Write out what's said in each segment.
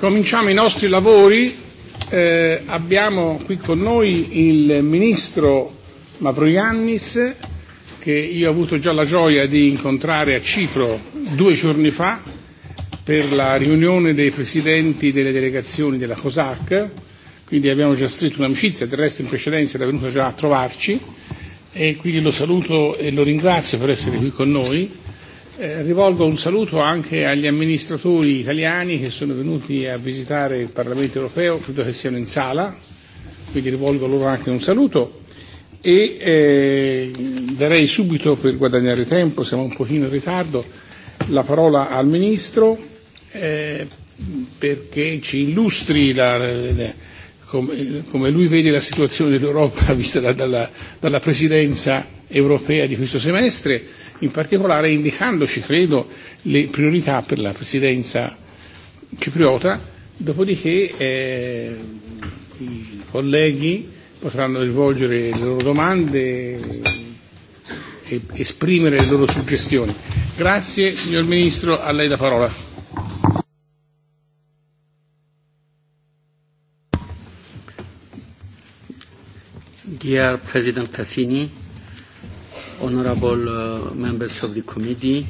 Cominciamo i nostri lavori. Eh, abbiamo qui con noi il ministro Mavroiannis, che io ho avuto già la gioia di incontrare a Cipro due giorni fa per la riunione dei presidenti delle delegazioni della COSAC, quindi abbiamo già stretto un'amicizia, del resto in precedenza era venuto già a trovarci e quindi lo saluto e lo ringrazio per essere qui con noi Eh, rivolgo un saluto anche agli amministratori italiani che sono venuti a visitare il Parlamento europeo, credo che siano in sala, quindi rivolgo loro anche un saluto e eh, darei subito per guadagnare tempo, siamo un pochino in ritardo, la parola al Ministro eh, perché ci illustri la, la, eh, come, come lui vede la situazione dell'Europa vista da, dalla, dalla Presidenza europea di questo semestre in particolare indicandoci, credo, le priorità per la presidenza cipriota, dopodiché eh, i colleghi potranno rivolgere le loro domande e esprimere le loro suggestioni. Grazie, signor Ministro, a lei la parola. Dear President Cassini, honorable uh, members of the committee,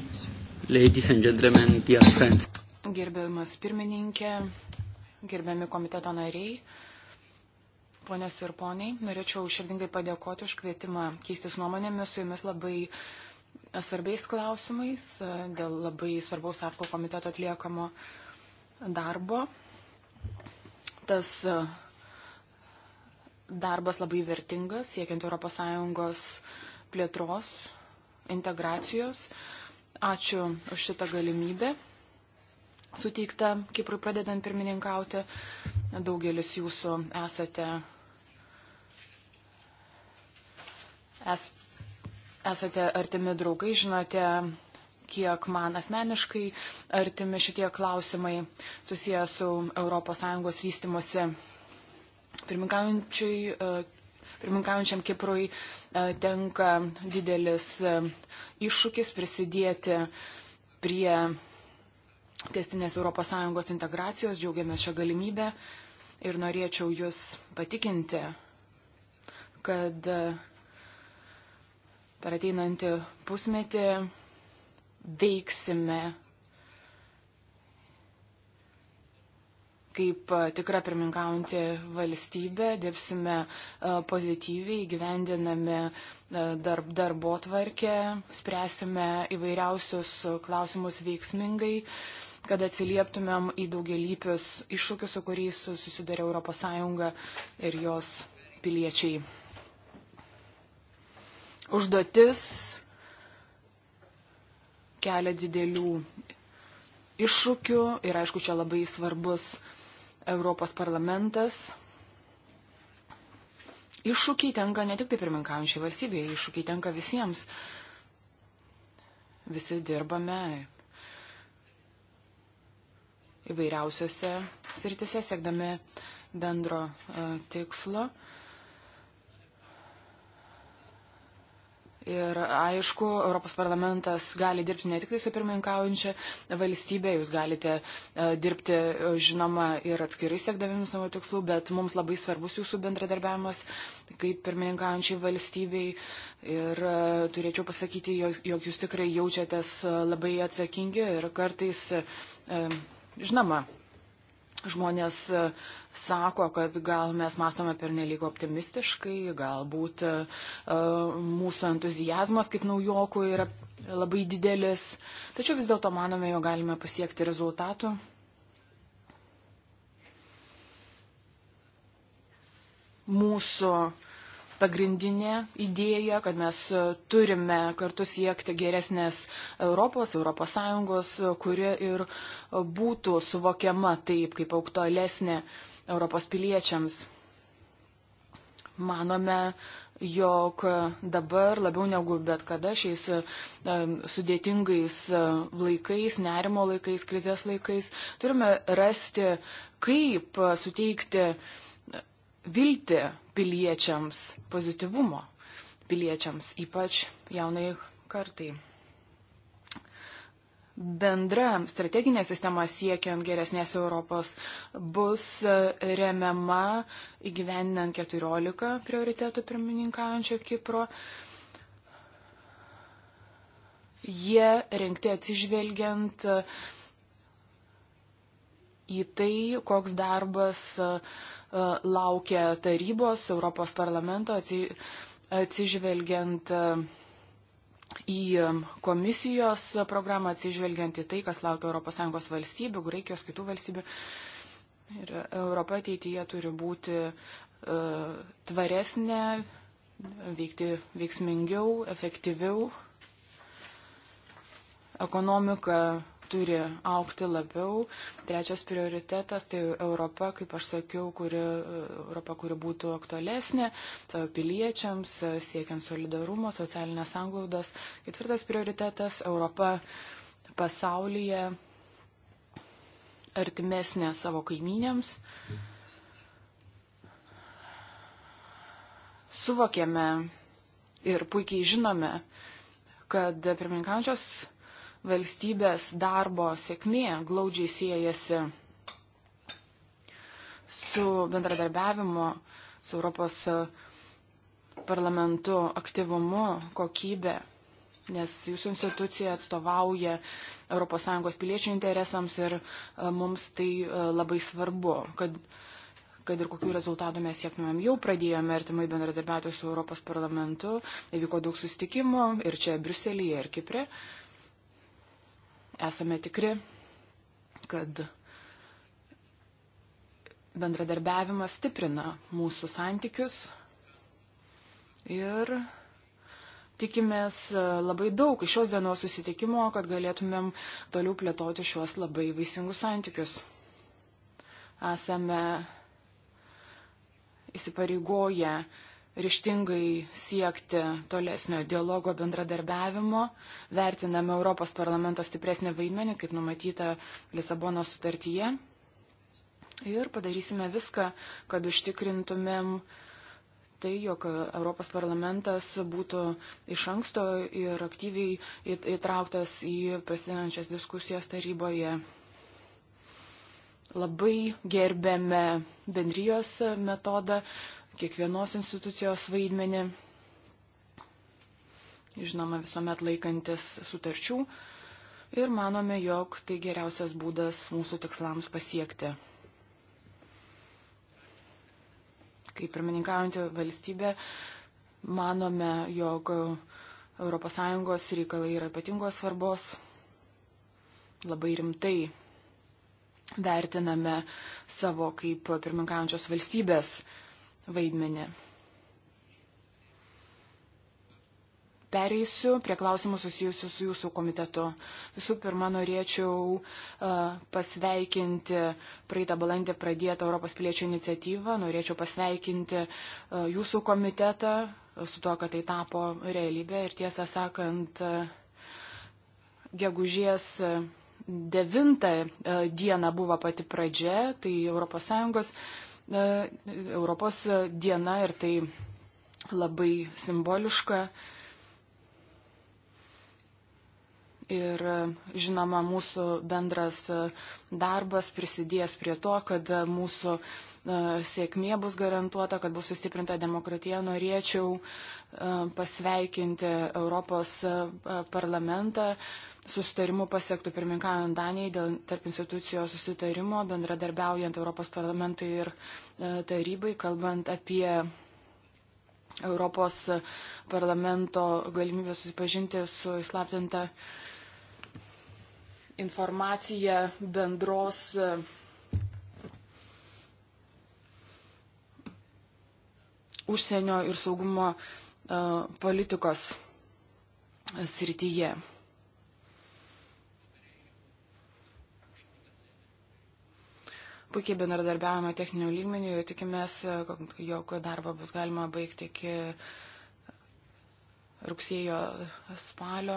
ladies and gentlemen, dear friends. Gerbiamas pirmininkė, gerbiami komiteto nariai, ponės ir poniai, norėčiau širdingai padėkoti už kvietimą keistis nuomonėmis su jumis labai e, svarbiais klausimais, e, dėl labai svarbaus apko komiteto atliekamo darbo. Tas e, darbas labai vertingas, siekiant ES plėtros, integracijos. Ačiū už šitą galimybę suteikta Kiprui pradedant pirmininkauti. Daugelis jūsų esate. Es, esate artimi draugai, žinote, kiek man asmeniškai artimi šitie klausimai susiję su ES vystimosi. Pirmininkaujančiai Pirminkaujančiam Kiprui e, tenka didelis e, iššūkis prisidėti prie testinės ES integracijos. Džiaugiamės šią galimybę ir norėčiau Jūs patikinti, kad e, per ateinantį pusmetį veiksime kaip tikra pirmininkaujanti valstybė, dirbsime pozityviai, gyvendiname darb, darbo tvarkę, spręsime įvairiausius klausimus veiksmingai, kad atsilieptumėm į daugelįpius iššūkius, su kuriais susidarė ES ir jos piliečiai. Užduotis kelia didelių iššūkių ir aišku, čia labai svarbus Europos parlamentas. Iššūkiai tenka ne tik tai pirminkaujančiai valstybėje, iššūkiai tenka visiems. Visi dirbame įvairiausiose sritise, siekdami bendro e, tikslo. Uh, Ir aišku, Europos parlamentas gali dirbti ne tik su pirmininkaujančia valstybė, jūs galite e, dirbti, e, žinoma, ir atskirai siekdavimi savo tikslų, bet mums labai svarbus jūsų bendradarbiavimas kaip pirmininkaujančiai valstybei. Ir e, turėčiau pasakyti, jog jūs tikrai jaučiatės labai atsakingi ir kartais, žinoma, žmonės. Uh, sako, kad gal mes mąstome per nelik optimistiškai, galbūt e, mūsų entuzijazmas kaip naujokų yra labai didelis, tačiau vis dėlto manome, jo galime pasiekti rezultatų. Mūsų pagrindinė idėja, kad mes turime kartu siekti geresnės Europos, ES, kuri ir būtų suvokiama taip kaip aktualesnė Europos piliečiams. Manome, jog dabar labiau negu bet kada šiais sudėtingais laikais, nerimo laikais, krizės laikais turime rasti, kaip suteikti viltį piliečiams, pozityvumo piliečiams, ypač jaunai kartai bendra strateginė sistema siekiant geresnės Europos bus e, remiama įgyvendinant 14 prioritėtų pirmininkaujančio Kipro. Jie renkti atsižvelgiant e, į tai, koks darbas e, laukia tarybos, Europos parlamento atsižvelgiant į komisijos programą atsižvelgiant į tai, kas laukia ES valstybių, Graikijos kitų valstybių. Ir Europa ateityje turi būti uh, tvaresnė, veikti veiksmingiau, efektyviau. Ekonomika turi aukti labiau. Trečias prioritetas tai Europa, kaip aš sakiau, kuri, Europa, kuri būtų aktualesnė savo piliečiams, siekiant solidarumo, socialinės anglaudos. Ketvirtas prioritetas - Europa pasaulyje artimesnė savo kaiminėms. Suvokėme ir puikiai žinome, kad pirmininkaujančios valstybės darbo sėkmė glaudžiai siejasi su bendradarbiavimu, su Europos parlamentu aktyvumu, kokybė, nes jūsų institucija atstovauja ES piliečių interesams ir e, mums tai e, labai svarbu, kad, kad ir kokių rezultatų mes siektumėm. Jau pradėjome artimai bendradarbiauti su Europos parlamentu, įvyko daug sustikimų ir čia Briuselėje, ir Kiprė. Uh, Esame tikri, kad bendradarbiavimas stiprina mūsų santykius ir tikimės e, labai daug iš šios dienos susitikimo, kad galėtumėm toliau plėtoti šiuos labai vaisingus santykius. Esame įsipareigoję ryštingai siekti tolesnio dialogo bendradarbiavimo, vertiname Europos parlamento stipresnį vaidmenį, kaip numatyta Lisabono sutartyje. Ir padarysime viską, kad užtikrintumėm tai, jog Europos parlamentas būtų iš anksto ir aktyviai įtrauktas į prasidenančias diskusijas taryboje labai gerbėme bendrijos metodą, kiekvienos institucijos vaidmenį, žinoma, visuomet laikantis sutarčių ir manome, jog tai geriausias būdas mūsų tikslams pasiekti. Kaip pirmininkaujantį valstybę manome, jog ES reikalai yra ypatingos svarbos, labai rimtai vertiname savo kaip pirmininkaujančios valstybės vaidmenį. Pereisiu prie klausimų susijusių su jūsų komitetu. Visų pirma, norėčiau uh, pasveikinti praeitą balandį pradėtą Europos piliečių iniciatyvą, norėčiau pasveikinti uh, jūsų komitetą uh, su to, kad tai tapo realybė ir tiesą sakant, uh, gegužės. Uh, Devinta uh, diena buvo pati pradžia, tai ES Europos diena ir tai labai simboliška. Ir žinoma, mūsų bendras darbas prisidės prie to, kad mūsų sėkmė bus garantuota, kad bus sustiprinta demokratija. Norėčiau pasveikinti Europos parlamentą susitarimu pasiektų pirmininkaujant Danijai dėl tarp institucijos susitarimo, bendradarbiaujant Europos parlamentui ir e, tarybai, kalbant apie Europos parlamento galimybę susipažinti su įslaptinta informacija bendros e, užsienio ir saugumo e, politikos srityje. puikiai bendradarbiavome techninių lygmenių ir tikimės, e, jog darbą bus galima baigti iki rugsėjo spalio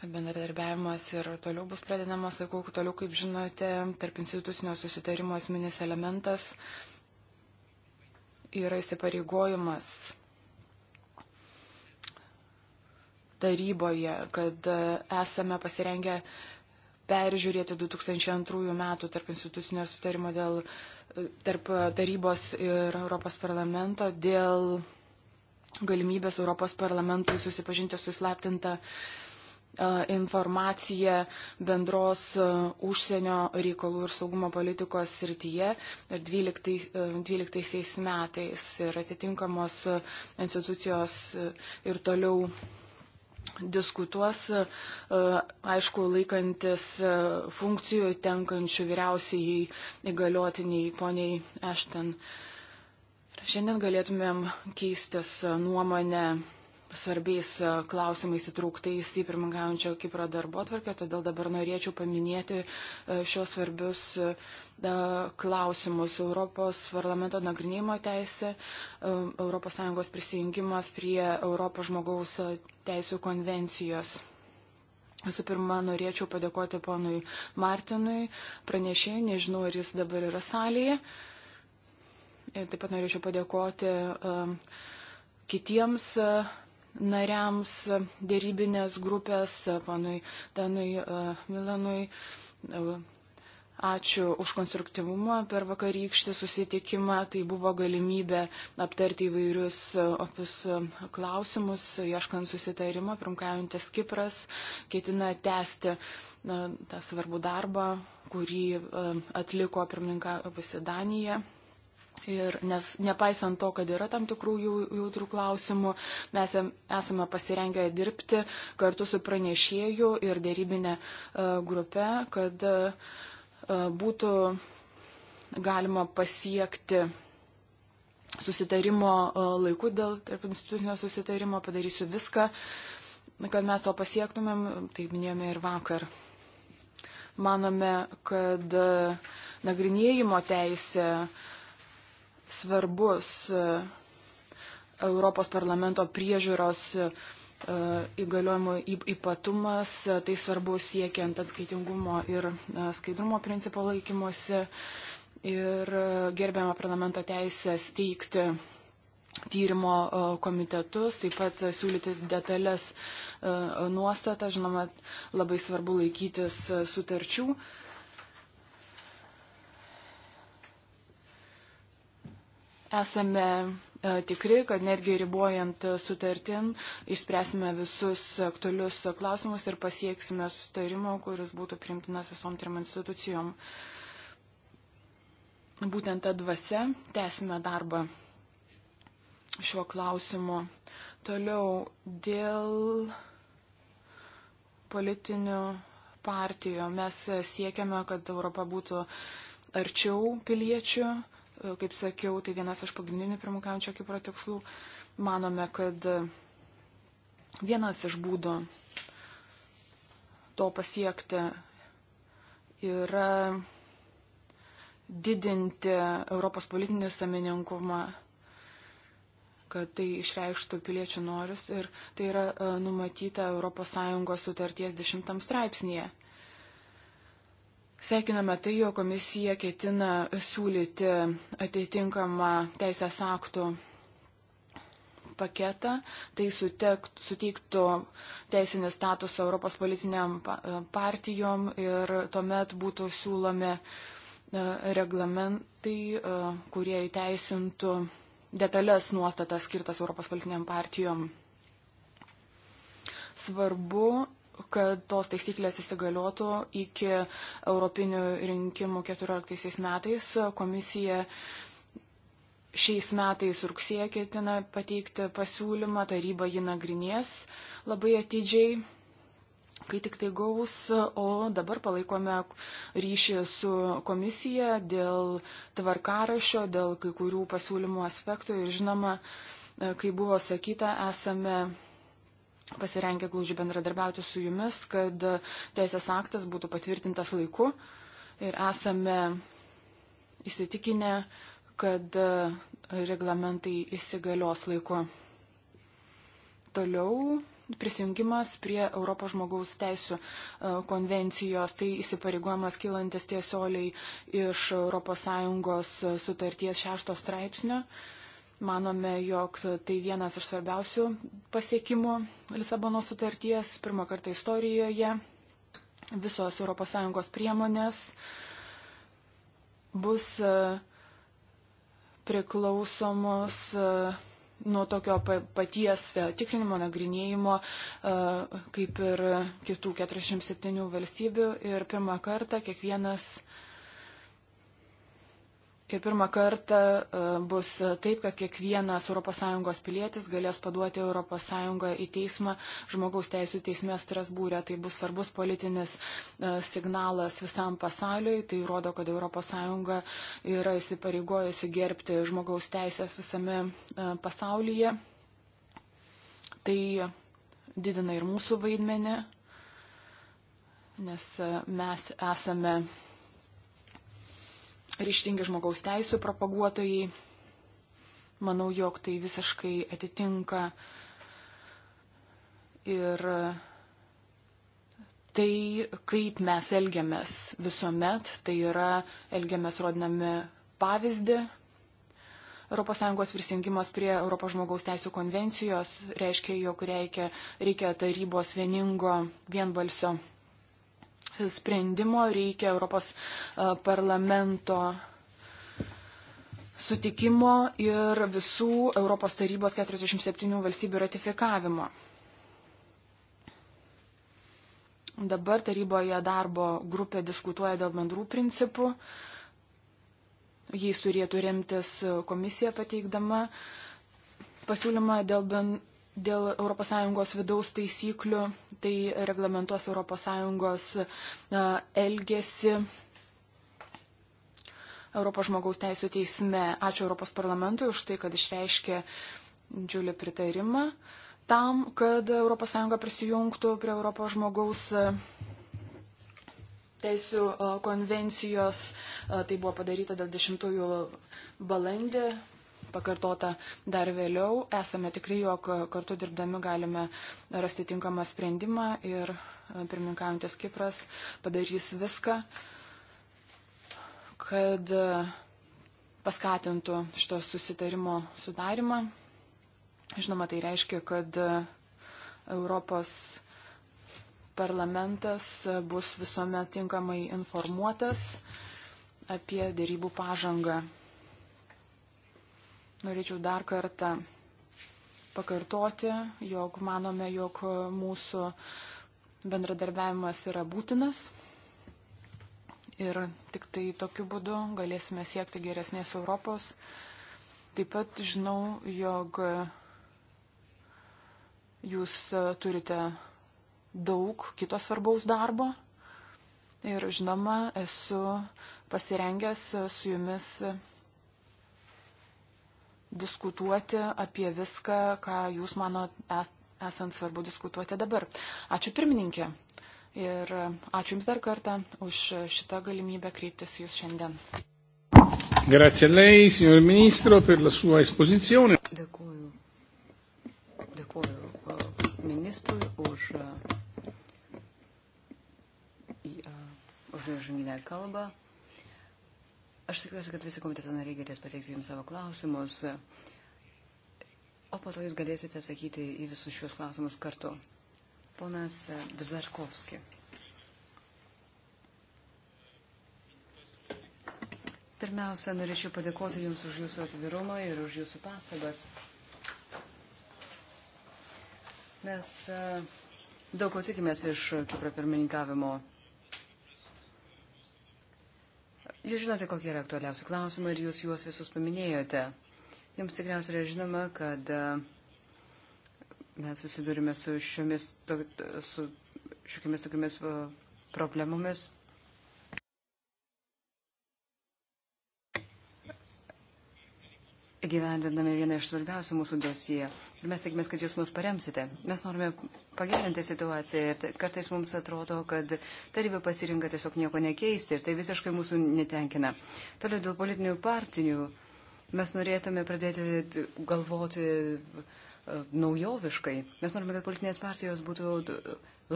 kad bendradarbiavimas ir toliau bus pradedamas laiku, toliau, kaip žinote, tarp institucinio susitarimo esminis elementas yra įsipareigojimas taryboje, kad e, esame pasirengę uh, peržiūrėti 2002 metų tarp institucinio sutarimo dėl e, tarp e, tarybos ir Europos parlamento dėl galimybės Europos parlamentui susipažinti su įslaptinta e, informacija bendros užsienio reikalų ir saugumo politikos srityje 12, 12 metais ir atitinkamos institucijos ir toliau diskutuos, e, aišku, laikantis e, funkcijų tenkančių vyriausiai įgaliotiniai poniai Ešten. Šiandien galėtumėm keistis e, nuomonę svarbiais e, klausimais įtrauktais į pirmingaujančio Kipro darbo atvarkę, todėl dabar norėčiau paminėti e, šios svarbius e, klausimus. Europos parlamento nagrinėjimo teisė, ES prisijungimas prie Europos žmogaus teisų konvencijos. Visų pirma, norėčiau padėkoti ponui Martinui, pranešėjai, nežinau, ar jis dabar yra salėje. Ir taip pat norėčiau padėkoti uh, kitiems uh, nariams dėrybinės grupės, panui Danui e, Milanui. E, ačiū už konstruktyvumą per vakarykštį susitikimą. Tai buvo galimybė aptarti įvairius e, opus klausimus, ieškant susitarimo. Primkaujantis Kipras ketina tęsti tą svarbų darbą, kurį atliko pirmininkavusi Danija. Ir nes nepaisant to, kad yra tam tikrų jautrių klausimų, mes esame pasirengę dirbti kartu su pranešėju ir dėrybinė e, grupė, kad e, būtų galima pasiekti susitarimo e, laiku dėl tarp institucinio susitarimo, padarysiu viską, kad mes to pasiektumėm, taip minėjome ir vakar. Manome, kad nagrinėjimo teisė uh, svarbus e, Europos parlamento priežiūros e, įgaliojimų ypatumas, e, tai svarbu siekiant atskaitingumo ir skaidrumo principo laikymuose ir gerbiamą parlamento teisę steigti tyrimo komitetus, taip pat siūlyti detalės nuostatą, žinoma, labai svarbu laikytis sutarčių. Uh, Esame e, tikri, kad netgi ribojant e, sutartin išspręsime visus aktualius klausimus ir pasieksime sutarimo, kuris būtų primtinas visom trim institucijom. Būtent tą dvasę tęsime darbą šiuo klausimu. Toliau dėl politinių partijų mes siekiame, kad Europa būtų arčiau piliečių E, kaip sakiau, tai vienas iš pagrindinių pirmukaujančio Kipro tikslų. Manome, kad vienas iš būdų to pasiekti yra didinti Europos politinį saminingumą, kad tai išreikštų piliečių noris ir tai yra e, numatyta ES sutarties 10 straipsnėje. Sveikiname tai, jo komisija ketina siūlyti atitinkamą teisės aktų paketą. Tai suteiktų teisinį statusą Europos politiniam e, partijom ir tuomet būtų siūlomi e, reglamentai, e, kurie įteisintų detalės nuostatas skirtas Europos politiniam partijom. Svarbu kad tos taisyklės įsigaliotų iki Europinių rinkimų 14 metais. Komisija šiais metais rugsėje ketina pateikti pasiūlymą, taryba jį nagrinės labai atidžiai, kai tik tai gaus, o dabar palaikome ryšį su komisija dėl tvarkarašio, dėl kai kurių pasiūlymų aspektų ir žinoma, kai buvo sakyta, esame pasirengę glūžiai bendradarbiauti su jumis, kad teisės aktas būtų patvirtintas laiku. Ir esame įsitikinę, kad reglamentai įsigalios laiku. Toliau prisijungimas prie Europos žmogaus teisų e, konvencijos, tai įsipareigojimas kilantis tiesioliai iš ES sutarties šešto straipsnio. Uh, Manome, jog tai vienas iš svarbiausių pasiekimų Lisabono sutarties, pirmą kartą istorijoje. Visos ES priemonės bus e, priklausomos e, nuo tokio paties e, tikrinimo, nagrinėjimo, kaip ir kitų 47 valstybių. Ir pirmą kartą kiekvienas Ir pirmą kartą e, bus taip, kad kiekvienas ES pilietis galės paduoti ES į teismą žmogaus teisų teisme Strasbūrė. Tai bus svarbus politinis e, signalas visam pasauliui. Tai rodo, kad ES yra įsipareigojusi gerbti žmogaus teisės visame e, pasaulyje. Tai didina ir mūsų vaidmenį, nes mes esame ryštingi žmogaus teisų propaguotojai. Manau, jog tai visiškai atitinka ir tai, kaip mes elgiamės visuomet, tai yra elgiamės rodinami pavyzdį. ES prisingimas prie ES žmogaus teisų konvencijos reiškia, jog reikia, reikia tarybos vieningo vienbalsio sprendimo reikia Europos e, parlamento sutikimo ir visų Europos tarybos 47 valstybių ratifikavimo. Dabar taryboje darbo grupė diskutuoja dėl bendrų principų. Jais turėtų remtis komisija pateikdama pasiūlymą dėl ben, dėl ES vidaus taisyklių, tai reglamentuos ES e, elgesi Europos žmogaus teisų teisme. Ačiū Europos parlamentui už tai, kad išreiškė džiulį pritarimą tam, kad ES prisijungtų prie Europos žmogaus e, teisų e, konvencijos. Tai buvo padaryta dėl 10 balandį pakartota dar vėliau. Esame tikri, jog kartu dirbdami galime rasti tinkamą sprendimą ir e, pirmininkaujantis Kipras padarys viską, kad e, paskatintų šito susitarimo sudarimą. Žinoma, tai reiškia, kad e, Europos parlamentas bus visuomet tinkamai informuotas apie dėrybų pažangą. Norėčiau dar kartą pakartoti, jog manome, jog mūsų bendradarbiavimas yra būtinas. Ir tik tai tokiu būdu galėsime siekti geresnės Europos. Taip pat žinau, jog jūs turite daug kito svarbaus darbo. Ir žinoma, esu pasirengęs su jumis diskutuoti apie viską, ką jūs mano esant svarbu diskutuoti dabar. Ačiū pirmininkė ir ačiū Jums dar kartą už šitą galimybę kreiptis Jūs šiandien. Grazie a lei, signor Ministro, per la sua esposizione. Dėkuoju. Dėkuoju e, ministrui už, e, e, už žanginę kalbą. Aš tikiuosi, kad visi komiteto nariai galės pateikti jums savo klausimus, o po to jūs galėsite atsakyti į visus šios klausimus kartu. Ponas Bzarkovski. Pirmiausia, norėčiau padėkoti Jums už Jūsų atvirumą ir už Jūsų pastabas. Mes e, daug ko tikimės iš Kipro pirmininkavimo Jūs žinote, kokie yra aktualiausi klausimai ir jūs juos visus paminėjote. Jums tikriausiai yra žinoma, kad e, mes susidurime su šiomis, to, su šiokiamis tokiamis e, problemomis. Gyvendiname vieną iš svarbiausių mūsų dosiją Ir mes tikimės, kad jūs mus paremsite. Mes norime pagerinti situaciją ir kartais mums atrodo, kad taryba pasirinka tiesiog nieko nekeisti ir tai visiškai mūsų netenkina. Toliau dėl politinių partijų mes norėtume pradėti galvoti e, naujoviškai. Mes norime, kad politinės partijos būtų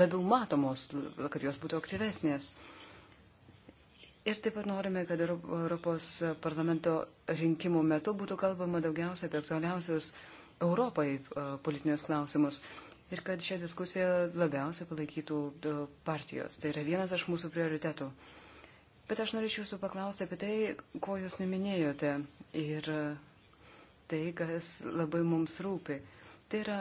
labiau matomos, kad jos būtų aktyvesnės. Ir taip pat norime, kad Europos parlamento rinkimų metu būtų kalbama daugiausia apie aktualiausius Europai e, politinius klausimus ir kad šią diskusiją labiausiai palaikytų e, partijos. Tai yra vienas iš mūsų prioritetų. Bet aš norėčiau jūsų paklausti apie tai, ko jūs neminėjote ir e, tai, kas labai mums rūpi. Tai yra,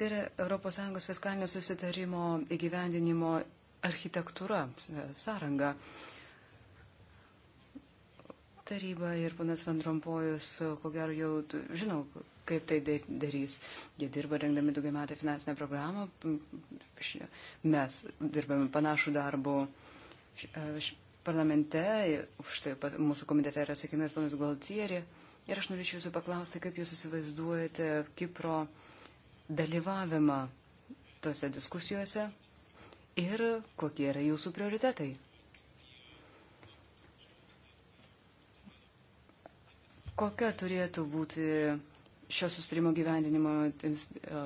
tai yra ES fiskalinio susitarimo įgyvendinimo architektūra, sąranga. Uh, Taryba ir ponas Van Rompojus, ko gero jau žinau, kaip tai darys. Jie dirba rengdami daugiametę finansinę programą. Mes dirbame panašų darbų parlamente, už tai mūsų komitete yra atsakingas ponas Gualtieri. Ir aš norėčiau jūsų paklausti, kaip jūs įsivaizduojate Kipro dalyvavimą tose diskusijose ir kokie yra jūsų prioritetai. Kokia turėtų būti šio sustarimo gyvendinimo e,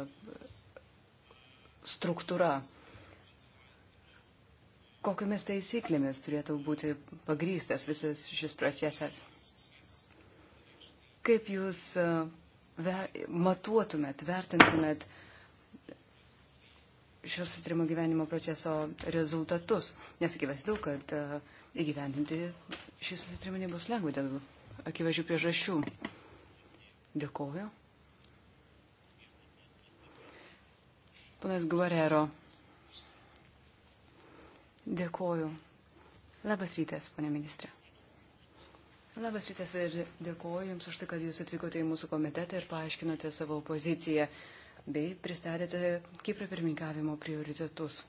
struktūra? Kokiamis taisyklėmis turėtų būti pagrystas visas šis procesas? Kaip jūs e, ver, matuotumėt, vertintumėt šio sustrimo gyvenimo proceso rezultatus? Nes akivaizdu, kad e, įgyvendinti šį sustrimą nebus lengva dėl akivaizdžių priežasčių. Dėkoju. Panas Guerrero. Dėkoju. Labas rytas, ponė ministrė. Labas rytas ir dėkoju Jums už tai, kad Jūs atvykote į mūsų komitetą ir paaiškinote savo poziciją bei pristatėte Kipro pirmininkavimo prioritetus.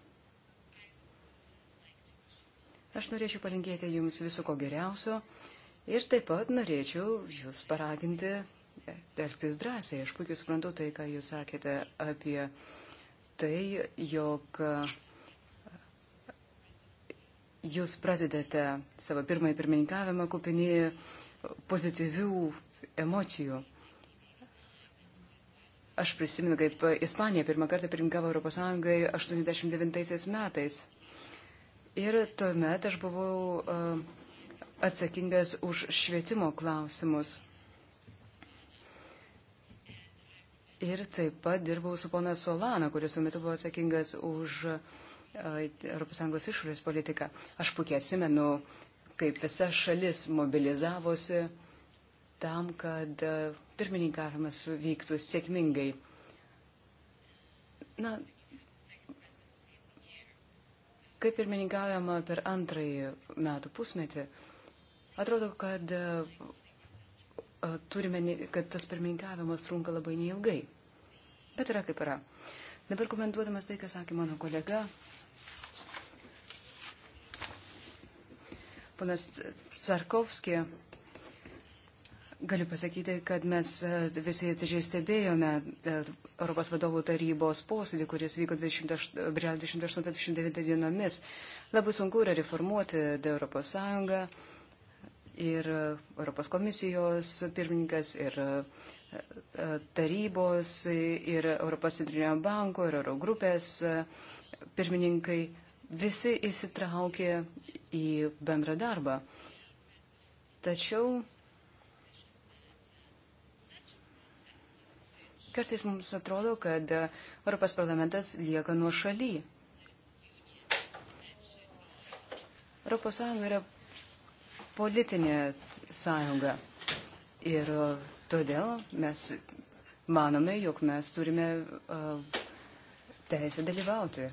Aš norėčiau palinkėti Jums viso ko geriausio Ir taip pat norėčiau jūs paraginti elgtis drąsiai. Aš puikiai suprantu tai, ką jūs sakėte apie tai, jog jūs pradedate savo pirmąjį pirmininkavimą kupinį pozityvių emocijų. Aš prisimenu, kaip Ispanija pirmą kartą pirmininkavo Europos Sąjungai 89 metais. Ir tuomet aš buvau uh, atsakingas už švietimo klausimus. Ir taip pat dirbau su ponas Solana, kuris tuo metu buvo atsakingas už ES išorės politiką. Aš puikiai atsimenu, kaip visa šalis mobilizavosi tam, kad e, pirmininkavimas vyktų sėkmingai. Na, kaip pirmininkaujama per antrąjį metų pusmetį, Atrodo, kad, e, turime, kad tas pirmininkavimas trunka labai neilgai. Bet yra kaip yra. Dabar komentuodamas tai, ką sakė mano kolega, ponas Sarkovski, galiu pasakyti, kad mes e, visi atidžiai stebėjome e, Europos vadovų tarybos posėdį, kuris vyko 28-29 dienomis. Labai sunku yra reformuoti Europos Sąjungą ir e, Europos komisijos pirmininkas, ir e, e, tarybos, ir Europos centrinio banko, ir Eurogrupės pirmininkai visi įsitraukė į bendrą darbą. Tačiau kartais mums atrodo, kad Europos parlamentas lieka nuo šaly. Europos Sąjunga yra politinė sąjunga. Ir e, todėl mes manome, jog mes turime uh, teisę dalyvauti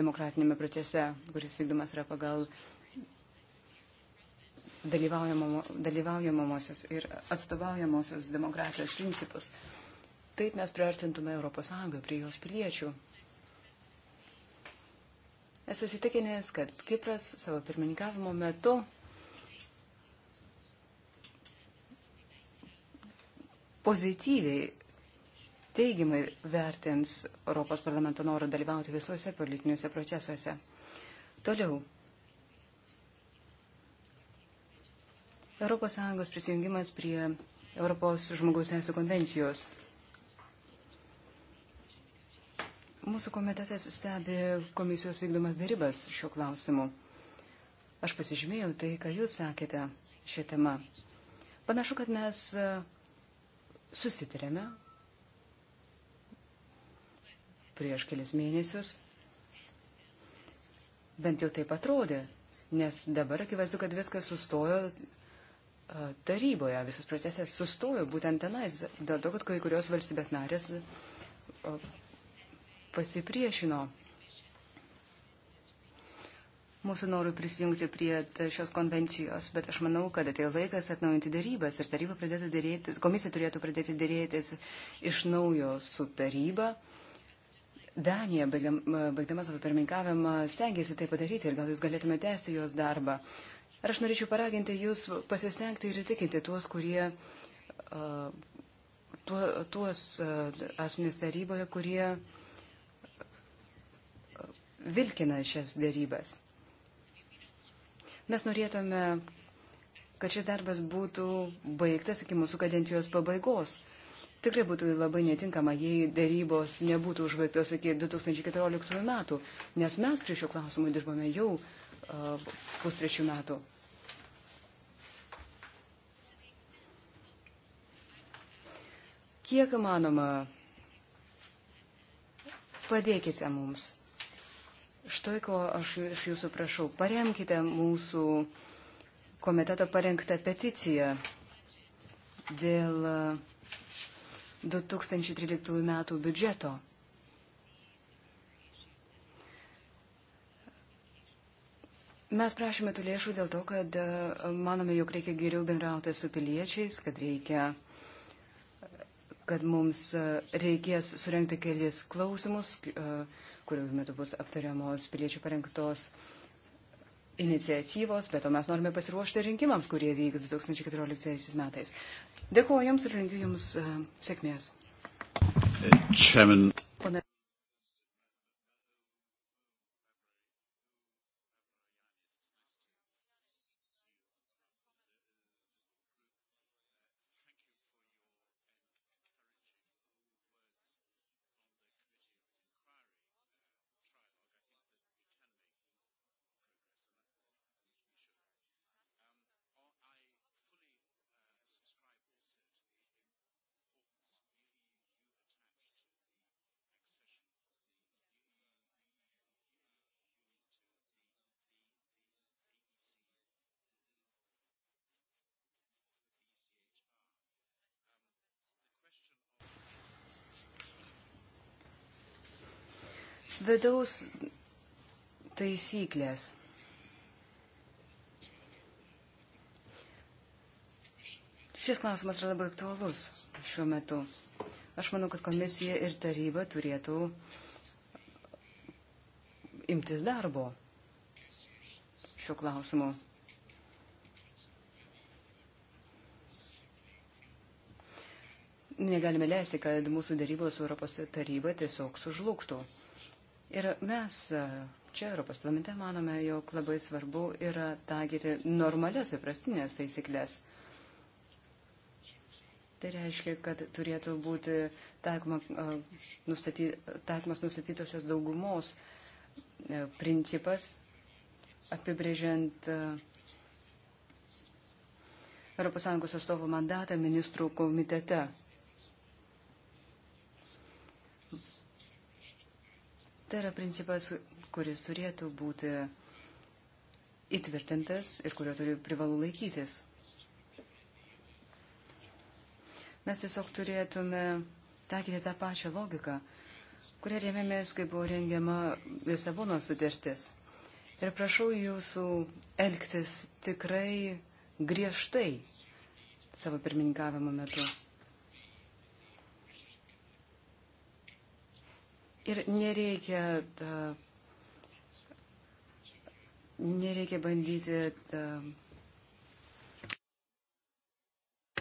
demokratinėme procese, kuris vykdomas yra pagal dalyvaujamosios ir atstovaujamosios demokratijos principus. Taip mes priartintume ES prie jos piliečių. Esu įsitikinęs, kad Kipras savo pirmininkavimo metu pozityviai, teigiamai vertins Europos parlamento norą dalyvauti visuose politiniuose procesuose. Toliau. ES prisijungimas prie Europos žmogaus teisų konvencijos. Mūsų komitetas stebi komisijos vykdomas darybas šiuo klausimu. Aš pasižymėjau tai, ką jūs sakėte šią temą. Panašu, kad mes susitarėme prieš kelias mėnesius. Bent jau taip atrodė, nes dabar akivaizdu, kad viskas sustojo taryboje, visas procesas sustojo būtent tenais, dėl to, kad kai kurios valstybės narės pasipriešino mūsų norų prisijungti prie šios konvencijos, bet aš manau, kad atėjo laikas atnaujinti dėrybas ir taryba pradėtų dėrėti, komisija turėtų pradėti dėrėtis iš naujo su taryba. Danija, baigdama savo pirmininkavimą, stengiasi tai padaryti ir gal jūs galėtume tęsti jos darbą. Ar aš norėčiau paraginti jūs pasistengti ir įtikinti tuos, kurie, tuo, tuos asmenys taryboje, kurie vilkina šias dėrybas. Mes norėtume, kad šis darbas būtų baigtas iki mūsų kadencijos pabaigos. Tikrai būtų labai netinkama, jei darybos nebūtų užbaigtos iki 2014 metų, nes mes prie šio klausimų dirbame jau uh, pustrečių metų. Kiek manoma, padėkite mums štai ko aš iš jūsų prašau. Paremkite mūsų komiteto parengtą peticiją dėl 2013 e, metų biudžeto. Mes prašome tų lėšų dėl to, kad e, manome, jog reikia geriau bendrauti su piliečiais, kad reikia kad mums e, reikės surenkti kelis klausimus kurių metu bus aptariamos piliečių parengtos iniciatyvos, bet o mes norime pasiruošti rinkimams, kurie vyks 2014 metais. Dėkuoju Jums ir linkiu Jums uh, sėkmės. Chairman. Pone Vidaus taisyklės. Šis klausimas yra labai aktualus šiuo metu. Aš manau, kad komisija ir taryba turėtų imtis darbo šiuo klausimu. Negalime leisti, kad mūsų darybos su Europos taryba tiesiog sužlugtų. Ir mes e, čia Europos parlamente manome, jog labai svarbu yra taikyti normalias įprastinės taisyklės. Tai reiškia, kad turėtų būti taikoma, e, nustaty, taikomas nustatytosios daugumos e, principas, apibrėžiant ES atstovų mandatą ministrų komitete. Tai yra principas, kuris turėtų būti įtvirtintas ir kurio turi privalu laikytis. Mes tiesiog turėtume taikyti tą pačią logiką, kurią rėmėmės, kai buvo rengiama Lisabono sutartis. Ir prašau jūsų elgtis tikrai griežtai savo pirmininkavimo metu. Ir nereikia, da, nereikia bandyti da,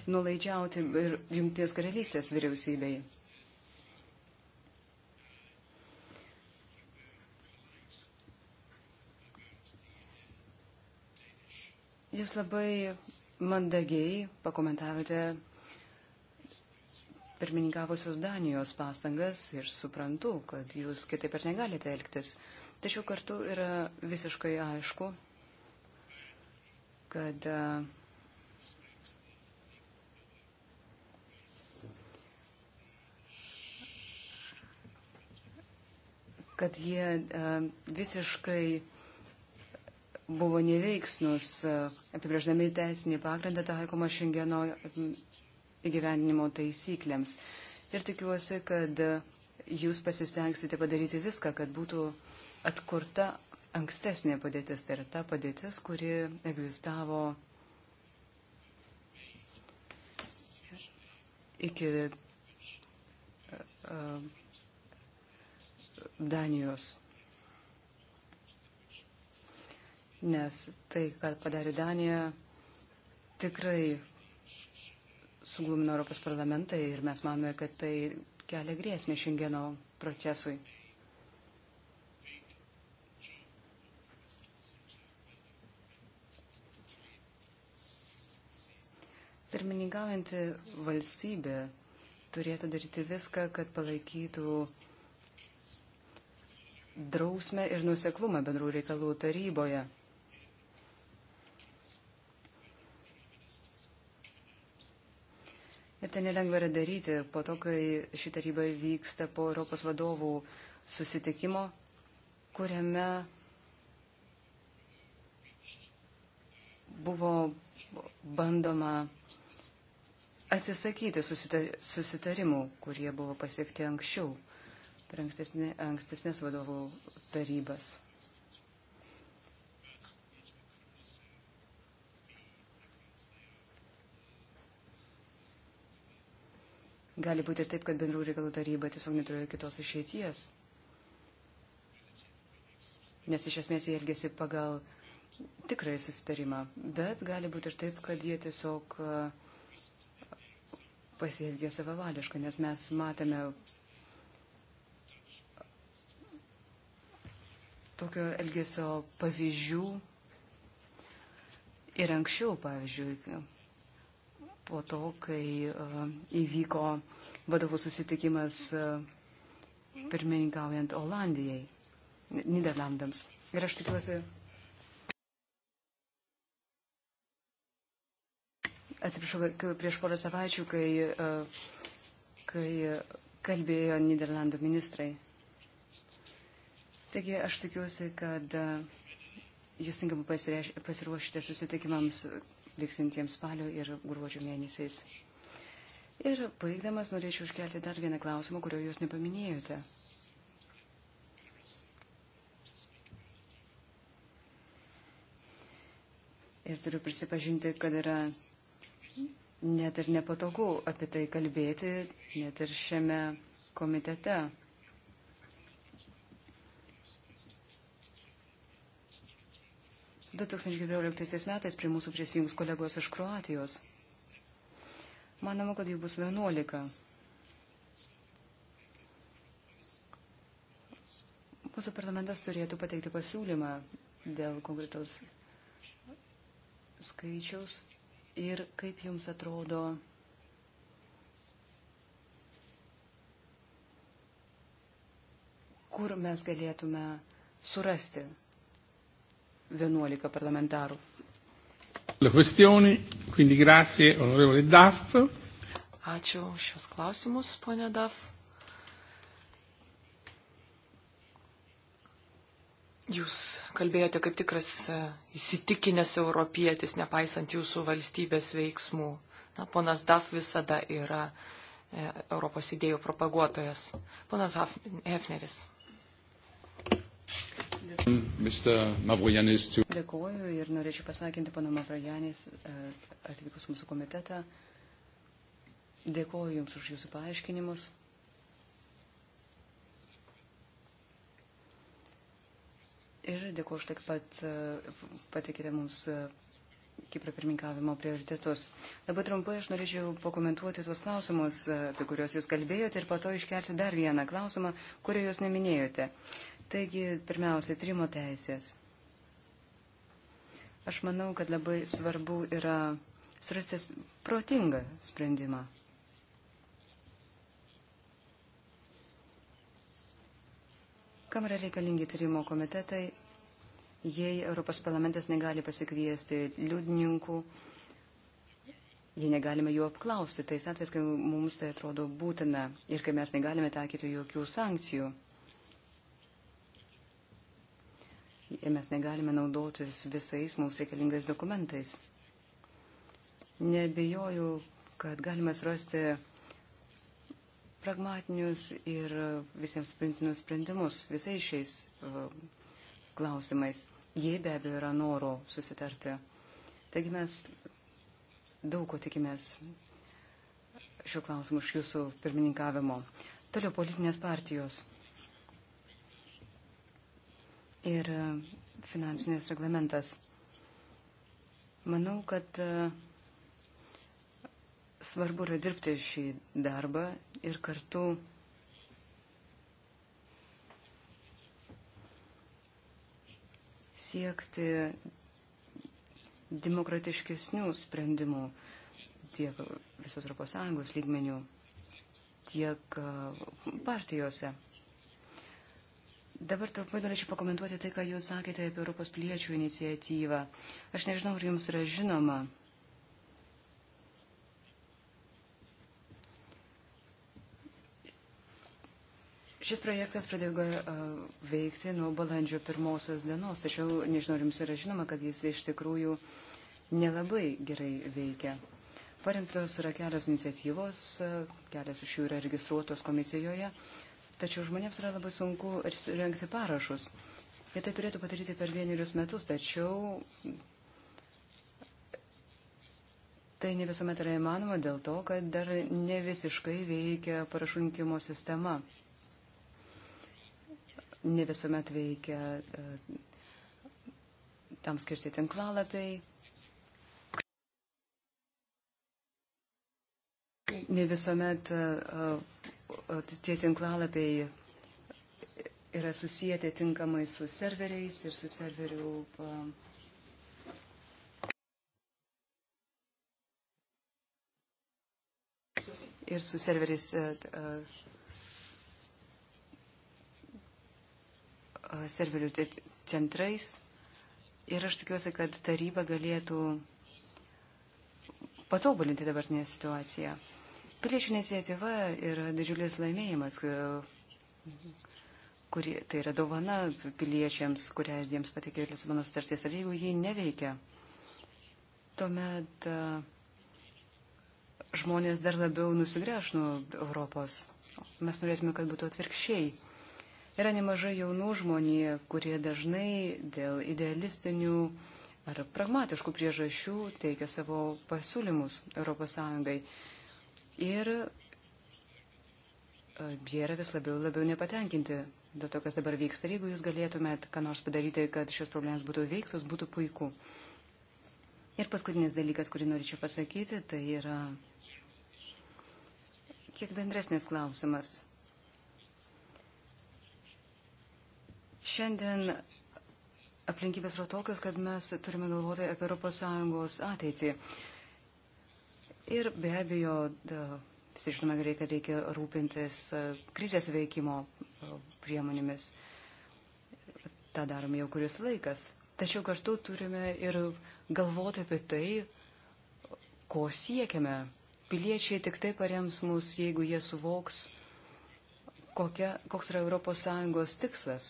nulaidžiauti ir Junkties karalystės vyriausybei. Jūs labai mandagiai pakomentavote pirmininkavusios Danijos pastangas ir suprantu, kad jūs kitaip ir negalite elgtis. Tačiau kartu yra visiškai aišku, kad kad jie e, visiškai buvo neveiksnus, e, apibrėždami teisinį pagrindą taikomą Šengeno įgyvendinimo taisyklėms. Ir tikiuosi, kad jūs pasistengsite padaryti viską, kad būtų atkurta ankstesnė padėtis, tai yra ta padėtis, kuri egzistavo iki uh, Danijos. Nes tai, ką padarė Danija, tikrai suglumino Europos parlamentą ir mes manome, kad tai kelia grėsmę šiandieno procesui. Pirmininkaujanti valstybė turėtų daryti viską, kad palaikytų drausmę ir nuseklumą bendrų reikalų taryboje. Ir tai nelengva yra daryti po to, kai ši taryba vyksta po Europos vadovų susitikimo, kuriame buvo bandoma atsisakyti susitarimų, kurie buvo pasiekti anksčiau, per ankstesnės vadovų tarybas. Gali būti taip, kad bendrų reikalų taryba tiesiog neturėjo kitos išeities. Nes iš esmės jie elgėsi pagal tikrai susitarimą. Bet gali būti ir taip, kad jie tiesiog e, pasielgė savavališkai, nes mes matėme tokio elgesio pavyzdžių ir anksčiau, pavyzdžiui, po to, kai e, įvyko vadovų susitikimas e, pirmininkaujant Olandijai, Niderlandams. Ir aš tikiuosi. Atsiprašau, prieš porą savaičių, kai, e, kai kalbėjo Niderlandų ministrai. Taigi aš tikiuosi, kad jūs tinkamai pasiruošite susitikimams vyksintiems spalio ir gruodžio mėnesiais. Ir baigdamas norėčiau iškelti dar vieną klausimą, kurio jūs nepaminėjote. Ir turiu prisipažinti, kad yra net ir nepatogu apie tai kalbėti, net ir šiame komitete. 2014 metais prie mūsų prisijungs kolegos iš Kroatijos. Manoma, kad jų bus 11. Mūsų parlamentas turėtų pateikti pasiūlymą dėl konkretaus skaičiaus ir kaip jums atrodo kur mes galėtume surasti 11 parlamentarų. Ačiū už šios klausimus, ponė Daf. Jūs kalbėjote kaip tikras e, įsitikinęs europietis, nepaisant jūsų valstybės veiksmų. Na, ponas Daf visada yra e, Europos idėjų propaguotojas. Ponas Hefneris. Mm. To... Dėkuoju ir norėčiau pasakinti pana Mavrojanis e, atvykus mūsų komitetą. Dėkuoju Jums už Jūsų paaiškinimus. Ir dėkuoju už tai, kad patikite e, mums e, Kipro pirmininkavimo prioritetus. Labai trumpai aš norėčiau pakomentuoti tuos klausimus, apie kuriuos jūs kalbėjote, ir po to iškelti dar vieną klausimą, kurį jūs neminėjote. Taigi, pirmiausia, trimo teisės. Aš manau, kad labai svarbu yra surasti protingą sprendimą. Kam yra reikalingi tyrimo komitetai, jei Europos parlamentas negali pasikviesti liudininkų, jei negalime jų apklausti, tais atvejais, kai mums tai atrodo būtina ir kai mes negalime taikyti jokių sankcijų. ir mes negalime naudotis visais mums reikalingais dokumentais. Nebejoju, kad galime surasti pragmatinius ir visiems sprintinus sprendimus visais šiais e, klausimais. Jie be abejo yra noro susitarti. Taigi mes daug ko tikimės šiuo klausimu iš jūsų pirmininkavimo. Toliau politinės partijos ir e, finansinės reglamentas. Manau, kad e, svarbu yra dirbti šį darbą ir kartu siekti demokratiškesnių sprendimų tiek visos Europos Sąjungos lygmenių, tiek e, partijose. Dabar trumpai norėčiau pakomentuoti tai, ką jūs sakėte apie Europos piliečių iniciatyvą. Aš nežinau, ar jums yra žinoma, Šis projektas pradėjo veikti nuo balandžio pirmosios dienos, tačiau nežinau, jums yra žinoma, kad jis iš tikrųjų nelabai gerai veikia. Parengtos yra kelios iniciatyvos, kelios iš jų yra registruotos komisijoje Tačiau žmonėms yra labai sunku rengti parašus. Jie tai turėtų padaryti per vienerius metus, tačiau tai ne visuomet yra įmanoma dėl to, kad dar ne visiškai veikia parašų rinkimo sistema. Ne visuomet veikia e, tam skirti tinklalapiai. Ne visuomet uh, tie tinklalapiai yra susijęti tinkamai su serveriais ir su serverių ir su serveriais e, e, e, serverių centrais. Ir aš tikiuosi, kad taryba galėtų patobulinti dabartinę situaciją. Piliečių iniciatyva yra didžiulis laimėjimas, kuri, tai yra dovana piliečiams, kurią jiems patikė Lisabono sutarties. Ir jeigu ji neveikia, tuomet e, žmonės dar labiau nusigręš nuo Europos. Mes norėtume, kad būtų atvirkščiai. Yra nemažai jaunų žmonių, kurie dažnai dėl idealistinių ar pragmatiškų priežasčių teikia savo pasiūlymus ES. Ir jie yra vis labiau, labiau nepatenkinti dėl to, kas dabar vyksta. Ir jeigu jūs galėtumėt ką nors padaryti, kad šios problemas būtų veiktos, būtų puiku. Ir paskutinis dalykas, kurį norėčiau pasakyti, tai yra kiek bendresnis klausimas. Šiandien aplinkybės yra tokios, kad mes turime galvoti apie ES ateitį. Ir be abejo, da, visi žinome gerai, kad reikia rūpintis e, krizės veikimo e, priemonėmis. Ta darom jau kuris laikas. Tačiau kartu turime ir galvoti apie tai, ko siekiame. Piliečiai tik tai parems mus, jeigu jie suvoks, kokia, koks yra ES tikslas,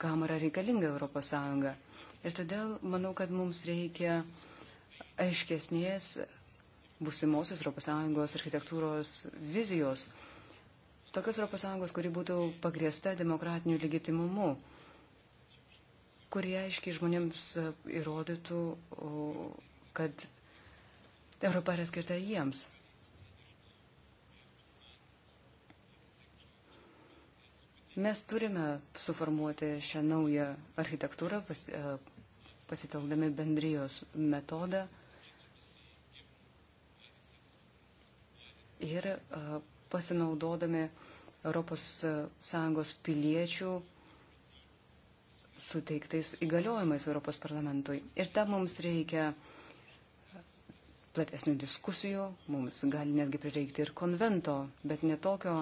kam yra reikalinga ES. Ir todėl manau, kad mums reikia aiškesnės busimosios ES architektūros vizijos. Tokios ES, kuri būtų pagrėsta demokratiniu legitimumu, kurie aiškiai žmonėms įrodytų, kad Europa yra skirta jiems. Mes turime suformuoti šią naują architektūrą pas, e, pasitelkdami bendrijos metodą. ir pasinaudodami ES piliečių suteiktais įgaliojimais Europos parlamentui. Ir tam mums reikia platesnių diskusijų, mums gali netgi prireikti ir konvento, bet ne tokio,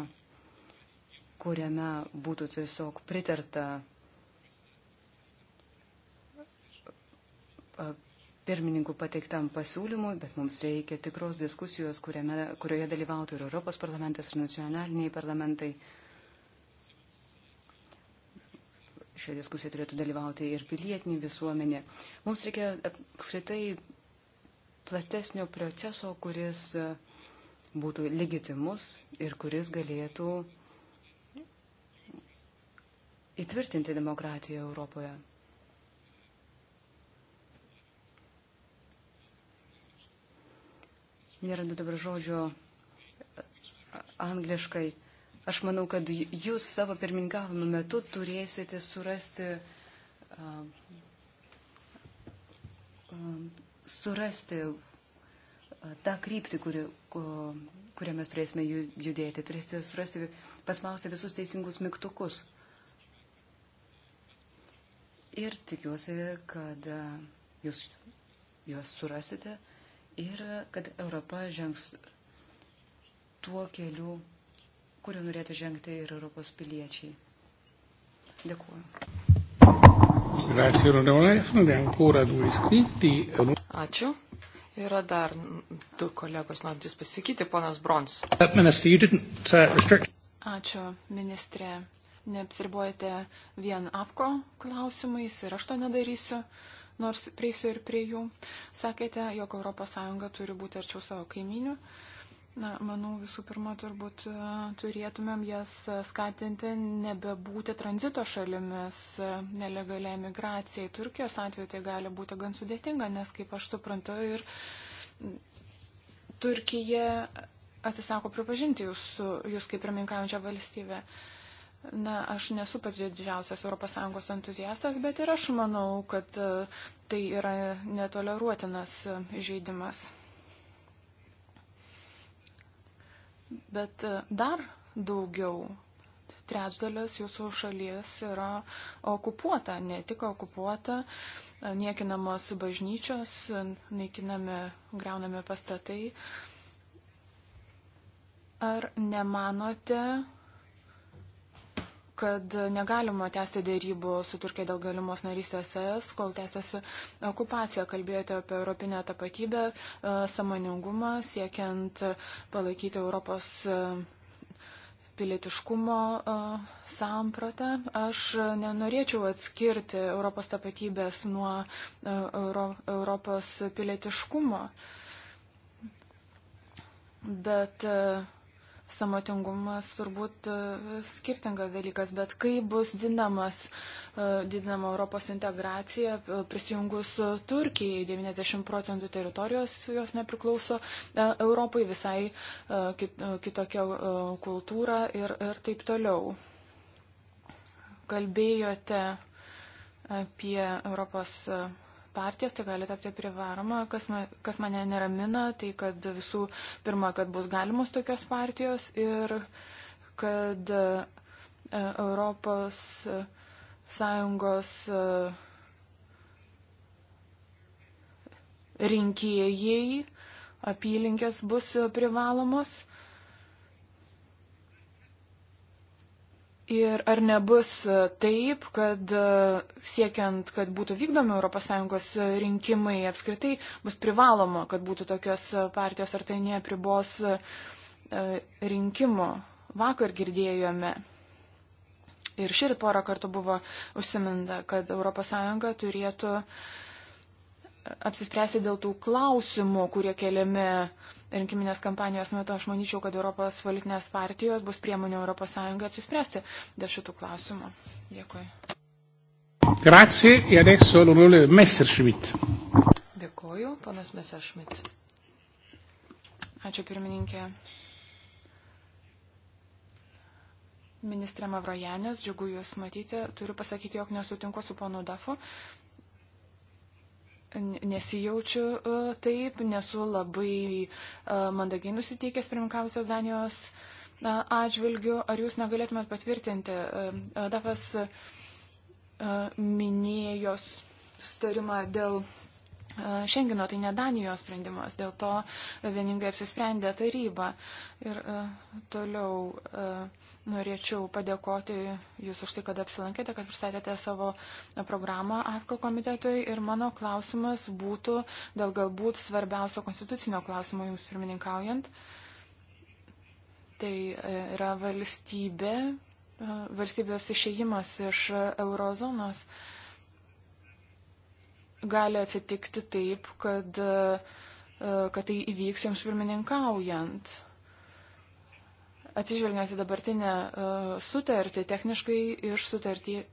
kuriame būtų tiesiog pritarta pirmininkų pateiktam pasiūlymui, bet mums reikia tikros diskusijos, kuriame, kurioje dalyvautų ir Europos parlamentas, ir nacionaliniai parlamentai. Šioje diskusijoje turėtų dalyvauti ir pilietinė visuomenė. Mums reikia apskritai platesnio proceso, kuris būtų legitimus ir kuris galėtų įtvirtinti demokratiją Europoje. nerandu dabar žodžio angliškai. Aš manau, kad jūs savo pirmininkavimo metu turėsite surasti, uh, um, surasti tą kryptį, kuri, kurią mes turėsime judėti. Turėsite surasti, pasmausti visus teisingus mygtukus. Ir tikiuosi, kad jūs juos surasite. Uh, ir kad Europa žengs tuo keliu, kuriuo norėtų žengti ir Europos piliečiai. Dėkuoju. Ačiū. Yra dar du kolegos norintys pasakyti, ponas Brons. Uh, uh, Ačiū, ministrė. Neapsiribojate vien apko klausimais ir aš to nedarysiu nors prieisiu ir prie jų. Sakėte, jog ES turi būti arčiau savo kaiminių. Na, manau, visų pirma, turbūt e, turėtumėm jas skatinti nebebūti tranzito šalimis e, nelegaliai migracijai. Turkijos atveju tai gali būti gan sudėtinga, nes, kaip aš suprantu, ir Turkija atsisako pripažinti jūs, jūs kaip pirmininkaujančią valstybę. Uh, Na, aš nesu pats didžiausias ES entuziastas, bet ir aš manau, kad e, tai yra netoleruotinas e, žaidimas. Bet e, dar daugiau trečdalis jūsų šalies yra okupuota, ne tik okupuota, niekinamos bažnyčios, naikinami, greunami pastatai. Ar nemanote, kad negalima tęsti dėrybų su Turkija dėl galimos narystės ES, kol tęsiasi okupacija. Kalbėjote apie europinę tapatybę, e, samoningumą, siekiant palaikyti Europos e, pilietiškumo e, sampratą. Aš nenorėčiau atskirti Europos tapatybės nuo Euro, Europos pilietiškumo. Bet uh, Samatingumas turbūt e, skirtingas dalykas, bet kai bus dinamas, e, didinama Europos integracija, e, prisijungus Turkijai 90 procentų teritorijos jos nepriklauso Europai, visai kitokia kultūra ir, ir taip toliau. Kalbėjote apie Europos partijas, tai gali tapti privaroma. Kas, ma, kas mane neramina, tai kad visų pirma, kad bus galimos tokios partijos ir kad e, Europos Sąjungos e, rinkėjai apylinkės bus privalomos. Ir ar nebus e, taip, kad e, siekiant, kad būtų vykdomi ES e, rinkimai apskritai, bus privaloma, kad būtų tokios partijos, ar tai neapribos rinkimų. Vakar girdėjome ir šį porą kartų buvo užsiminta, kad ES turėtų apsispręsti dėl tų klausimų, kurie keliami uh, rinkiminės kampanijos metu aš manyčiau, kad Europos politinės partijos bus priemonė Europos Sąjungai apsispręsti dėl šitų klausimų. Dėkui. Grazie, e adesso l'onorevole Messerschmidt. Dėkoju, panas Messerschmidt. Ačiū pirmininkė. Ministrė Mavrojanės, džiugu Jūs matyti, turiu pasakyti, jog nesutinku su ponu Dafu, nesijaučiu e, taip, nesu labai e, mandagiai nusiteikęs pirmininkavusios Danijos e, atžvilgiu. Ar jūs negalėtumėt patvirtinti, Dafas minėjo sustarimą dėl Šengino, tai ne Danijos sprendimas, dėl to vieningai apsisprendė taryba. Ir e, toliau e, norėčiau padėkoti Jūs už tai, kad apsilankėte, kad pristatėte savo programą AFKO komitetui. Ir mano klausimas būtų dėl galbūt svarbiausio konstitucinio klausimo Jums pirmininkaujant. Tai e, yra valstybė, valstybės išėjimas iš eurozonos. Uh, gali atsitikti taip, kad, e, kad tai įvyks jums pirmininkaujant. Atsižvelgiant į dabartinę e, sutartį, techniškai iš sutartį e,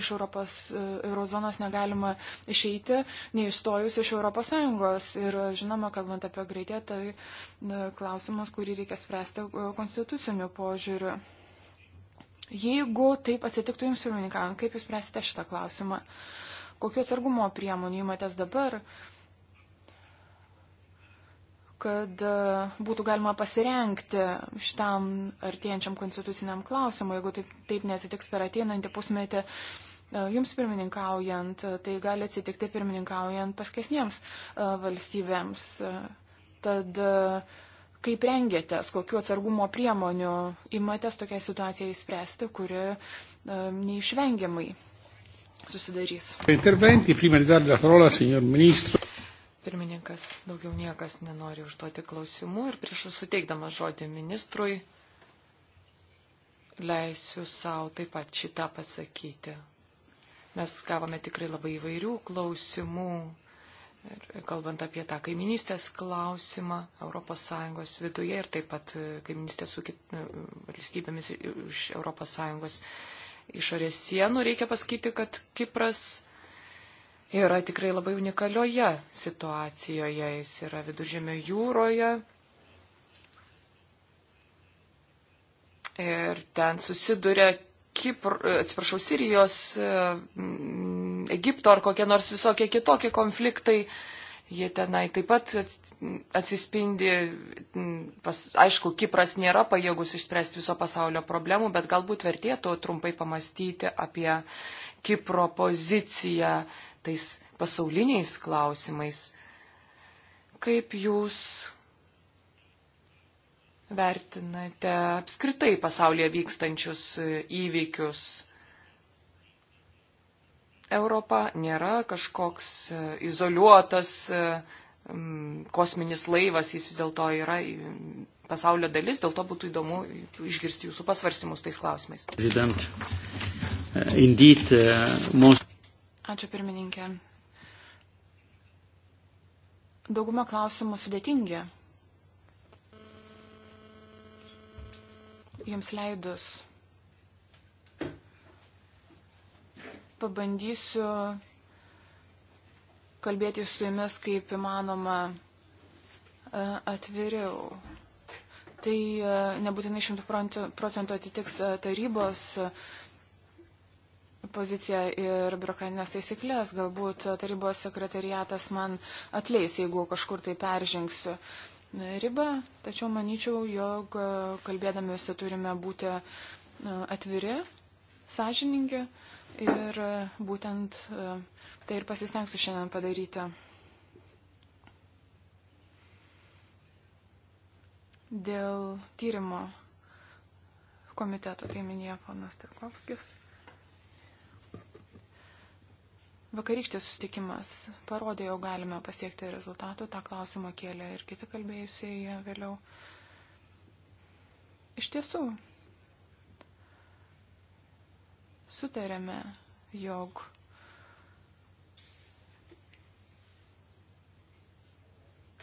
iš Europos eurozonos negalima išeiti, neišstojus iš Europos Sąjungos. Ir žinoma, kalbant apie Graikiją, tai klausimas, kurį reikia spręsti konstituciniu požiūriu. Jeigu taip atsitiktų jums pirmininkam, kaip jūs spręsite šitą klausimą? Uh, Kokios argumo priemonių įmatės dabar, kad e, būtų galima pasirenkti šitam artėjančiam konstituciniam klausimui, jeigu taip, taip nesitiks per ateinantį pusmetį? E, jums pirmininkaujant, e, tai gali atsitikti pirmininkaujant paskesniems valstybėms. Tad kaip rengėtės, kokiu atsargumo priemonių imatės tokiai situacijai įspręsti, kuri neišvengiamai susidarys. Interventi, prima di dar la parola, signor ministro. Pirmininkas, daugiau niekas nenori užduoti klausimų ir prieš suteikdamas žodį ministrui leisiu savo taip pat šitą pasakyti. Mes gavome tikrai labai įvairių klausimų, ir kalbant apie tą kaiminystės klausimą ES viduje ir taip pat kaiminystės su kit, valstybėmis už ES išorės sienų, reikia pasakyti, kad Kipras yra tikrai labai unikalioje situacijoje. Jis yra viduržėmio jūroje. Ir ten susiduria Kipr, atsiprašau, Sirijos, Egipto ar kokie nors visokie kitokie konfliktai jie tenai taip pat atsispindi, pas, aišku, Kipras nėra pajėgus išspręsti viso pasaulio problemų, bet galbūt vertėtų trumpai pamastyti apie Kipro poziciją tais pasauliniais klausimais. Kaip jūs vertinate apskritai pasaulyje vykstančius įvykius? Europa nėra kažkoks e, izoliuotas e, kosminis laivas, jis vis dėlto yra pasaulio dalis, dėl to būtų įdomu išgirsti jūsų pasvarstymus tais klausimais. E, Ačiū pirmininkė. Dauguma klausimų sudėtingi. Jums leidus Pabandysiu kalbėti su jumis kaip įmanoma e, atviriau. Tai e, nebūtinai šimtų procentų atitiks e, tarybos poziciją ir biurokratinės taisyklės. Galbūt tarybos sekretariatas man atleis, jeigu kažkur tai peržingsiu ribą. Tačiau manyčiau, jog kalbėdami visi turime būti atviri, sąžiningi Ir e, būtent e, tai ir pasistengsiu šiandien padaryti. Dėl tyrimo komiteto, tai minėjo panas Tarkovskis. Vakarykštis sustikimas parodė, jau galime pasiekti rezultatų, tą klausimą kėlė ir kiti kalbėjusieji vėliau. Iš tiesų, sutarėme, jog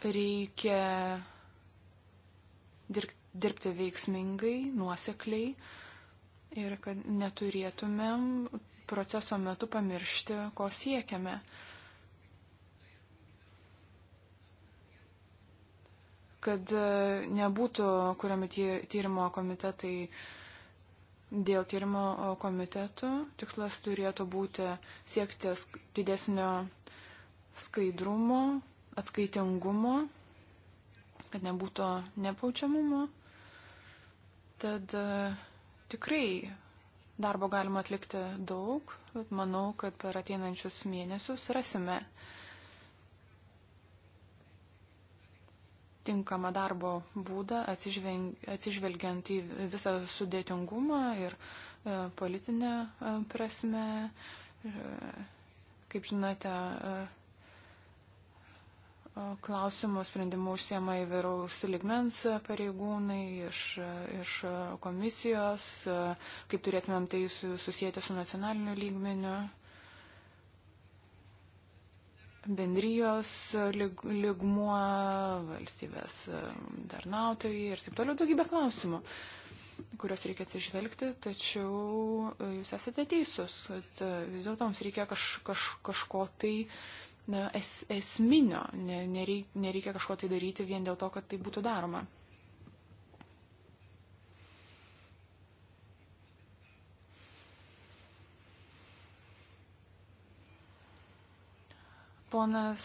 reikia dirbti veiksmingai, nuosekliai ir kad neturėtumėm proceso metu pamiršti, ko siekiame. Kad nebūtų kuriami tyrimo komitetai Dėl tyrimo komitetų tikslas turėtų būti siekti didesnio skaidrumo, atskaitingumo, kad nebūtų nepaučiamumo. Tad e, tikrai darbo galima atlikti daug, bet manau, kad per ateinančius mėnesius rasime tinkamą darbo būdą, atsižvelgiant į visą sudėtingumą ir e, politinę e, prasme. E, kaip žinote, klausimų sprendimų užsiema įvairaus ligmens pareigūnai iš, iš komisijos, kaip turėtumėm tai susijęti su nacionaliniu lygmeniu bendrijos ligmuo, valstybės darnautojai e, ir taip toliau daugybė klausimų kuriuos reikia atsižvelgti, tačiau e, jūs esate teisus, kad e, vis dėlto mums reikia kaž, kaž, kažko tai na, es, esminio, nereik, nereikia kažko tai daryti vien dėl to, kad tai būtų daroma. Ponas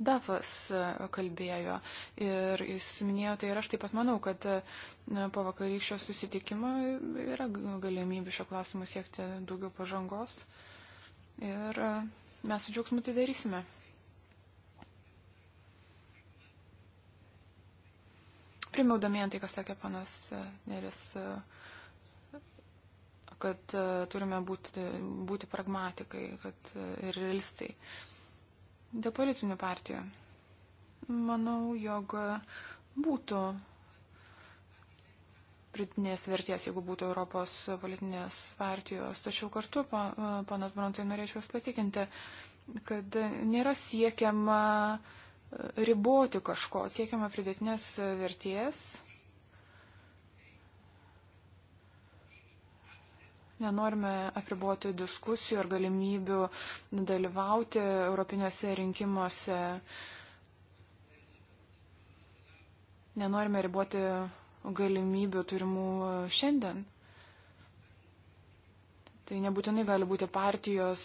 Dafas e, kalbėjo ir jis minėjo tai ir aš taip pat manau, kad e, po vakarykščio susitikimo yra galimybė šio klausimu siekti daugiau pažangos ir e, mes su džiaugsmu tai darysime. Primiau domėjant tai, kas sakė panas Neris kad e, turime būti, būti pragmatikai kad, e, ir realistai. Dėl politinių partijų. Manau, jog būtų pritinės vertės, jeigu būtų Europos politinės partijos. Tačiau kartu, panas e, Brontai, norėčiau jūs patikinti, kad nėra siekiama riboti kažko, siekiama pridėtinės vertės Nenorime apriboti diskusijų ir galimybių dalyvauti Europinėse rinkimuose. Nenorime riboti galimybių turimų šiandien. Tai nebūtinai gali būti partijos,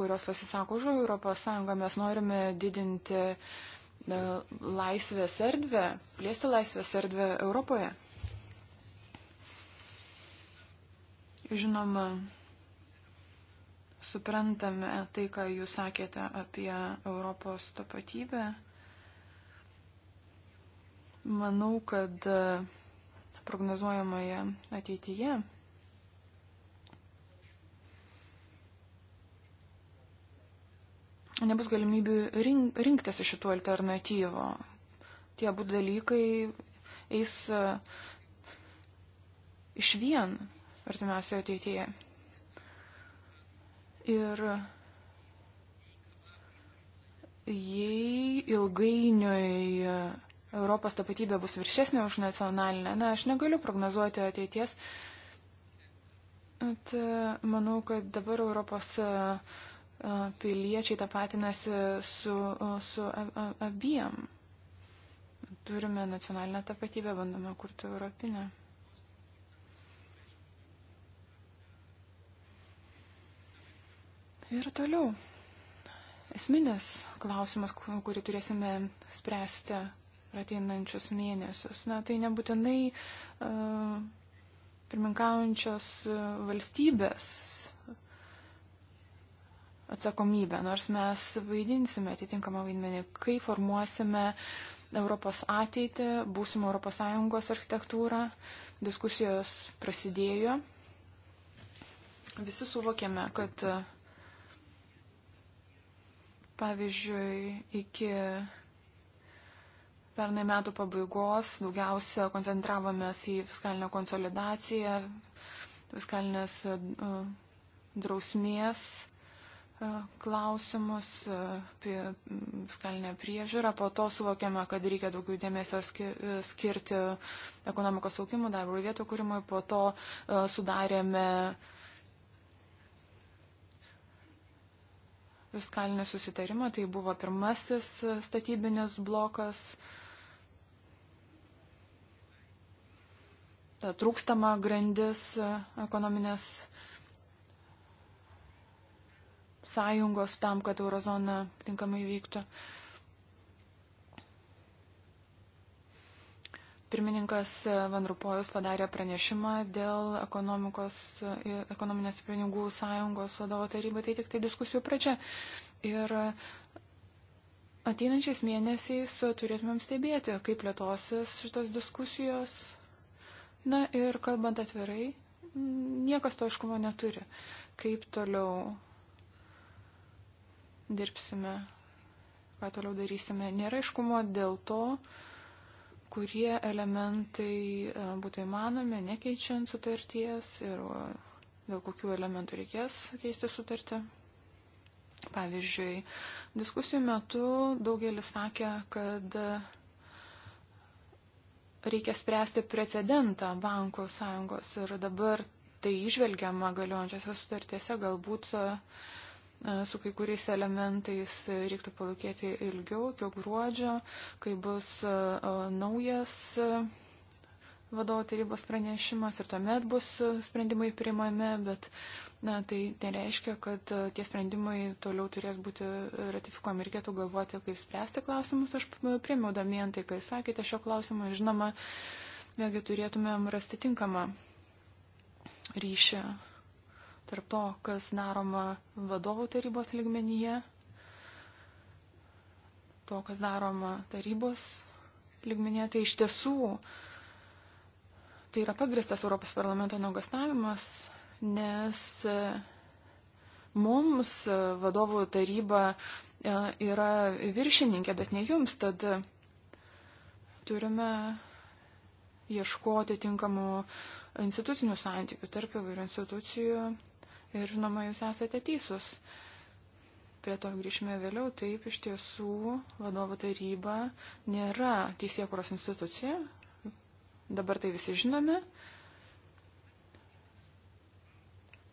kurios pasisako už Europos Sąjungą. Mes norime didinti e, laisvės erdvę, plėsti laisvės erdvę Europoje. Žinoma, suprantame tai, ką jūs sakėte apie Europos tapatybę. Manau, kad e, prognozuojamoje ateityje nebus galimybių rink, rinktis iš šitų alternatyvų. Tie abu dalykai eis e, iš vien artimiausioje ateityje. Ir jei ilgainiui Europos tapatybė bus viršesnė už nacionalinę, na, aš negaliu prognozuoti ateities, bet e, manau, kad dabar Europos e, e, piliečiai tapatinasi su, su abiem. Turime nacionalinę tapatybę, bandome kurti europinę. Ir toliau. Esminis klausimas, kurį turėsime spręsti ateinančius mėnesius. Na, tai nebūtinai uh, e, pirminkaujančios valstybės atsakomybė, nors mes vaidinsime atitinkamą vaidmenį, kai formuosime Europos ateitį, būsimą ES architektūrą. Diskusijos prasidėjo. Visi suvokėme, kad uh, Pavyzdžiui, iki pernai metų pabaigos daugiausia koncentravomės į fiskalinę konsolidaciją, fiskalinės e, drausmės e, klausimus, e, fiskalinę priežiūrą. Po to suvokėme, kad reikia daugiau dėmesio skirti ekonomikos aukimui, darbo vietų kūrimui. Po to sudarėme uh, fiskalinį susitarimą. Tai buvo pirmasis statybinis blokas. Ta trūkstama grandis ekonominės sąjungos tam, kad eurozona tinkamai vyktų. Uh, Pirmininkas Vanrupojus padarė pranešimą dėl e, ekonominės pinigų sąjungos vadovo tarybai, tai tik tai diskusijų pradžia. Ir ateinančiais mėnesiais turėtumėm stebėti, kaip plėtosis šitos diskusijos. Na ir kalbant atvirai, niekas to aiškumo neturi, kaip toliau dirbsime, ką toliau darysime. Nėra aiškumo dėl to, kurie elementai e, būtų įmanomi, nekeičiant sutarties ir dėl kokių elementų reikės keisti sutartį. Pavyzdžiui, diskusijų metu daugelis sakė, kad reikia spręsti precedentą bankų sąjungos ir dabar tai išvelgiama galiojančiose sutartėse galbūt uh, E, su kai kuriais elementais reiktų palūkėti ilgiau, iki gruodžio, kai bus e, e, naujas vadovo tarybos pranešimas ir tuomet bus sprendimai priimami, bet na, tai nereiškia, kad tie sprendimai toliau turės būti ratifikuojami. Reikėtų galvoti, kaip spręsti klausimus. Aš priemiau domientai, kai sakėte šio klausimo, žinoma, vėlgi turėtumėm rasti tinkamą ryšį tarp to, kas daroma vadovų tarybos ligmenyje, to, kas daroma tarybos ligmenyje, tai iš tiesų tai yra pagristas Europos parlamento nuogastavimas, nes e, mums vadovų taryba e, yra viršininkė, bet ne jums, tad e, turime ieškoti tinkamų institucinių santykių tarp įvairių institucijų Ir žinoma, jūs esate teisus. Prie to grįžime vėliau. Taip, iš tiesų, vadovų taryba nėra teisėkuros institucija. Dabar tai visi žinome.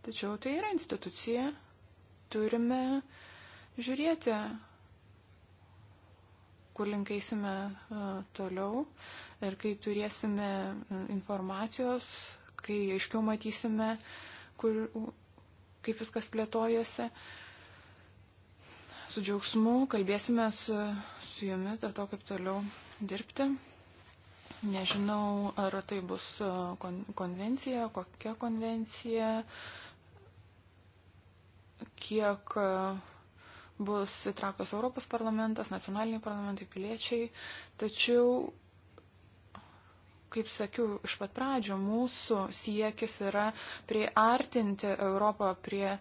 Tačiau tai yra institucija. Turime žiūrėti, kur linkaisime e, toliau ir kai turėsime e, informacijos, kai aiškiau matysime, kur, kaip viskas plėtojasi. Su džiaugsmu kalbėsime su, su jumis dėl to, kaip toliau dirbti. Nežinau, ar tai bus e, kon, konvencija, kokia konvencija, kiek e, bus įtrauktas Europos parlamentas, nacionaliniai parlamentai, piliečiai. Tačiau kaip sakiau, iš pat pradžio mūsų siekis yra priartinti Europą prie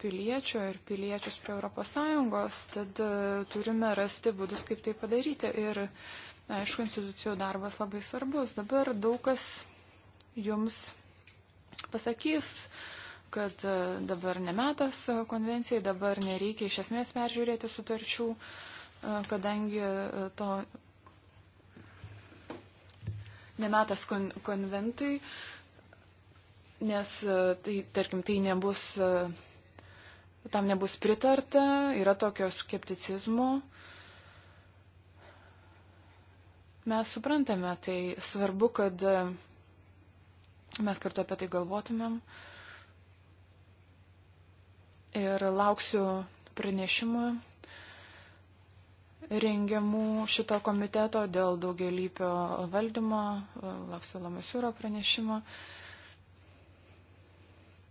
piliečio ir piliečius prie ES, tad turime rasti būdus, kaip tai padaryti. Ir, aišku, institucijų darbas labai svarbus. Dabar daug kas jums pasakys, kad dabar nemetas konvencijai, dabar nereikia iš esmės peržiūrėti sutarčių kadangi to nemetas kon, konventui, nes e, tai, tarkim, tai nebus, e, tam nebus pritarta, yra tokio skepticizmo. Mes suprantame, tai svarbu, kad e, mes kartu apie tai galvotumėm. Ir lauksiu pranešimų rengiamų šito komiteto dėl daugelypio valdymo, e, Laksalo Masiūro pranešimo.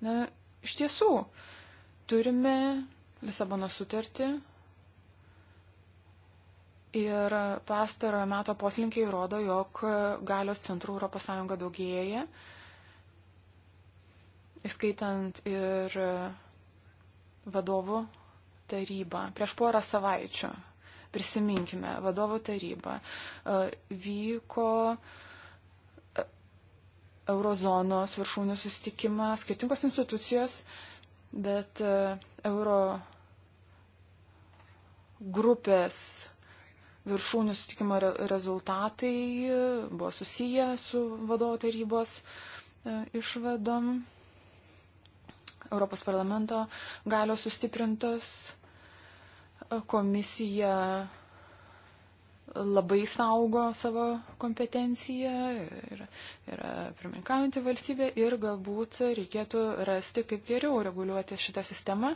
Na, iš tiesų, turime Lisabono sutartį, Ir pastarojo meto poslinkiai rodo, jog galios centrų ES daugėja, įskaitant ir vadovų tarybą. Prieš porą savaičių Prisiminkime, vadovo taryba e, vyko e, eurozonos viršūnių susitikimą, skirtingos institucijos, bet e, euro grupės viršūnių sutikimo rezultatai buvo susiję su vadovo tarybos išvadom. Europos parlamento galios sustiprintos Komisija labai saugo savo kompetenciją ir yra pirmininkaujanti valstybė ir galbūt reikėtų rasti, kaip geriau reguliuoti šitą sistemą.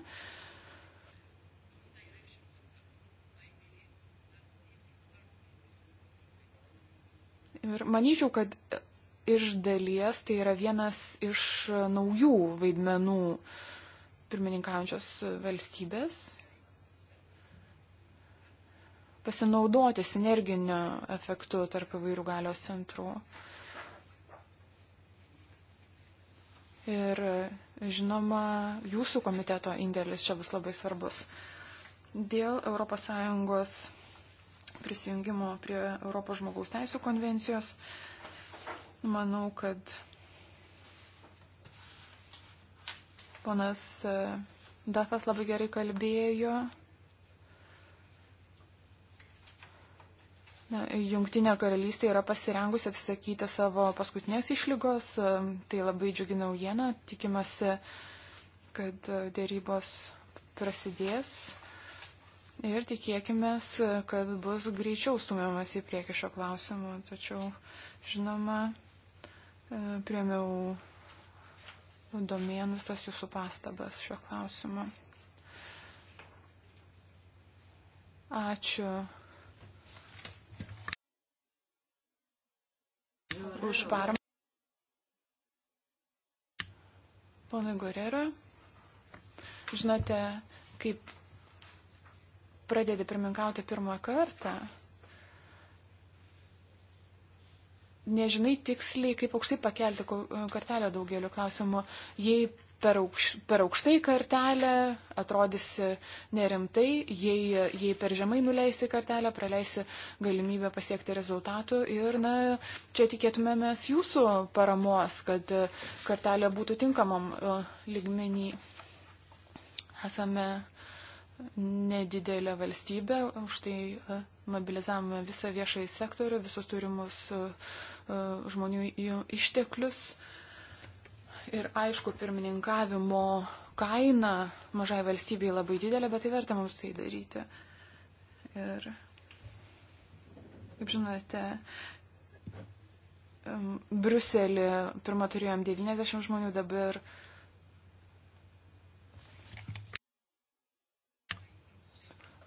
Ir manyčiau, kad iš dalies tai yra vienas iš naujų vaidmenų pirmininkaujančios valstybės pasinaudoti sinerginiu efektu tarp įvairių galios centrų. Ir žinoma, jūsų komiteto indėlis čia bus labai svarbus. Dėl ES prisijungimo prie Europos žmogaus teisų konvencijos, manau, kad ponas e, Dafas labai gerai kalbėjo Na, Jungtinė karalystė yra pasirengusi atsisakyti savo paskutinės išlygos, tai labai džiugi naujiena, tikimasi, kad e, dėrybos prasidės ir tikėkime, kad bus greičiau stumiamas į priekį šio klausimo. Tačiau, žinoma, e, priemiau domėn visas jūsų pastabas šio klausimo. Ačiū. už paramą. Pana Gorero, žinote, kaip pradedi pirmininkauti pirmą kartą, nežinai tiksliai, kaip aukštai pakelti kartelę daugeliu klausimų. Jei per, aukš, per aukštai kartelę, atrodysi nerimtai, jei, jei per žemai nuleisi kartelę, praleisi galimybę pasiekti rezultatų. Ir na, čia tikėtumėmės jūsų paramos, kad kartelė būtų tinkamam e, lygmenį. Esame nedidelė valstybė, už tai e, mobilizavome visą viešąjį sektorių, visus turimus e, žmonių išteklius. Ir aišku, pirmininkavimo kaina mažai valstybei labai didelė, bet tai verta mums tai daryti. Ir, kaip žinote, Bruselį pirmą turėjom 90 žmonių, dabar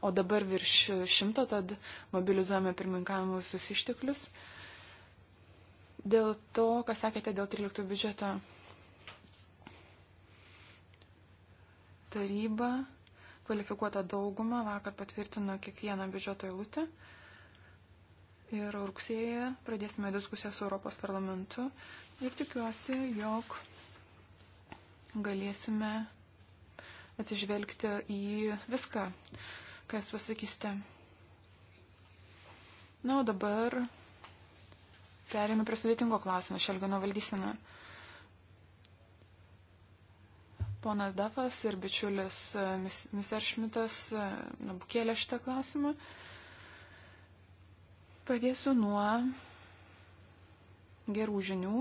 o dabar virš šimto, tad mobilizuojame pirmininkavimus išteklius. Dėl to, ką sakėte dėl 13 biudžeto Taryba kvalifikuota dauguma vakar patvirtino kiekvieną biudžeto eilutę. Ir rugsėje pradėsime diskusiją su Europos parlamentu ir tikiuosi, jog galėsime atsižvelgti į viską, kas pasakysite. Na, o dabar perėmė prie sudėtingo klausimo, šelgino valdysena. ponas Dafas ir bičiulis e, Mr. Šmitas bukėlė e, šitą klausimą. Pradėsiu nuo gerų žinių.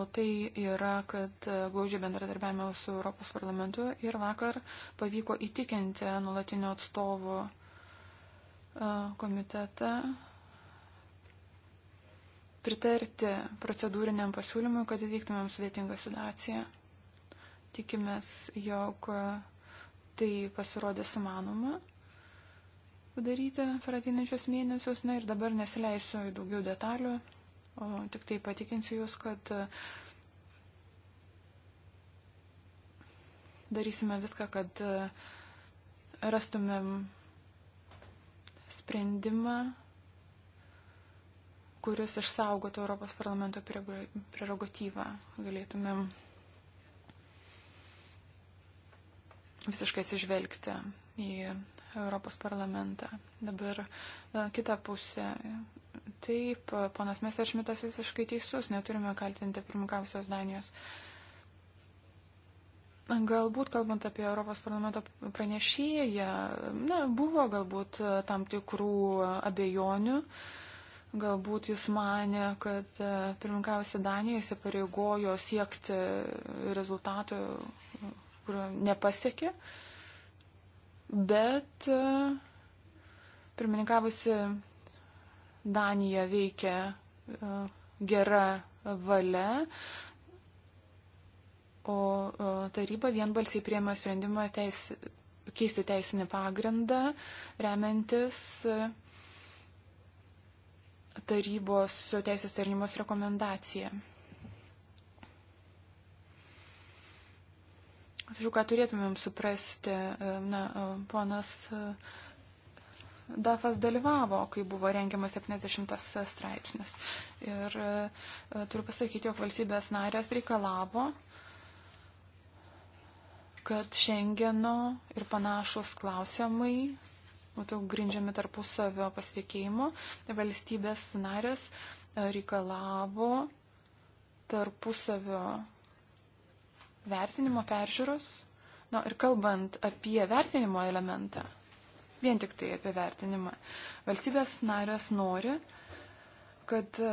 O tai yra, kad e, glaudžiai bendradarbiavimo su Europos parlamentu ir vakar pavyko įtikinti nulatinio atstovo komitetą pritarti procedūriniam pasiūlymui, kad įvyktumėm sudėtingą situaciją. Tikimės, jog tai pasirodė sumanoma padaryti per ateinančius mėnesius. Na ir dabar nesileisiu į daugiau detalių, o tik tai patikinsiu Jūs, kad darysime viską, kad rastumėm sprendimą kuris išsaugotų Europos parlamento prerogatyvą. Galėtumėm visiškai atsižvelgti į Europos parlamentą. Dabar kita pusė. Taip, ponas Mesaršmitas visiškai teisus, neturime kaltinti pirmkavusios Danijos. Galbūt, kalbant apie Europos parlamento pranešėją, na, buvo galbūt tam tikrų abejonių. Uh, Galbūt jis mane, kad e, pirmininkavusi Danija įsipareigojo siekti rezultatų, kurio nepasiekė, bet e, pirmininkavusi Danija veikia e, gera valia, o taryba vienbalsiai priema sprendimą teis, keisti teisinį pagrindą, remiantis tarybos teisės tarnybos rekomendacija. Tačiau, ką turėtumėm suprasti, e, na, e, ponas e, Dafas dalyvavo, kai buvo rengiamas 70 straipsnis. Ir turiu pasakyti, jog valstybės narės reikalavo, kad Šengeno ir panašus klausimai matau, grindžiami tarpusavio pasitikėjimo. Valstybės narės e, reikalavo tarpusavio vertinimo peržiūros. Na ir kalbant apie vertinimo elementą, vien tik tai apie vertinimą, valstybės narės nori, kad e,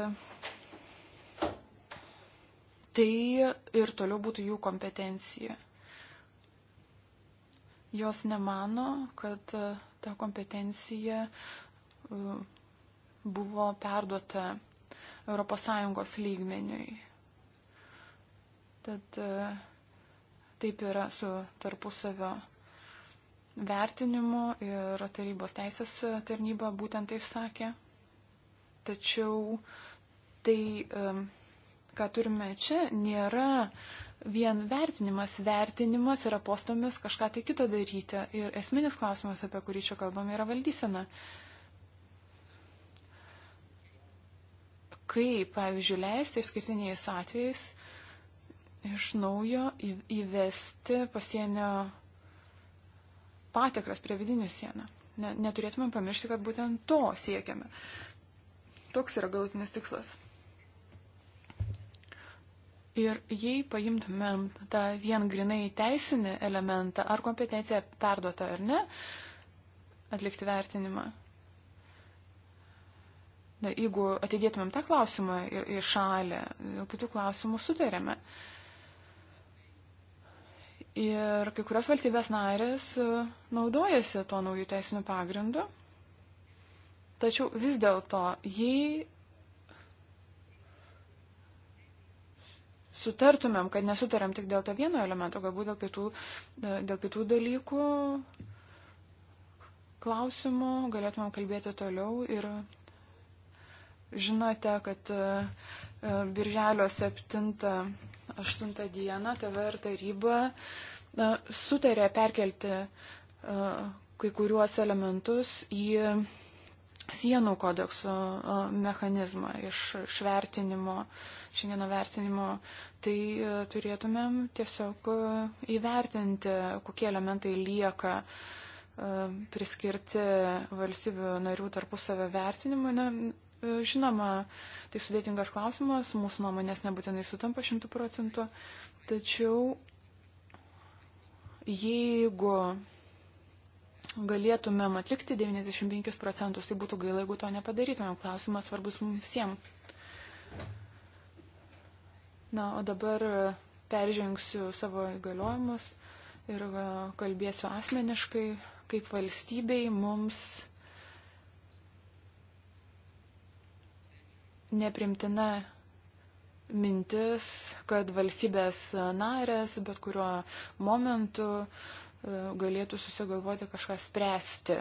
tai ir toliau būtų jų kompetencija jos nemano, kad e, ta kompetencija e, buvo perduota ES lygmeniui. Tad e, taip yra su tarpusavio vertinimu ir tarybos teisės tarnyba būtent taip sakė. Tačiau tai, e, ką turime čia, nėra vien vertinimas. Vertinimas yra postomis kažką tai kitą daryti. Ir esminis klausimas, apie kurį čia kalbame, yra valdysena. Kaip, pavyzdžiui, leisti išskirtiniais atvejais iš naujo įvesti pasienio patikras prie vidinių sieną. Neturėtume pamiršti, kad būtent to siekiame. Toks yra galutinis tikslas. Ir jei paimtumėm tą vien grinai teisinį elementą, ar kompetencija perduota ar ne, atlikti vertinimą. Na, jeigu atidėtumėm tą klausimą į šalį, dėl kitų klausimų sutarėme. Ir kai kurios valstybės narės e, naudojasi tuo naujų teisiniu pagrindu. Tačiau vis dėlto, jei sutartumėm, kad nesutarėm tik dėl to vieno elemento, galbūt dėl kitų, e, dėl kitų dalykų, klausimų, galėtumėm kalbėti toliau ir žinote, kad e, e, Birželio 7-8 dieną TVR taryba sutarė perkelti kai kuriuos elementus į sienų kodekso mechanizmą iš švertinimo, šiandieno vertinimo, tai e, turėtumėm tiesiog e, įvertinti, kokie elementai lieka e, priskirti valstybių narių tarpusavio vertinimui. Na, žinoma, tai sudėtingas klausimas, mūsų nuomonės nebūtinai sutampa šimtų procentų, tačiau jeigu galėtumėm atlikti 95 procentus, tai būtų gaila, jeigu to nepadarytumėm. Klausimas svarbus mums visiems. Na, o dabar e, peržengsiu savo įgaliojimus ir e, kalbėsiu asmeniškai, kaip valstybei mums neprimtina mintis, kad valstybės narės bet kuriuo momentu uh, E, galėtų susigalvoti kažką spręsti.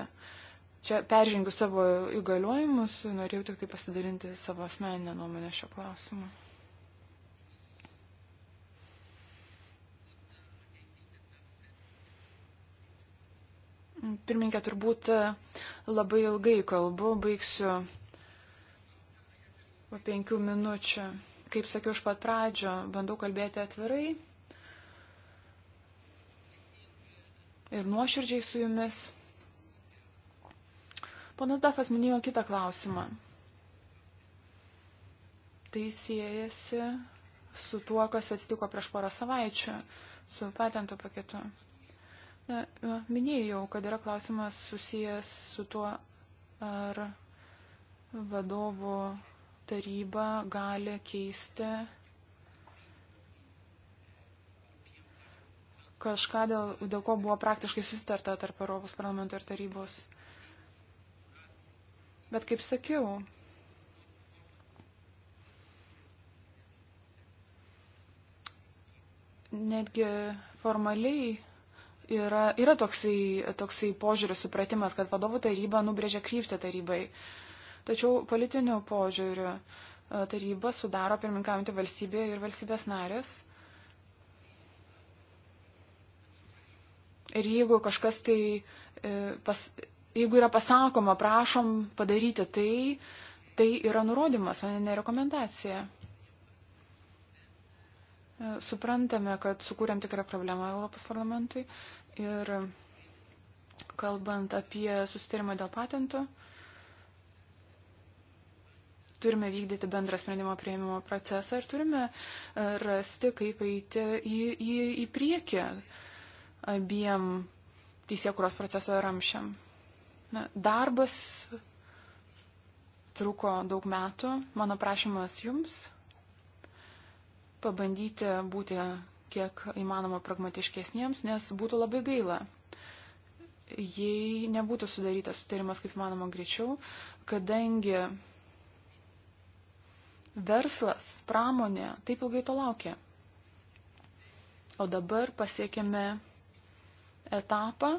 Čia peržengiu savo įgaliojimus, norėjau tik tai pasidalinti savo asmeninę nuomonę šio klausimu. Pirminkė, turbūt labai ilgai kalbu, baigsiu po penkių minučių. Kaip sakiau iš pat pradžio, bandau kalbėti atvirai ir nuoširdžiai su jumis. Ponas Dafas minėjo kitą klausimą. Tai siejasi su tuo, kas atsitiko prieš porą savaičių su patento paketu. Na, minėjau, kad yra klausimas susijęs su tuo, ar vadovų taryba gali keisti kažką, dėl, dėl ko buvo praktiškai susitarta tarp Europos parlamento ir tarybos. Bet kaip sakiau, netgi formaliai yra, yra toksai, toksai požiūris, supratimas, kad vadovų taryba nubrėžia kryptį tarybai. Tačiau politiniu požiūriu e, taryba sudaro pirmininkaujantį valstybę ir valstybės narės. Ir jeigu kažkas tai, e, pas, jeigu yra pasakoma, prašom padaryti tai, tai yra nurodymas, o ne rekomendacija. E, suprantame, kad sukūrėm tikrą problemą Europos parlamentui ir kalbant apie susitarimą dėl patentų, turime vykdyti bendrą sprendimo prieimimo procesą ir turime e, rasti, kaip eiti į, į, į priekį. Uh, abiem teisėkuros proceso ramšiam. Na, darbas truko daug metų. Mano prašymas jums pabandyti būti kiek įmanoma pragmatiškesniems, nes būtų labai gaila, jei nebūtų sudarytas sutarimas kaip įmanoma greičiau, kadangi verslas, pramonė taip ilgai to laukia. O dabar pasiekėme etapą,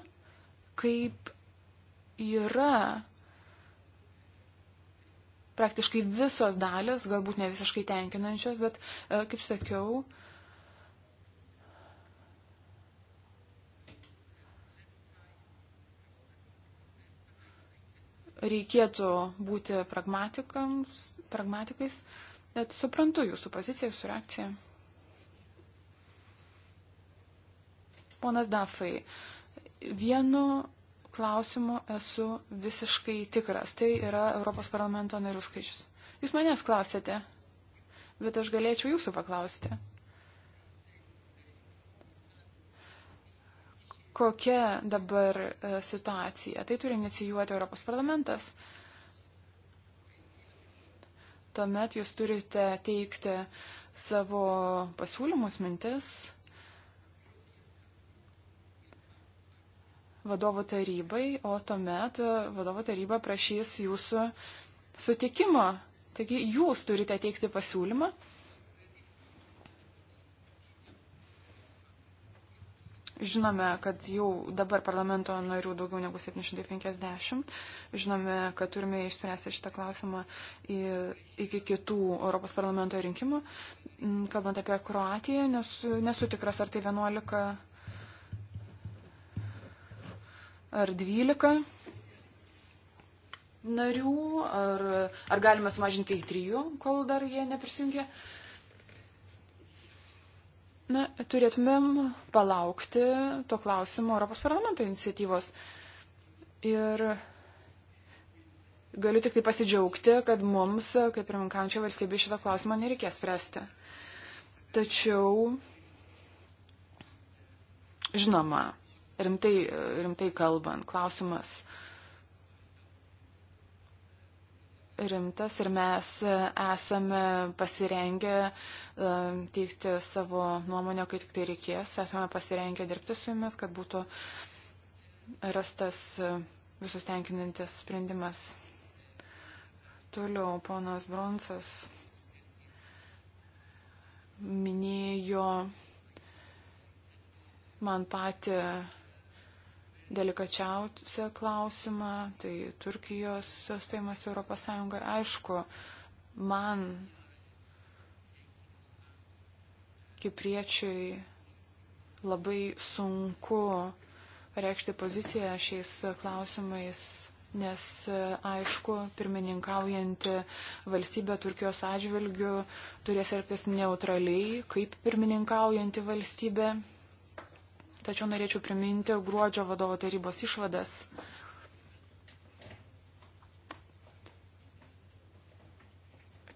kaip yra praktiškai visos dalis, galbūt ne visiškai tenkinančios, bet, e, kaip sakiau, reikėtų būti pragmatikams, pragmatikais, bet suprantu jūsų poziciją, jūsų reakciją. Ponas Dafai, vienu klausimu esu visiškai tikras. Tai yra Europos parlamento narių skaičius. Jūs manęs klausėte, bet aš galėčiau jūsų paklausti. Kokia dabar e, situacija? Tai turi inicijuoti Europos parlamentas. Tuomet jūs turite teikti savo pasiūlymus, mintis vadovo tarybai, o tuomet e, vadovo taryba prašys jūsų sutikimo. Taigi jūs turite teikti pasiūlymą. Žinome, kad jau dabar parlamento narių daugiau negu 750. Žinome, kad turime išspręsti šitą klausimą iki kitų Europos parlamento rinkimų. Mm, kalbant apie Kroatiją, nesu, nesu tikras, ar tai 11 ar 12 narių, ar, ar galime sumažinti į 3, kol dar jie neprisijungia. Na, turėtumėm palaukti to klausimo Europos parlamento iniciatyvos. Ir galiu tik tai pasidžiaugti, kad mums, kaip ir minkančio valstybė, šito klausimo nereikės spręsti. Tačiau, žinoma, rimtai, rimtai kalbant, klausimas rimtas ir mes esame pasirengę e, teikti savo nuomonę, kai tik tai reikės, esame pasirengę dirbti su jumis, kad būtų rastas e, visus tenkinantis sprendimas. Toliau ponas Bronsas minėjo man patį delikačiausią klausimą, tai Turkijos stojimas Europos Sąjungoje. Aišku, man, kipriečiui, labai sunku reikšti poziciją šiais klausimais, nes aišku, pirmininkaujanti valstybė Turkijos atžvilgių turės elgtis neutraliai, kaip pirmininkaujanti valstybė tačiau norėčiau priminti gruodžio vadovo tarybos išvadas.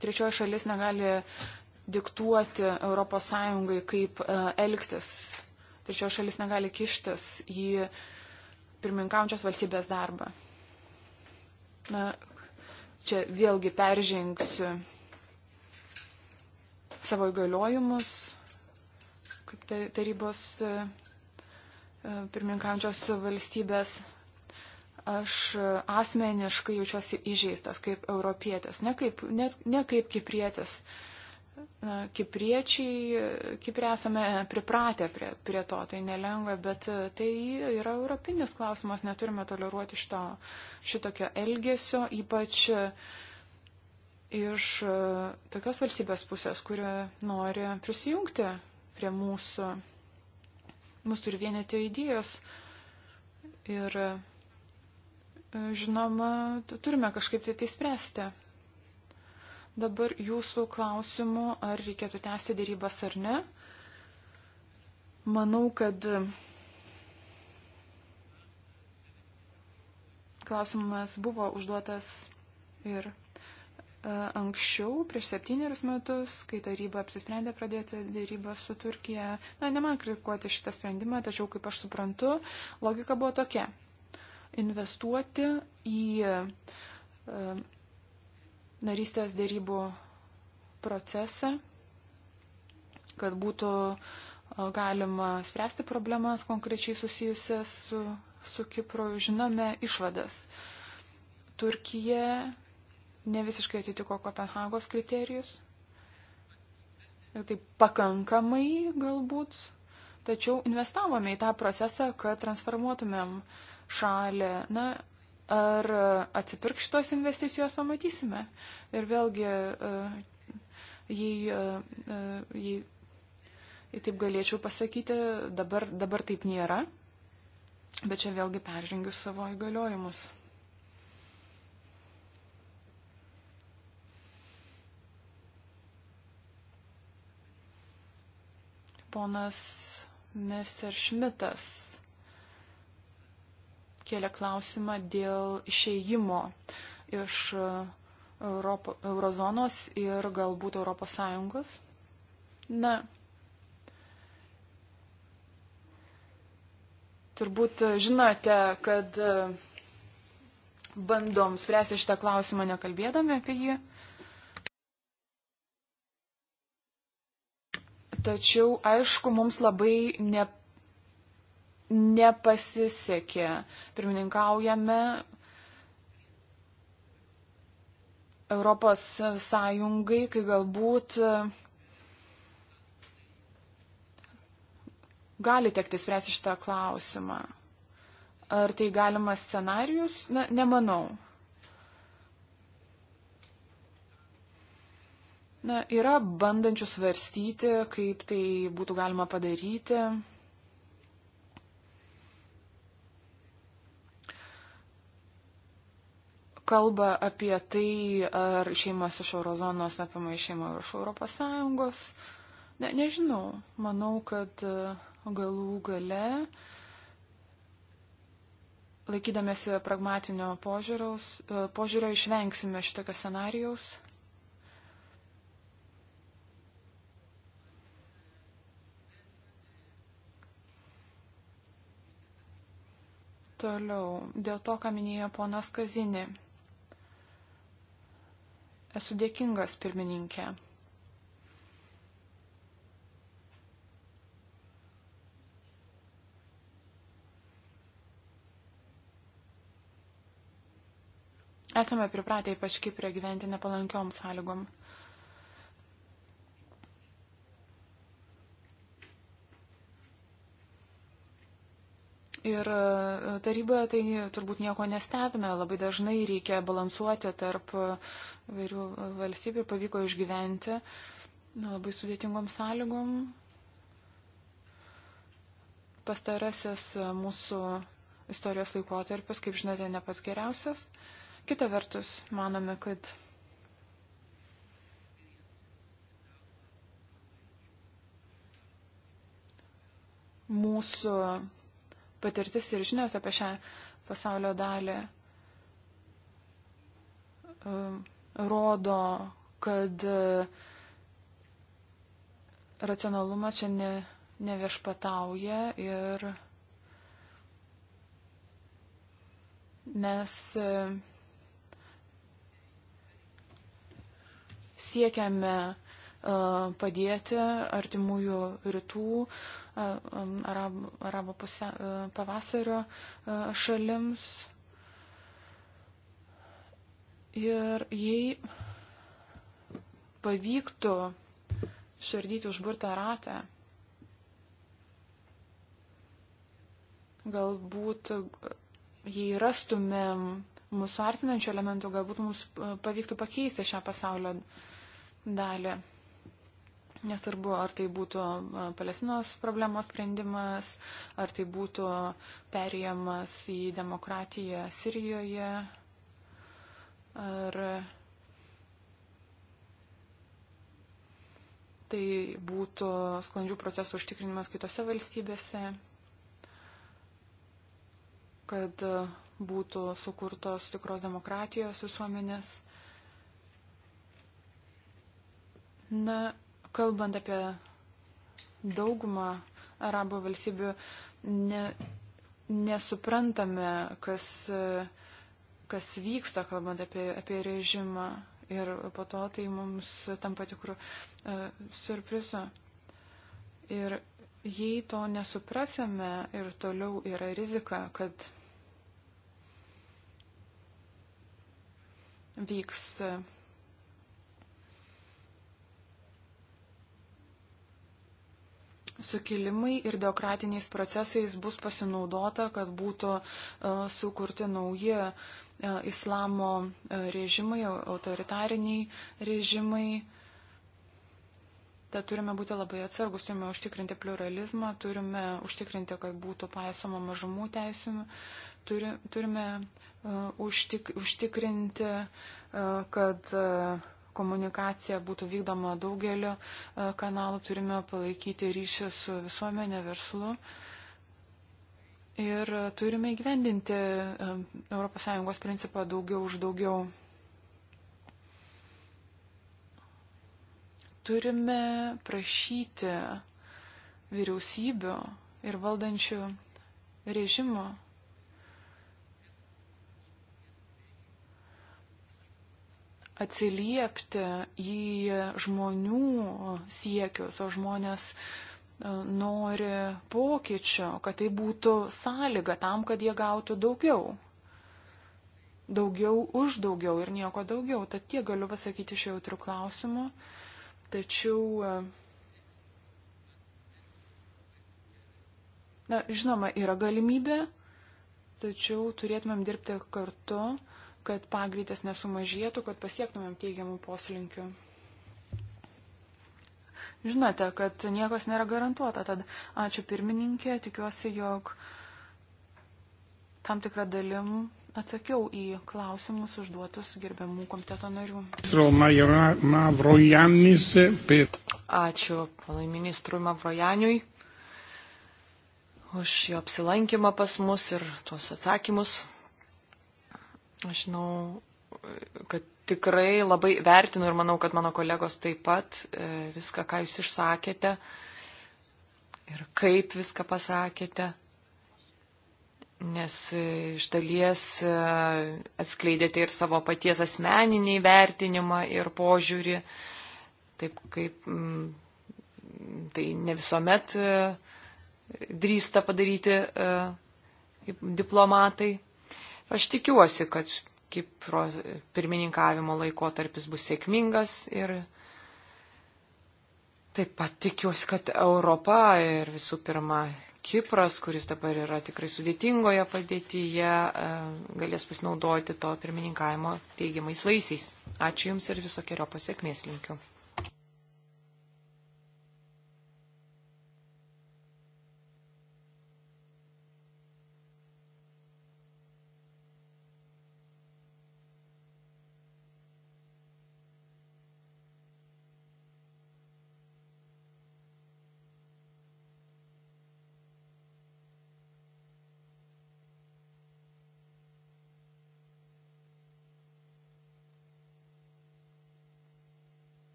Trečioji šalis negali diktuoti ES, kaip e, elgtis. Trečioji šalis negali kištis į pirmininkaujančios valstybės darbą. Na, čia vėlgi peržengsiu savo įgaliojimus kaip tarybos e, E, pirmininkančios valstybės aš asmeniškai jaučiuosi įžeistas kaip europietis, ne kaip, ne, ne kaip kiprietis. Na, kipriečiai, Kiprė esame pripratę prie, prie to, tai nelengva, bet e, tai yra europinis klausimas, neturime toleruoti šito, šitokio elgesio, ypač e, iš tokios valstybės pusės, kuri nori prisijungti prie mūsų mus turi vienyti idėjos. Ir e, žinoma, turime kažkaip tai tai spręsti. Dabar jūsų klausimų, ar reikėtų tęsti dėrybas ar ne. Manau, kad e, klausimas buvo užduotas ir anksčiau, prieš septynerius metus, kai taryba apsisprendė pradėti dėrybą su Turkija. Na, ne man kritikuoti šitą sprendimą, tačiau, kaip aš suprantu, logika buvo tokia. Investuoti į uh, narystės dėrybų procesą, kad būtų galima spręsti problemas konkrečiai susijusias su, su Kipru. Žinome išvadas. Turkija ne visiškai atitiko Kopenhagos kriterijus. Ir taip pakankamai galbūt, tačiau investavome į tą procesą, kad transformuotumėm šalį. Na, ar atsipirk šitos investicijos, pamatysime. Ir vėlgi, e, jei, e, e, jei, jei taip galėčiau pasakyti, dabar, dabar taip nėra. Bet čia vėlgi peržengiu savo įgaliojimus. Ponas Messerschmittas kėlė klausimą dėl išeimo iš e, Europo, eurozonos ir galbūt ES. Na, turbūt žinote, kad e, bandom spręsti šitą klausimą nekalbėdami apie jį. Uh, Tačiau, aišku, mums labai ne, nepasisekė. Pirmininkaujame Europos Sąjungai, kai galbūt gali tekti spręsti šitą klausimą. Ar tai galimas scenarius? Na, nemanau. Na, yra bandančių svarstyti, kaip tai būtų galima padaryti. Kalba apie tai, ar šeimas iš eurozonos apima šeimą iš Europos Sąjungos. Ne, nežinau. Manau, kad e, galų gale, laikydamėsi pragmatinio e, požiūrio, išvengsime šitokio scenarijaus. Toliau, dėl to, ką minėjo ponas Kazinė. Esu dėkingas pirmininkė. Esame pripratę ypač Kiprė gyventi nepalankioms sąlygom. Ir e, taryboje tai turbūt nieko nestebina, labai dažnai reikia balansuoti tarp e, vairių valstybių, pavyko išgyventi labai sudėtingom sąlygom. Pastarasis mūsų istorijos laikotarpis, kaip žinote, ne pats geriausias. Kita vertus, manome, kad mūsų patirtis ir žinios apie šią pasaulio dalį um, rodo, kad uh, racionalumas čia ne, neviešpatauja ir mes uh, siekiame padėti artimųjų rytų arabų, arabų pusė, pavasario šalims. Ir jei pavyktų šardyti užburtą ratą, galbūt jei rastumėm mūsų artinančių elementų, galbūt mums pavyktų pakeisti šią pasaulio dalį. Nesvarbu, ar tai būtų Palestinos problemos sprendimas, ar tai būtų perėjimas į demokratiją Sirijoje, ar tai būtų sklandžių procesų užtikrinimas kitose valstybėse, kad būtų sukurtos tikros demokratijos visuomenės. Na, kalbant apie daugumą arabų valstybių, ne, nesuprantame, kas, kas vyksta, kalbant apie, apie režimą. Ir po to tai mums tampa tikrų uh, e, surprizų. Ir jei to nesuprasime ir toliau yra rizika, kad vyks uh, sukilimai ir demokratiniais procesais bus pasinaudota, kad būtų e, sukurti nauji e, islamo e, režimai, autoritariniai režimai. Tad turime būti labai atsargus, turime užtikrinti pluralizmą, turime užtikrinti, kad būtų paisoma mažumų teisų, turi, turime uh, užtik, užtikrinti, uh, kad uh, komunikacija būtų vykdoma daugeliu e, kanalų, turime palaikyti ryšį su visuomenė, verslu. Ir e, turime įgyvendinti e, ES principą daugiau už daugiau. Turime prašyti vyriausybių ir valdančių režimo atsiliepti į žmonių siekius, o žmonės e, nori pokyčio, kad tai būtų sąlyga tam, kad jie gautų daugiau. Daugiau už daugiau ir nieko daugiau. Tad tiek galiu pasakyti šio jautrių klausimų. Tačiau e, Na, žinoma, yra galimybė, tačiau turėtumėm dirbti kartu kad pagreitis nesumažėtų, kad pasiektumėm teigiamų poslinkių. Žinote, kad niekas nėra garantuota, tad ačiū pirmininkė, tikiuosi, jog tam tikrą dalim atsakiau į klausimus užduotus gerbiamų komiteto narių. Ačiū panui ministrui Mavrojaniui už jo apsilankymą pas mus ir tuos atsakymus. Aš žinau, kad tikrai labai vertinu ir manau, kad mano kolegos taip pat e, viską, ką jūs išsakėte ir kaip viską pasakėte, nes e, iš dalies e, atskleidėte ir savo paties asmeninį vertinimą ir požiūrį, taip kaip mm, tai ne visuomet drįsta padaryti diplomatai. Aš tikiuosi, kad Kipro pirmininkavimo laikotarpis bus sėkmingas ir taip pat tikiuosi, kad Europa ir visų pirma Kipras, kuris dabar yra tikrai sudėtingoje padėtyje, e, galės pasinaudoti to pirmininkavimo teigiamais vaisiais. Ačiū Jums ir visokiojo pasiekmės linkiu.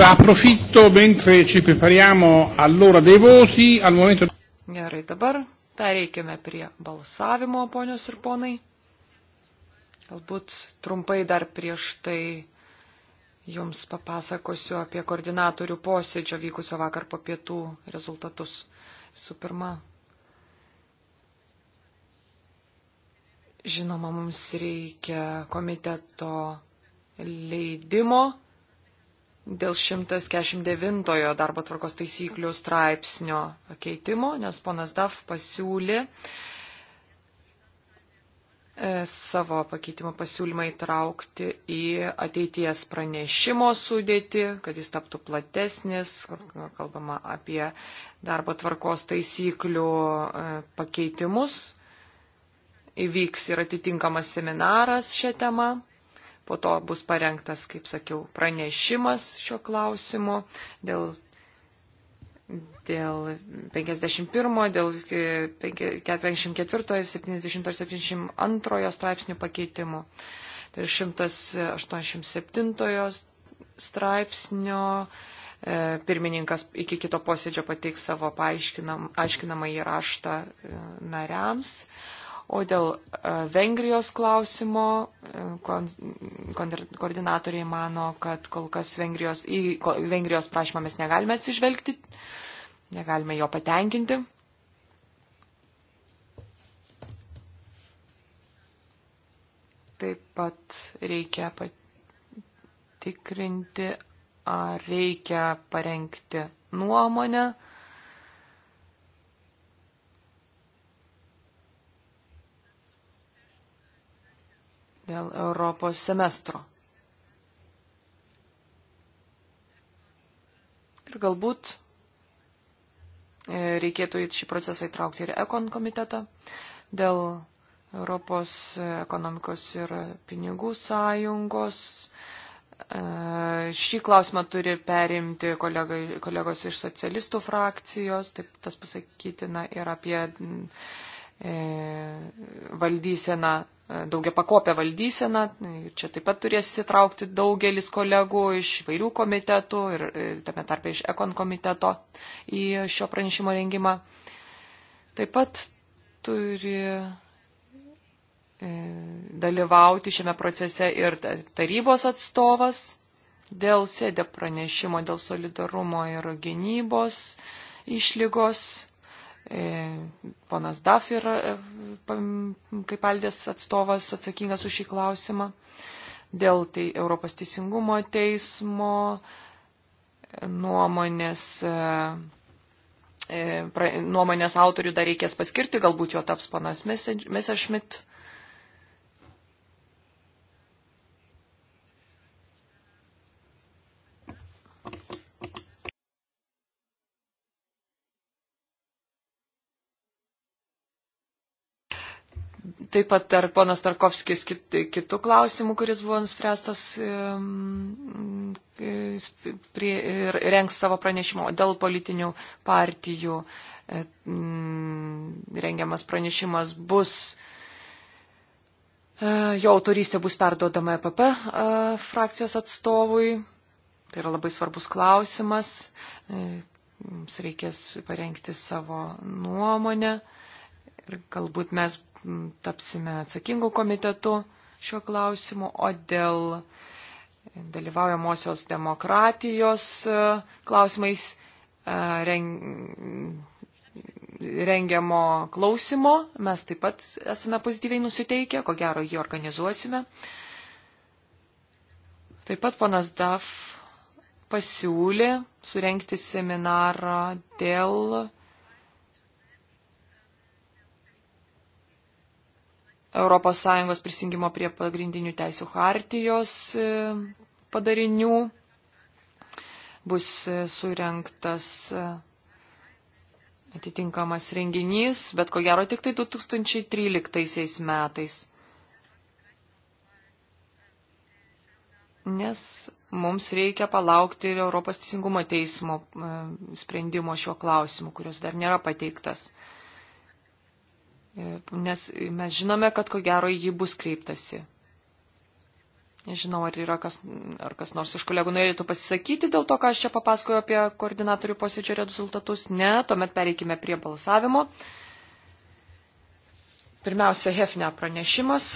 Allora approfitto mentre ci prepariamo all'ora dei voti, al momento. Gerai, dabar pereikime prie balsavimo, ponios ir ponai. Galbūt trumpai dar prieš tai jums papasakosiu apie koordinatorių posėdžio vykusio vakar po pietų rezultatus. Visų pirma, žinoma, mums reikia komiteto leidimo dėl 149 darbo tvarkos taisyklių straipsnio keitimo, nes ponas DAF pasiūlė e, savo pakeitimo pasiūlymą įtraukti į ateities pranešimo sudėti, kad jis taptų platesnis, kalbama apie darbo tvarkos taisyklių e, pakeitimus. Įvyks ir atitinkamas seminaras šią temą. Po to bus parengtas, kaip sakiau, pranešimas šio klausimu dėl, dėl 51, dėl 54, 70 ir 72 straipsnių pakeitimų. Tai 187 straipsnio e, pirmininkas iki kito posėdžio pateiks savo paaiškinamą įraštą e, nariams. O dėl e, Vengrijos klausimo e, koordinatoriai mano, kad kol kas Vengrijos, į Vengrijos prašymą mes negalime atsižvelgti, negalime jo patenkinti. Taip pat reikia patikrinti, ar reikia parengti nuomonę dėl Europos semestro. Ir galbūt e, reikėtų į šį procesą įtraukti ir ekon komitetą dėl Europos ekonomikos ir pinigų sąjungos. E, šį klausimą turi perimti kolegai, kolegos iš socialistų frakcijos, taip tas pasakytina ir apie mm, e, valdyseną daugia pakopę valdyseną. Čia taip pat turės įsitraukti daugelis kolegų iš vairių komitetų ir tame tarpe iš ekon komiteto į šio pranešimo rengimą. Taip pat turi e, dalyvauti šiame procese ir tarybos atstovas dėl sėdė pranešimo, dėl solidarumo ir gynybos išlygos E, ponas Daf yra e, kaip aldės atstovas atsakingas už šį klausimą. Dėl tai Europos teisingumo teismo nuomonės, e, nuomonės autorių dar reikės paskirti, galbūt jo taps ponas Messerschmidt. Taip pat dar ponas Tarkovskis kit, kitų klausimų, kuris buvo nuspręstas prie, rengs savo pranešimą dėl politinių partijų. Rengiamas pranešimas bus, e, jo autorystė bus perduodama EPP e, frakcijos atstovui. Tai yra labai svarbus klausimas. Mums e, reikės parengti savo nuomonę. Ir galbūt mes tapsime atsakingų komitetų šiuo klausimu, o dėl dalyvaujamosios demokratijos e, klausimais e, rengiamo klausimo mes taip pat esame pozityviai nusiteikę, ko gero jį organizuosime. Taip pat ponas Daf pasiūlė surenkti seminarą dėl ES prisijungimo prie pagrindinių teisų hartijos e, padarinių. Bus e, surenktas e, atitinkamas renginys, bet ko gero tik tai 2013 metais. Nes mums reikia palaukti ir Europos teisingumo teismo sprendimo šiuo klausimu, kurios dar nėra pateiktas. E, nes mes žinome, kad ko gero į jį bus kreiptasi. Nežinau, ar yra kas, ar kas nors iš kolegų norėtų pasisakyti dėl to, ką aš čia papasakojau apie koordinatorių posėdžio rezultatus. Ne, tuomet pereikime prie balsavimo. Pirmiausia, Hefne pranešimas.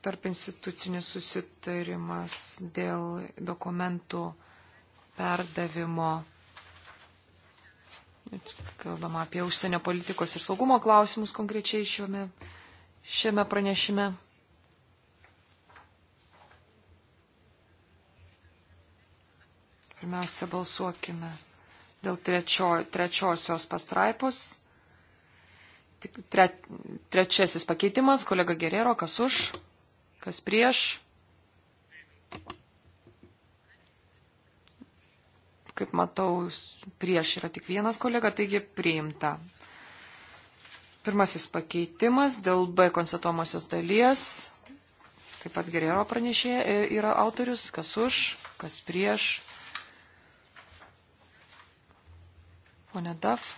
tarp institucinis susitarimas dėl dokumentų perdavimo. Kalbama apie užsienio politikos ir saugumo klausimus konkrečiai šiame, šiame pranešime. Pirmiausia, balsuokime dėl trečio, trečiosios pastraipos. Tre, trečiasis pakeitimas, kolega Gerero, kas už? kas prieš. Kaip matau, prieš yra tik vienas kolega, taigi priimta. Pirmasis pakeitimas dėl B konstatuomosios dalies. Taip pat gerero pranešė e, yra autorius, kas už, kas prieš. Pone Daf,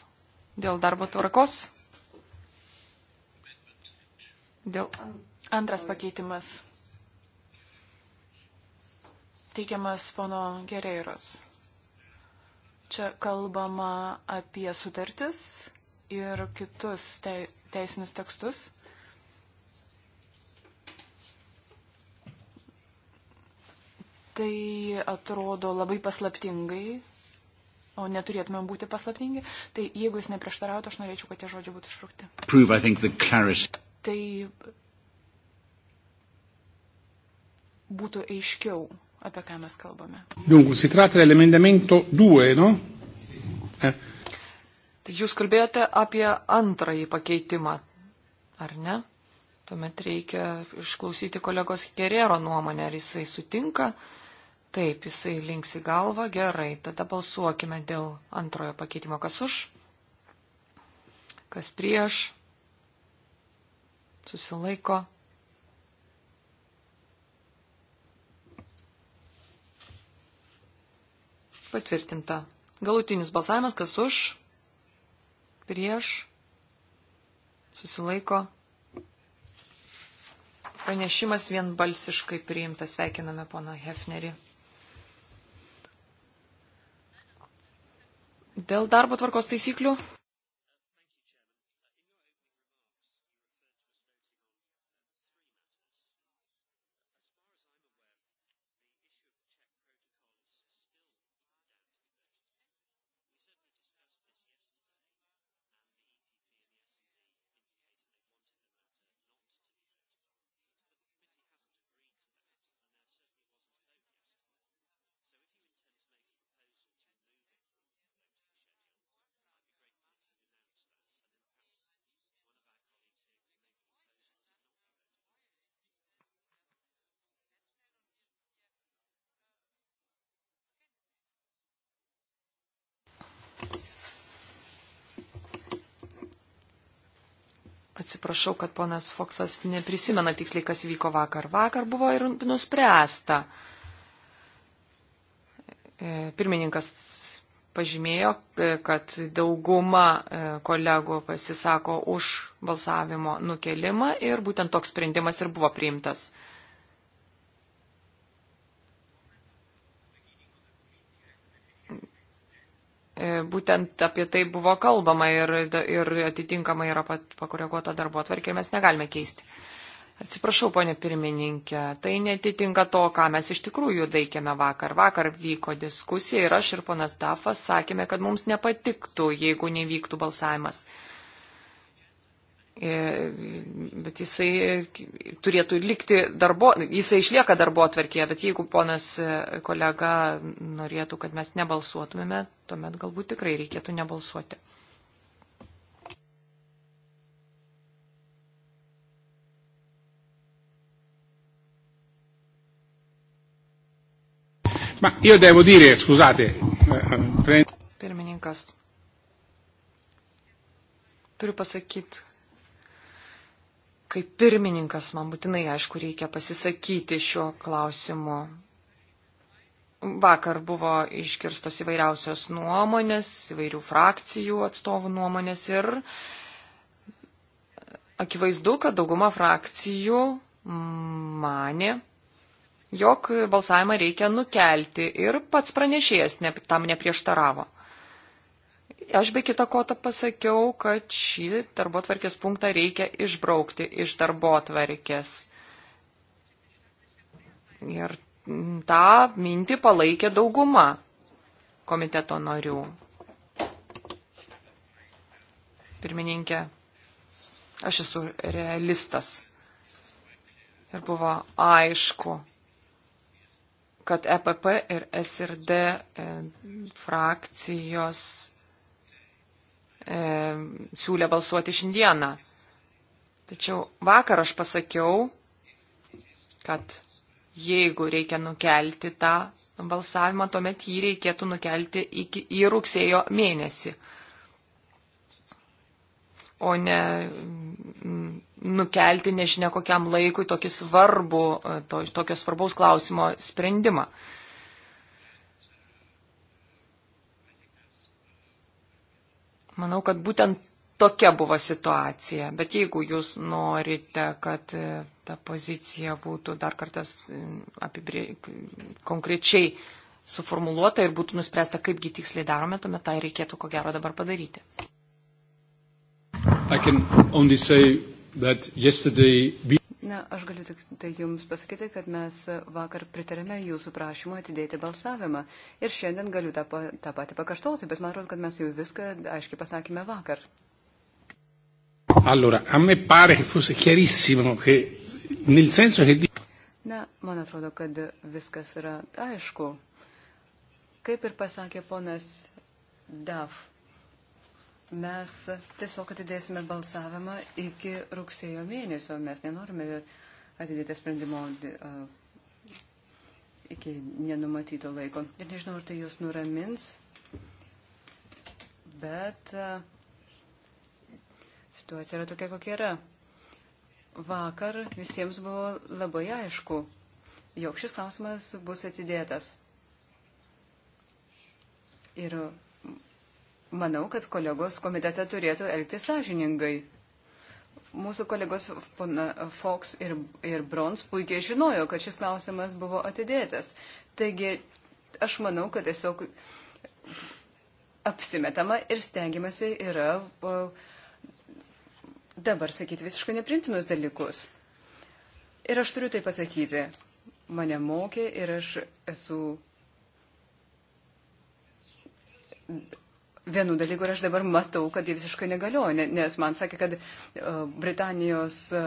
dėl darbo tvarkos. Dėl Antras pakeitimas. Teikiamas pono Gereiros. Čia kalbama apie sutartis ir kitus te, teisinius tekstus. Tai atrodo labai paslaptingai, o neturėtumėm būti paslaptingi. Tai jeigu jis neprieštarautų, aš norėčiau, kad tie žodžiai būtų išrūkti. Tai būtų aiškiau, apie ką mes kalbame. Dungu, si tratta dell'emendamento 2, no? Eh. Tai jūs kalbėjote apie antrąjį pakeitimą, ar ne? Tuomet reikia išklausyti kolegos Gerero nuomonę, ar jisai sutinka. Taip, jisai linksi galvą, gerai, tada balsuokime dėl antrojo pakeitimo, kas už, kas prieš, susilaiko, Patvirtinta. Galutinis balsavimas, kas už, prieš, susilaiko. Pranešimas vienbalsiškai priimtas. Sveikiname pono Hefnerį. Dėl darbo tvarkos taisyklių Atsiprašau, kad ponas Foksas neprisimena tiksliai, kas vyko vakar. Vakar buvo ir nuspręsta. E, pirmininkas pažymėjo, e, kad dauguma e, kolegų pasisako už balsavimo nukelimą ir būtent toks sprendimas ir buvo priimtas. E, būtent apie tai buvo kalbama ir, ir atitinkamai yra pakoreguota darbo atvarkė ir mes negalime keisti. Atsiprašau, ponė pirmininkė, tai netitinka to, ką mes iš tikrųjų veikėme vakar. Vakar vyko diskusija ir aš ir ponas Dafas sakėme, kad mums nepatiktų, jeigu nevyktų balsavimas. E, bet jisai turėtų likti darbo, jisai išlieka darbo atverkėje, bet jeigu ponas e, kolega norėtų, kad mes nebalsuotumėme, tuomet galbūt tikrai reikėtų nebalsuoti. Ma io devo dire, scusate. Eh, eh, Prend... Pirmininkas. Turiu pasakyti kaip pirmininkas man būtinai, aišku, reikia pasisakyti šiuo klausimu. Vakar buvo iškirstos įvairiausios nuomonės, įvairių frakcijų atstovų nuomonės ir akivaizdu, kad dauguma frakcijų mane, jog balsavimą reikia nukelti ir pats pranešėjas tam neprieštaravo. Aš be kita ko tą pasakiau, kad šį darbo tvarkės punktą reikia išbraukti iš darbo tvarkės. Ir tą mintį palaikė dauguma komiteto narių. Pirmininkė, aš esu realistas. Ir buvo aišku, kad EPP ir SRD e, frakcijos e, siūlė balsuoti šiandieną. Tačiau vakar aš pasakiau, kad jeigu reikia nukelti tą balsavimą, tuomet jį reikėtų nukelti iki, į rugsėjo mėnesį, o ne mm, nukelti nežinia kokiam laikui tokį svarbų, e, to, tokio svarbaus klausimo sprendimą. Uh, Manau, kad būtent tokia buvo situacija. Bet jeigu jūs norite, kad e, ta pozicija būtų dar kartas e, apibri... konkrečiai suformuoluota ir būtų nuspręsta, kaipgi tiksliai darome, tuomet tą tai reikėtų ko gero dabar padaryti. Yesterday... Na, aš galiu tik tai Jums pasakyti, kad mes vakar pritarėme Jūsų prašymą atidėti balsavimą. Ir šiandien galiu tą, tą patį pakartoti, bet man atrodo, kad mes jau viską aiškiai pasakėme vakar. Allora, a me pare che fosse chiarissimo che nel senso che... Na, man atrodo, kad viskas yra aišku. Kaip ir pasakė ponas Daf, mes tiesiog atidėsime balsavimą iki rugsėjo mėnesio. Mes nenorime atidėti sprendimo iki nenumatyto laiko. Ir nežinau, ar tai jūs nuramins, bet situacija yra tokia, kokia yra. Vakar visiems buvo labai aišku, jog šis klausimas bus atidėtas. Ir manau, kad kolegos komitete turėtų elgti sąžiningai. Mūsų kolegos Fox ir, ir Brons puikiai žinojo, kad šis klausimas buvo atidėtas. Taigi, aš manau, kad tiesiog apsimetama ir stengiamasi yra o, dabar sakyti visiškai neprintinus dalykus. Ir aš turiu tai pasakyti. Mane mokė ir aš esu vienų dalykų ir aš dabar matau, kad jie visiškai negalioja, nes man sakė, kad e, Britanijos e,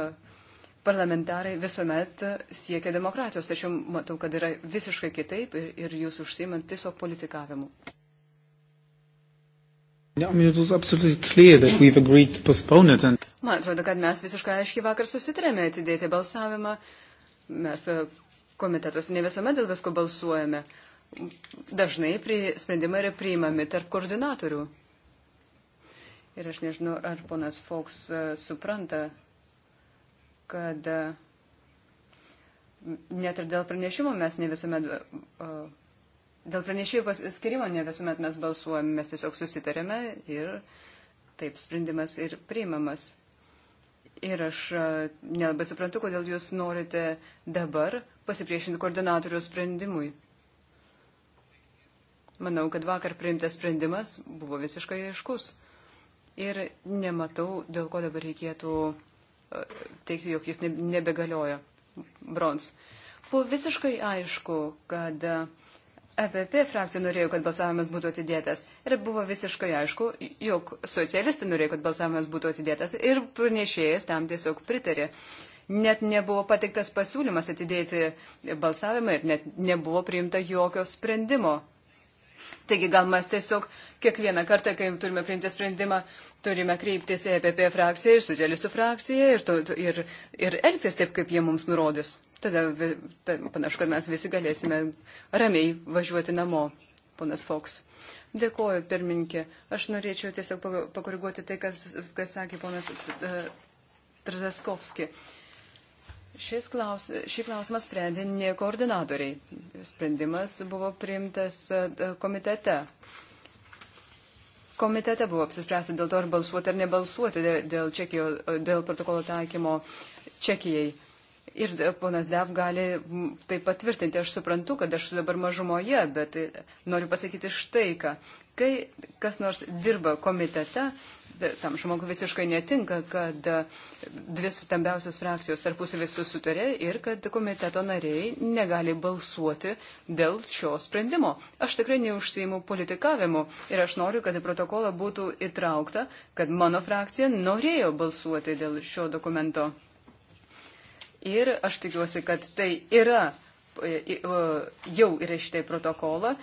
parlamentarai visuomet siekia demokratijos, tačiau matau, kad yra visiškai kitaip ir, ir jūs užsimant tiesiog politikavimu. Yeah, I mean, and... Man atrodo, kad mes visiškai aiškiai vakar susitrėmė atidėti balsavimą. Mes e, komitetos ne visuomet dėl visko balsuojame dažnai prie, sprendimai yra priimami tarp koordinatorių. Ir aš nežinau, ar ponas Fox e, supranta, kad e, net ir dėl pranešimo mes ne visuomet, e, dėl pranešėjų paskirimo ne visuomet mes balsuojame, mes tiesiog susitarėme ir taip sprendimas ir priimamas. Ir aš nelabai suprantu, kodėl jūs norite dabar pasipriešinti koordinatorių sprendimui. Manau, kad vakar priimtas sprendimas buvo visiškai aiškus. Ir nematau, dėl ko dabar reikėtų e, teikti, jog jis nebegalioja. Brons. Buvo visiškai aišku, kad EPP e frakcija norėjo, kad balsavimas būtų atidėtas. Ir buvo visiškai aišku, jog socialistai norėjo, kad balsavimas būtų atidėtas. Ir pranešėjas tam tiesiog pritarė. Net nebuvo patiktas pasiūlymas atidėti balsavimą ir net nebuvo priimta jokio sprendimo Taigi gal mes tiesiog kiekvieną kartą, kai turime priimti sprendimą, turime kreiptis į EPP frakciją ir socialistų frakciją ir, to, ir, ir elgtis taip, kaip jie mums nurodys. Tada ta, panašu, kad mes visi galėsime ramiai važiuoti namo, ponas Foks. Dėkoju, pirmininkė. Aš norėčiau tiesiog pakoriguoti tai, kas, kas sakė ponas e, Trzaskovski. Uh, Šis klaus, šį klausimą sprendė ne koordinatoriai. Sprendimas buvo priimtas e, komitete. Komitete buvo apsispręsta dėl to, ar balsuoti ar nebalsuoti dėl, čekijo, e, dėl protokolo taikymo Čekijai. Ir e, ponas Dev gali tai patvirtinti. Aš suprantu, kad aš dabar mažumoje, bet noriu pasakyti štai ką. Kai kas nors dirba komitete, tam žmogui visiškai netinka, kad e, dvi stambiausios frakcijos tarpusavį susitarė ir kad komiteto nariai negali balsuoti dėl šio sprendimo. Aš tikrai neužsijimu politikavimu ir aš noriu, kad į protokolą būtų įtraukta, kad mano frakcija norėjo balsuoti dėl šio dokumento. Ir aš tikiuosi, kad tai yra e, e, jau įrašyta į protokolą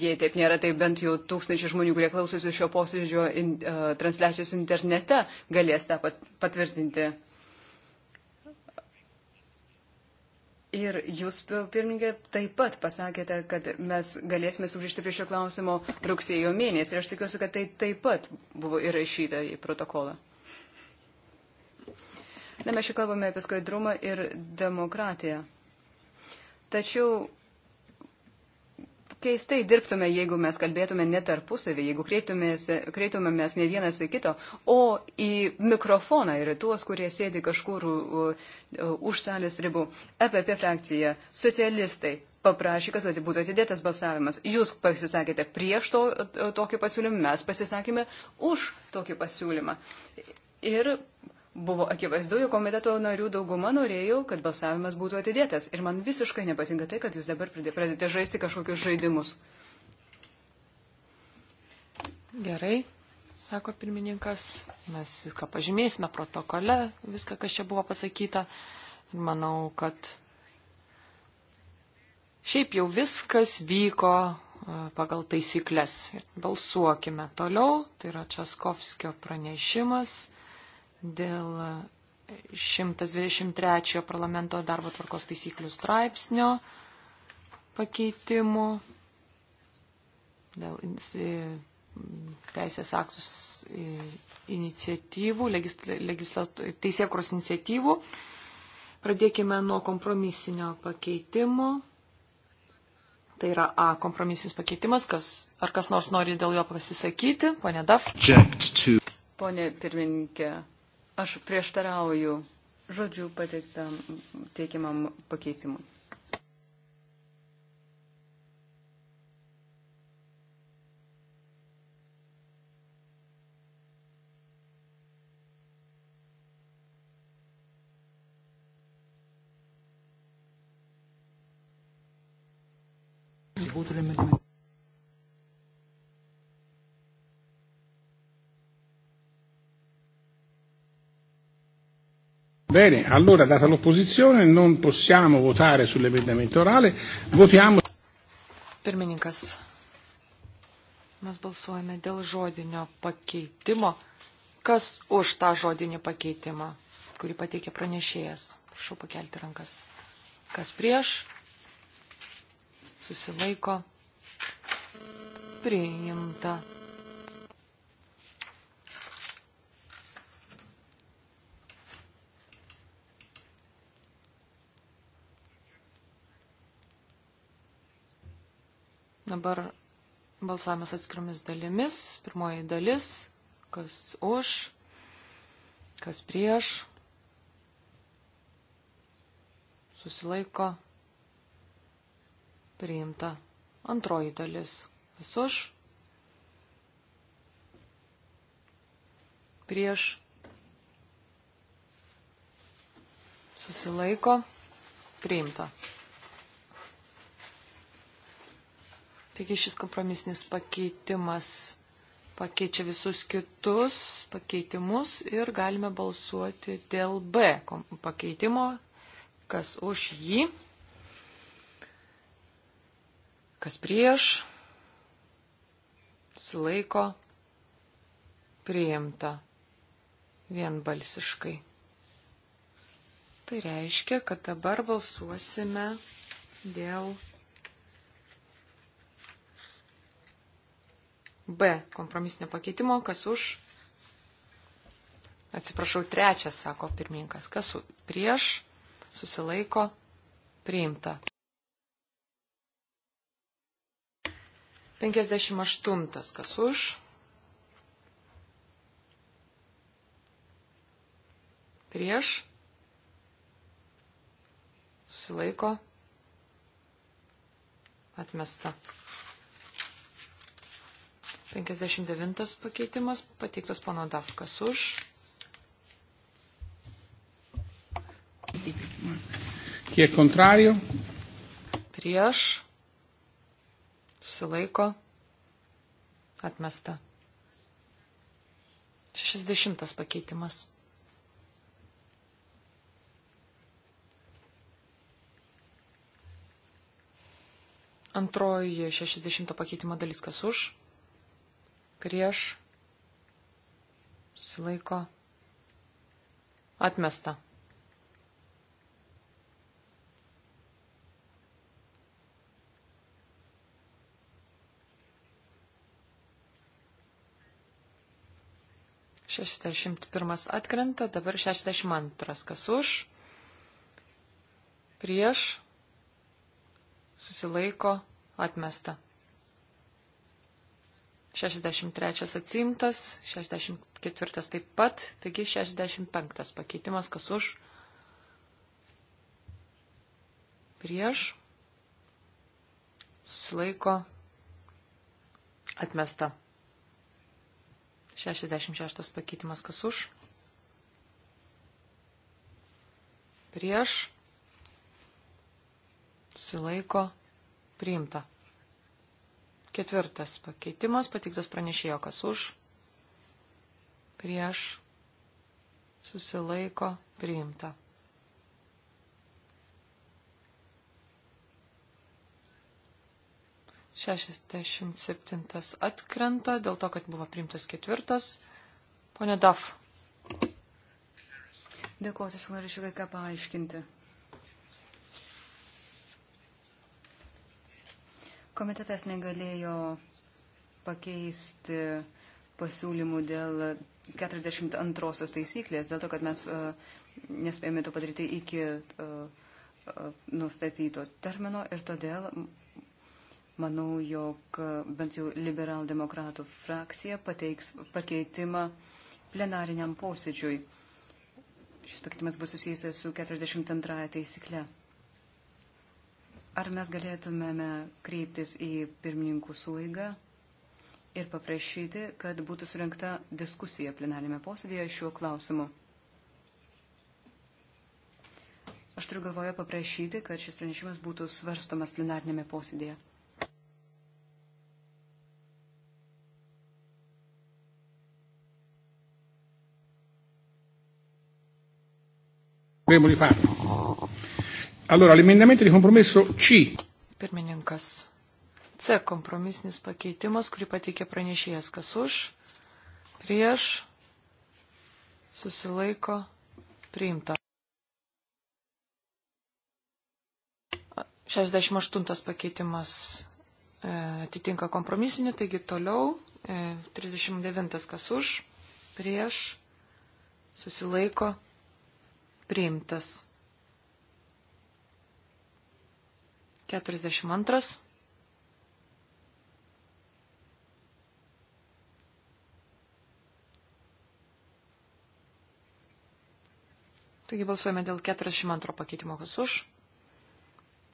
jei taip nėra, tai bent jau tūkstančiai žmonių, kurie klausosi šio posėdžio in, uh, transliacijos internete, galės tą pat, patvirtinti. Ir jūs, pirmininkė, taip pat pasakėte, kad mes galėsime sugrįžti prie šio klausimo rugsėjo mėnesį. Ir aš tikiuosi, kad tai taip pat buvo įrašyta į protokolą. Na, mes čia kalbame apie skaidrumą ir demokratiją. Tačiau keistai dirbtume, jeigu mes kalbėtume ne tarpusavį, jeigu kreiptumėmės ne vienas į kito, o į mikrofoną ir tuos, kurie sėdi kažkur už salės ribų. EPP frakcija, socialistai paprašė, kad būtų atidėtas balsavimas. Jūs pasisakėte prieš to, tokį pasiūlymą, mes pasisakėme už tokį pasiūlymą. Ir Buvo akivaizdu, jog komiteto narių dauguma norėjo, kad balsavimas būtų atidėtas. Ir man visiškai nepatinka tai, kad jūs dabar pradėte žaisti kažkokius žaidimus. Gerai, sako pirmininkas, mes viską pažymėsime protokole, viską, kas čia buvo pasakyta. Ir manau, kad šiaip jau viskas vyko e, pagal taisyklės. Balsuokime toliau, tai yra Časkovskio pranešimas dėl 123 parlamento darbo tvarkos taisyklių straipsnio pakeitimų, dėl teisės aktus iniciatyvų, teisėkros iniciatyvų. Pradėkime nuo kompromisinio pakeitimo. Tai yra A kompromisinis pakeitimas. Kas, ar kas nors nori dėl jo pasisakyti? Pone Daf. Pone pirmininkė, Aš prieštarauju žodžių pateiktam teikiamam pakeitimui. votul amendament. Bene, allora data l'opposizione non possiamo votare sull'emendamento orale, votiamo. Pirmininkas, mes balsuojame dėl žodinio pakeitimo. Kas už tą žodinį pakeitimą, kurį pateikė pranešėjas? Prašau pakelti rankas. Kas prieš? Susilaiko. Priimta. Dabar balsavimas atskirmis dalimis. Pirmoji dalis, kas už, kas prieš, susilaiko, priimta. Antroji dalis, kas už, prieš, susilaiko, priimta. Taigi šis kompromisinis pakeitimas pakeičia visus kitus pakeitimus ir galime balsuoti dėl B pakeitimo, kas už jį, kas prieš, sulaiko, priimta vienbalsiškai. Tai reiškia, kad dabar balsuosime dėl B kompromisinio pakeitimo, kas už. Atsiprašau, trečias, sako pirmininkas. Kas prieš susilaiko priimta. 58. Kas už? Prieš susilaiko atmesta. 59 pakeitimas pateiktas pono Dafkas už. Kiek kontrarijų? Prieš. Susilaiko. Atmesta. 60 pakeitimas. Antroji 60 pakeitimo dalis kas už? prieš, susilaiko, atmesta. Šešdešimt pirmas atkrenta, dabar šešdešimt antras, kas už, prieš, susilaiko, atmesta. 63 atsimtas, 64 taip pat, taigi 65 pakeitimas, kas už, prieš, susilaiko, atmesta. 66 pakeitimas, kas už, prieš, susilaiko, priimta. Ketvirtas pakeitimas patiktas pranešėjo, kas už, prieš, susilaiko, priimta. Šešiasdešimt septintas atkrenta dėl to, kad buvo priimtas ketvirtas. Pone Daf. Dėkuoju, norėčiau kai ką paaiškinti. Komitetas negalėjo pakeisti pasiūlymų dėl 42 taisyklės, dėl to, kad mes e, nespėjome to padaryti iki e, e, nustatyto termino ir todėl manau, jog bent jau liberaldemokratų frakcija pateiks pakeitimą plenariniam posėdžiui. Šis pakeitimas bus susijęs su 42 taisykle. Ar mes galėtumėme kreiptis į pirmininkų suigą ir paprašyti, kad būtų surinkta diskusija plenarinėme posėdėje šiuo klausimu? Aš turiu galvoje paprašyti, kad šis pranešimas būtų svarstomas plenarnėme posėdėje. Primo di farlo. Allora, l'emendamento di compromesso C. Pirmininkas. C. Kompromisinis pakeitimas, kurį pateikė pranešėjas. Kas už? Prieš? Susilaiko? Priimta. 68 pakeitimas e, atitinka kompromisinį, taigi toliau 39 e, kas už, prieš, susilaiko, priimtas. 42. Taigi balsuojame dėl 42 pakeitimo, kas už,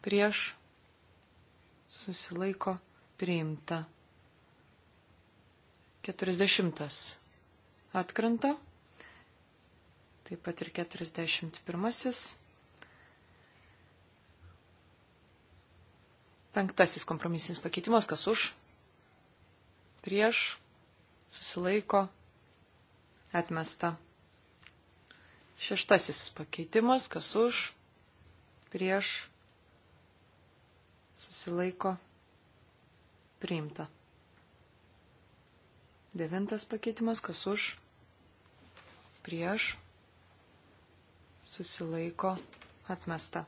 prieš, susilaiko, priimta. 40 atkrenta, taip pat ir 41. Penktasis kompromisinis pakeitimas, kas už, prieš, susilaiko, atmesta. Šeštasis pakeitimas, kas už, prieš, susilaiko, priimta. Devintas pakeitimas, kas už, prieš, susilaiko, atmesta.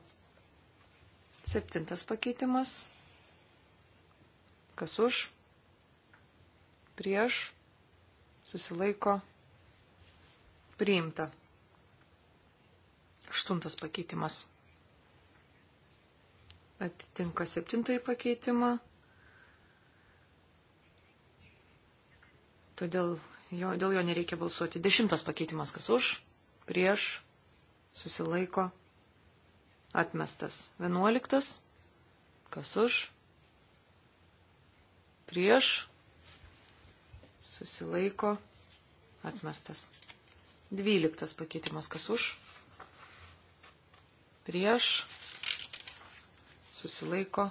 Septintas pakeitimas, Kas už? Prieš? Susilaiko? Priimta. Aštuntas pakeitimas. Atitinka septintąjį pakeitimą. Todėl jo, dėl jo nereikia balsuoti. Dešimtas pakeitimas. Kas už? Prieš? Susilaiko? Atmestas. Vienuoliktas. Kas už? prieš, susilaiko, atmestas. Dvyliktas pakeitimas, kas už, prieš, susilaiko,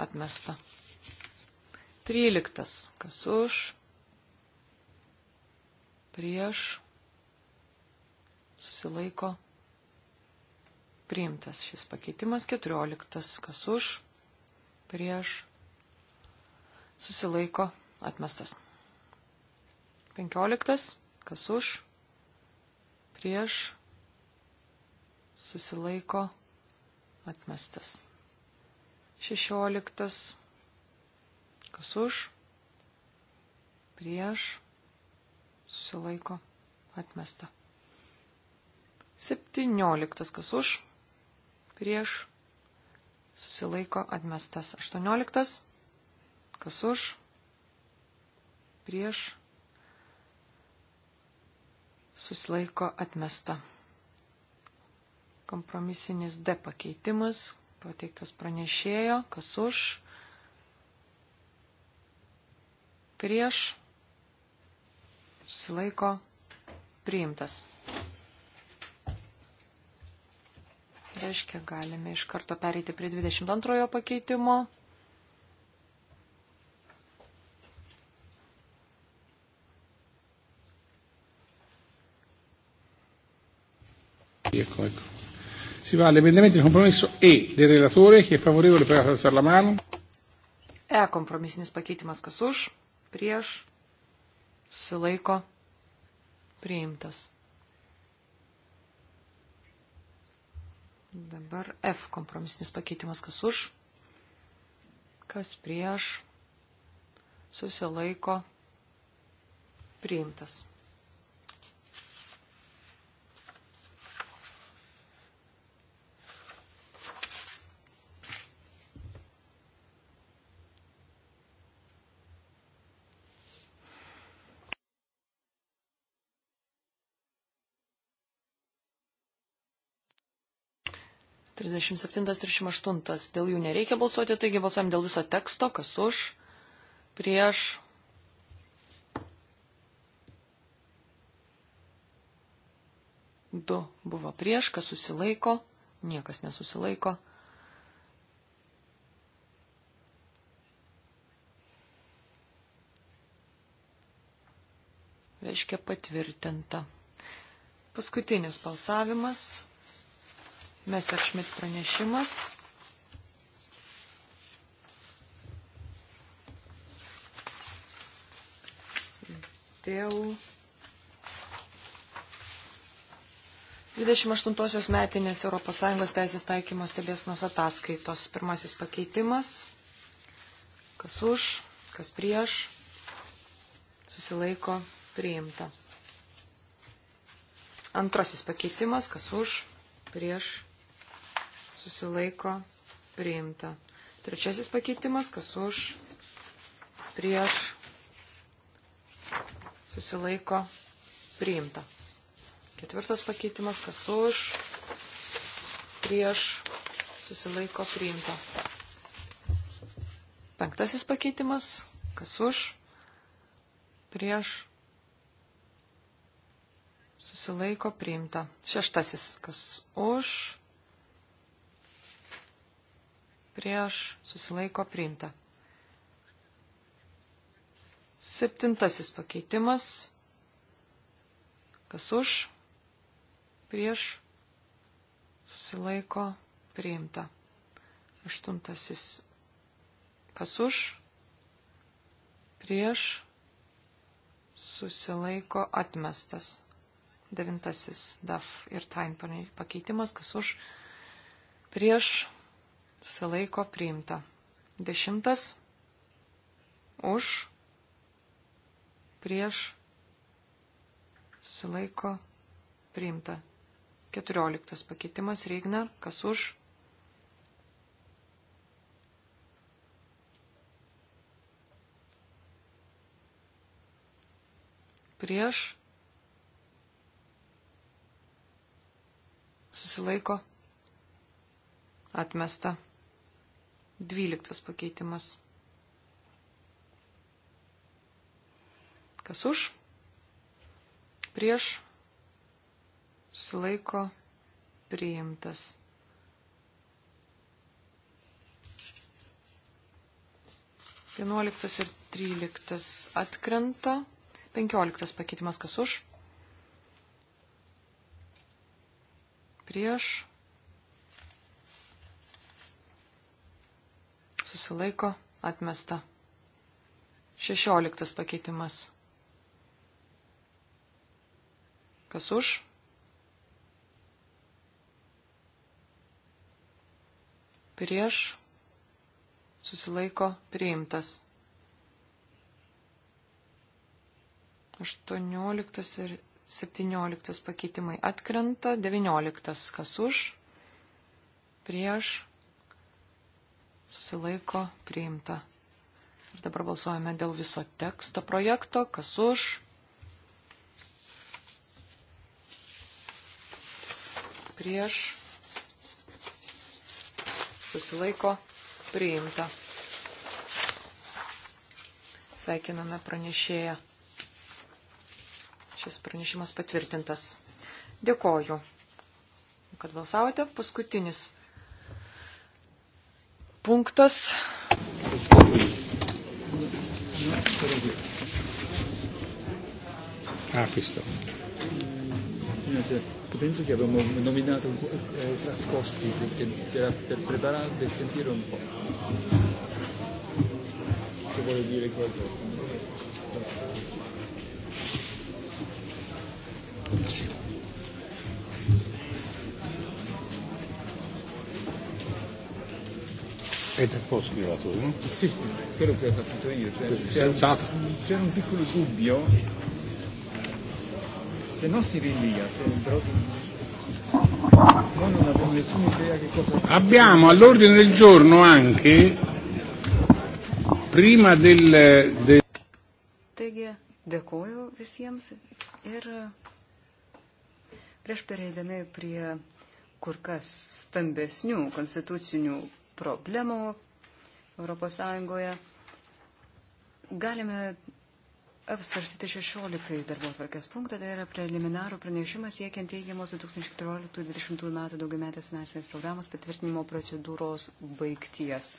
atmesta. Tryliktas, kas už, prieš, susilaiko, priimtas šis pakeitimas. Keturioliktas, kas už, prieš, susilaiko atmestas. 15. Kas už, prieš, susilaiko atmestas. 16. Kas už, prieš, susilaiko atmesta. 17. Kas už, prieš, susilaiko atmestas. 18. Kas už? Prieš? Susilaiko atmesta. Kompromisinis D pakeitimas, pateiktas pranešėjo, kas už, prieš, susilaiko, priimtas. Reiškia, galime iš karto pereiti prie 22 pakeitimo. Si va all'emendamento di compromesso E del relatore, chi è favorevole prega di alzare la mano. E kompromisinis pakeitimas kas už, prieš, susilaiko, priimtas. Dabar F kompromisinis pakeitimas kas už, kas prieš, susilaiko, priimtas. 37, 38. Dėl jų nereikia balsuoti, taigi balsuojam dėl viso teksto, kas už, prieš. Du buvo prieš, kas susilaiko, niekas nesusilaiko. Reiškia patvirtinta. Paskutinis balsavimas. Messerschmidt pranešimas. Dėl 28-osios metinės ES teisės taikymo stebėsnos ataskaitos. Pirmasis pakeitimas. Kas už, kas prieš. Susilaiko priimta. Antrasis pakeitimas. Kas už, prieš susilaiko priimta. Trečiasis pakeitimas, kas už, prieš, susilaiko priimta. Ketvirtas pakeitimas, kas už, prieš, susilaiko priimta. Penktasis pakeitimas, kas už, prieš, susilaiko priimta. Šeštasis, kas už, prieš susilaiko priimta. Septintasis pakeitimas. Kas už, prieš susilaiko priimta. Aštuntasis. Kas už, prieš susilaiko atmestas. Devintasis DAF ir TAIN pakeitimas, kas už prieš susilaiko priimta. Dešimtas už, prieš, susilaiko priimta. Keturioliktas pakeitimas Reigna, kas už. Prieš susilaiko atmesta. Dvyliktas pakeitimas. Kas už? Prieš susilaiko priimtas. Vienuoliktas ir tryliktas atkrenta. Penkioliktas pakeitimas kas už? Prieš susilaiko, atmesta. Šešioliktas pakeitimas. Kas už? Prieš susilaiko priimtas. 18 ir 17 pakeitimai atkrenta, 19 kas už, prieš susilaiko priimta. Ir dabar balsuojame dėl viso teksto projekto, kas už. Prieš susilaiko priimta. Sveikiname pranešėją. Šis pranešimas patvirtintas. Dėkoju, kad balsavote. Paskutinis punktas. Ah, questo. Penso che abbiamo nominato eh, Frascosti perché, per, per preparare, per sentire un po'. Se vuole dire qualcosa. Sì. È del postmiratore? No? Sì, sì, quello che ho capito io. Cioè, Senz'altro. C'era un piccolo dubbio, se no si rinvia, se però... Noi non abbiamo nessuna idea che cosa... Abbiamo all'ordine del giorno anche, prima del... del... Taigi, dėkoju visiems ir e, prieš pereidami prie kur kas stambesnių konstitucinių problemų ES, galime apsvarstyti 16 darbo atvarkės punktą, tai yra preliminarų pranešimą siekiant teigiamos 2014-2020 metų daugiametės finansinės programos patvirtinimo procedūros baigties.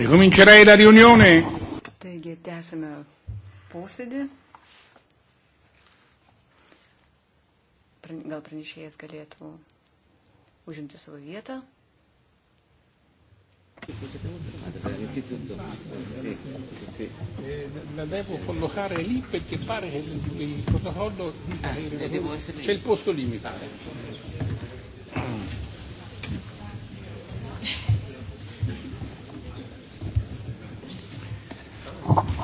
Ricomincerei la riunione. Taigi, tęsime posėdį. Gal pranešėjas galėtų užimti savo vietą. La devo collocare lì perché pare che il, il protocollo dica ah, che eh, c'è il posto lì mi pare.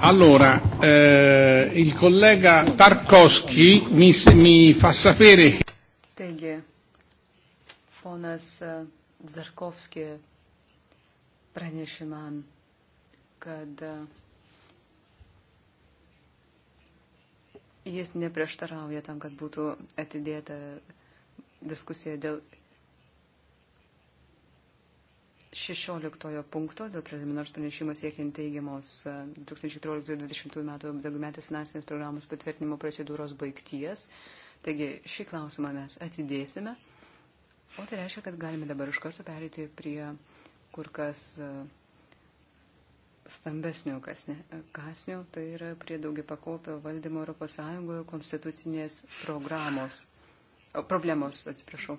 Allora, eh, il collega Tarkovsky mi, mi fa sapere. Taigi, ponas eh, Zarkovski pranešė man, kad eh, jis neprieštarauja tam, kad būtų atidėta diskusija dėl 16 punkto dėl preliminarus pranešimas siekiant teigiamos 2013-2020 e, metų daugiametės finansinės programos patvirtinimo procedūros baigties. Taigi šį klausimą mes atidėsime. O tai reiškia, kad galime dabar iš karto perėti prie kur kas e, stambesnio e, kasnio, tai yra prie daugia pakopio valdymo ES konstitucinės programos, problemos, atsiprašau.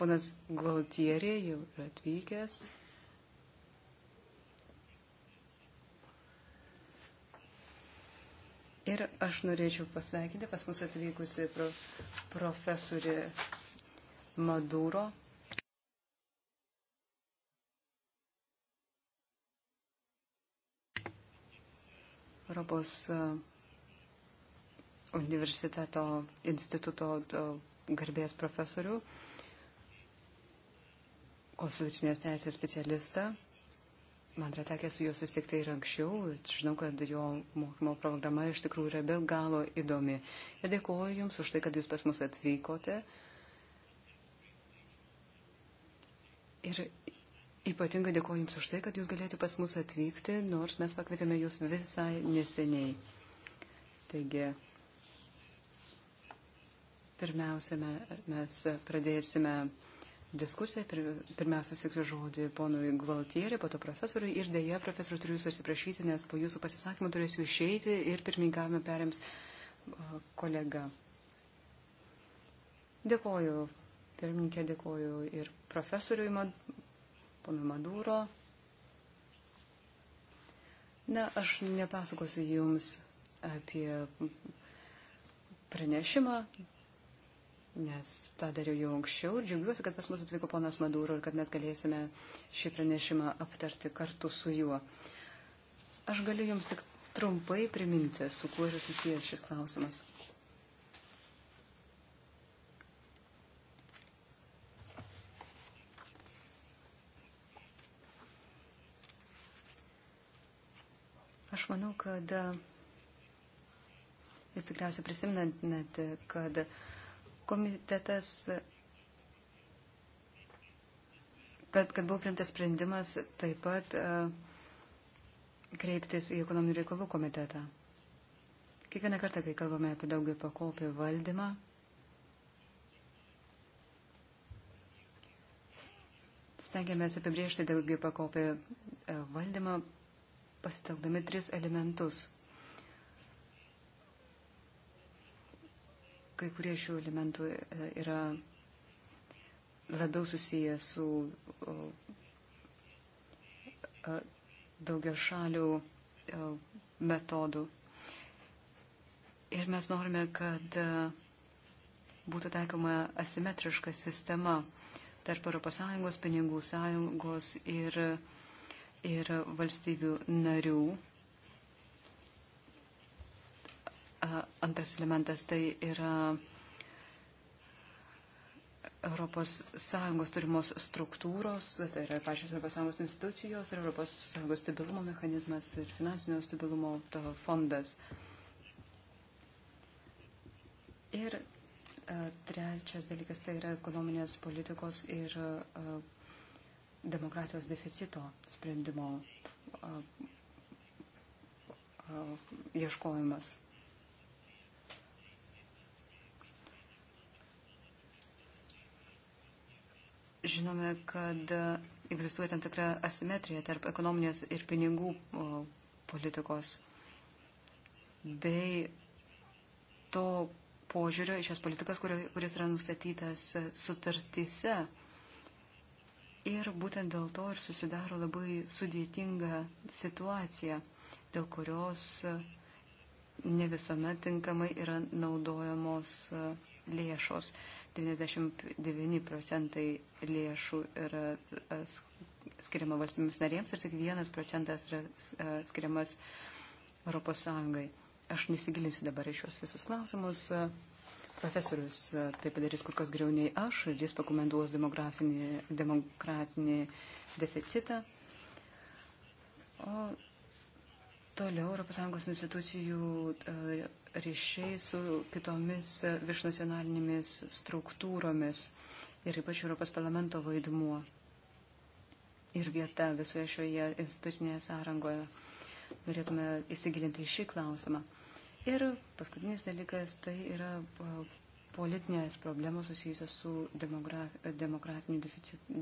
Ponas Gualtierė jau yra atvykęs. Ir aš norėčiau pasveikinti pas mus atvykusi pro, profesorį Maduro. Europos e, universiteto instituto e, garbės profesorių. Uh, konstitucinės teisės specialistą. Man yra tekę su juo susitikti ir anksčiau. Žinau, kad jo mokymo programa iš tikrųjų yra be galo įdomi. Ir dėkuoju Jums už tai, kad Jūs pas mus atvykote. Ir ypatingai dėkuoju Jums už tai, kad Jūs galėjote pas mus atvykti, nors mes pakvietėme Jūs visai neseniai. Taigi, pirmiausia, mes pradėsime diskusiją. Pirmiausia, sėksiu žodį ponui Gvaltieri, po to profesoriui. Ir dėja, profesoriu, turiu jūsų atsiprašyti, nes po jūsų pasisakymų turėsiu išeiti ir pirmininkavimą perims kolega. Dėkoju, pirmininkė, dėkoju ir profesoriui Mad... ponui Maduro. Na, aš nepasakosiu jums apie pranešimą, nes tą dariau jau anksčiau ir džiaugiuosi, kad pas mus atvyko ponas Maduro ir kad mes galėsime šį pranešimą aptarti kartu su juo. Aš galiu jums tik trumpai priminti, su kuo yra susijęs šis klausimas. Aš manau, kad e, jūs tikriausiai prisiminat, kad uh, komitetas, kad, kad buvo primtas sprendimas taip pat e, kreiptis į ekonominių reikalų komitetą. Kiekvieną kartą, kai kalbame apie daugia pakopį valdymą, stengiamės apibriežti daugia pakopį e, valdymą pasitelkdami tris elementus kai kurie šių elementų e, yra labiau susiję su e, daugia šalių e, metodų. Ir mes norime, kad būtų taikoma asimetriška sistema tarp ES pinigų sąjungos ir, ir valstybių narių Antras elementas tai yra ES turimos struktūros, tai yra pačios ES institucijos ir ES stabilumo mechanizmas ir finansinio stabilumo fondas. Ir trečias dalykas tai yra ekonominės politikos ir demokratijos deficito sprendimo ieškojimas. Uh, uh, žinome, kad egzistuoja tam tikra asimetrija tarp ekonominės ir pinigų politikos bei to požiūrio į šias politikas, kuris yra nustatytas sutartyse. Ir būtent dėl to ir susidaro labai sudėtinga situacija, dėl kurios ne visuomet tinkamai yra naudojamos lėšos. 99 procentai lėšų yra skiriama valstybėms narėms ir tik vienas procentas yra skiriamas Europos Sąjungai. Aš nesigilinsiu dabar į šios visus klausimus. Profesorius tai padarys kur kas geriau nei aš ir jis pakomentuos demokratinį deficitą. O toliau ES institucijų ryšiai su kitomis viršnacionalinėmis struktūromis ir ypač Europos parlamento vaidmuo ir vieta visoje šioje institucinėje sąrangoje. Norėtume įsigilinti į šį klausimą. Ir paskutinis dalykas tai yra politinės problemos susijusios su demografiniu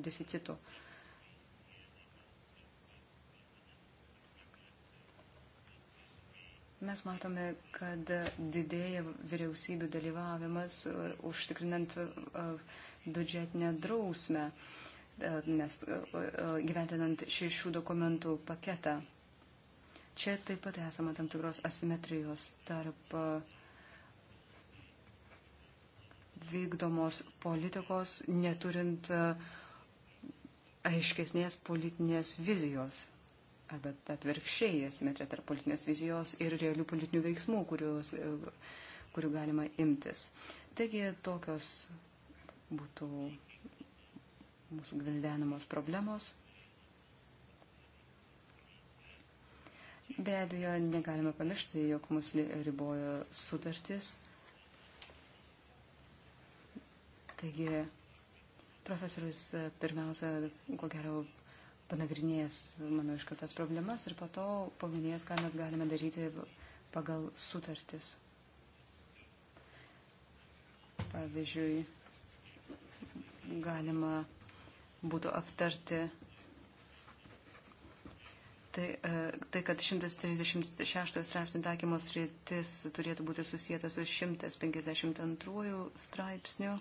deficitu. Mes matome, kad didėja vyriausybių dalyvavimas uh, užtikrinant uh, biudžetinę drausmę, uh, nes gyventinant šešių dokumentų paketą. Čia taip pat esama tam tikros asimetrijos tarp vykdomos politikos, neturint aiškesnės politinės vizijos arba atvirkščiai asimetrija tarp politinės vizijos ir realių politinių veiksmų, kurios, e, kurių galima imtis. Taigi tokios būtų mūsų gvildenamos problemos. Be abejo, negalime pamiršti, jog mus ribojo sutartis. Taigi, profesorius pirmiausia, ko gero, panagrinės mano iškartas problemas ir po to paminės, ką mes galime daryti pagal sutartis. Pavyzdžiui, galima būtų aptarti tai, e, tai kad 136 straipsnių taikymos rytis turėtų būti susijęta su 152 straipsniu.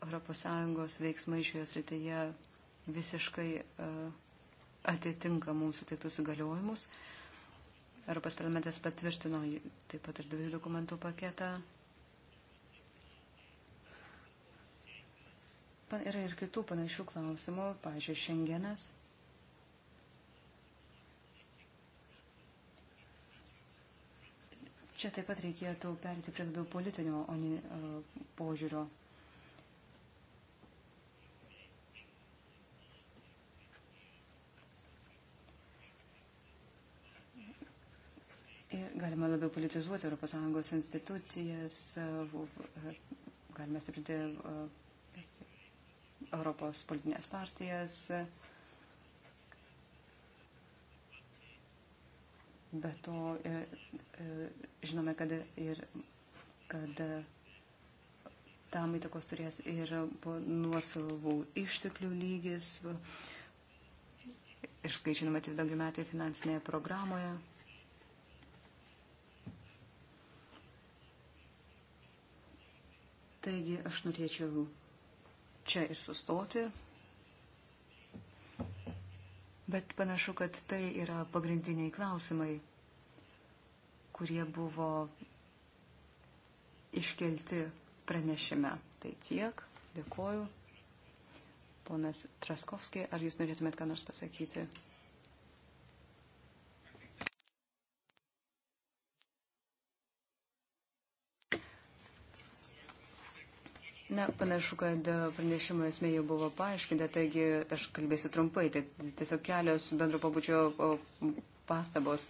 ES veiksmai šioje srityje visiškai e, atitinka mums suteiktus įgaliojimus. Europos parlamentas patvirtino taip pat ir dviejų dokumentų paketą. Yra ir kitų panašių klausimų, pažiūrėjau, šiandienas. Čia taip pat reikėtų perėti prie labiau politinio, o ne uh, požiūrio Galima labiau politizuoti ES institucijas, galima stiprinti uh, Europos politinės partijas. Be to, uh, žinome, kad, ir, kad uh, tam įtakos turės ir nuosavų išteklių lygis ir skaičiai numatyti daugiau metai finansinėje programoje. Taigi aš norėčiau čia ir sustoti. Bet panašu, kad tai yra pagrindiniai klausimai, kurie buvo iškelti pranešime. Tai tiek. Dėkoju. Ponas Traskovskiai, ar jūs norėtumėt ką nors pasakyti? Na, panašu, kad pranešimo esmė jau buvo paaiškinta, taigi aš kalbėsiu trumpai, tai tiesiog kelios bendro pabučio pastabos.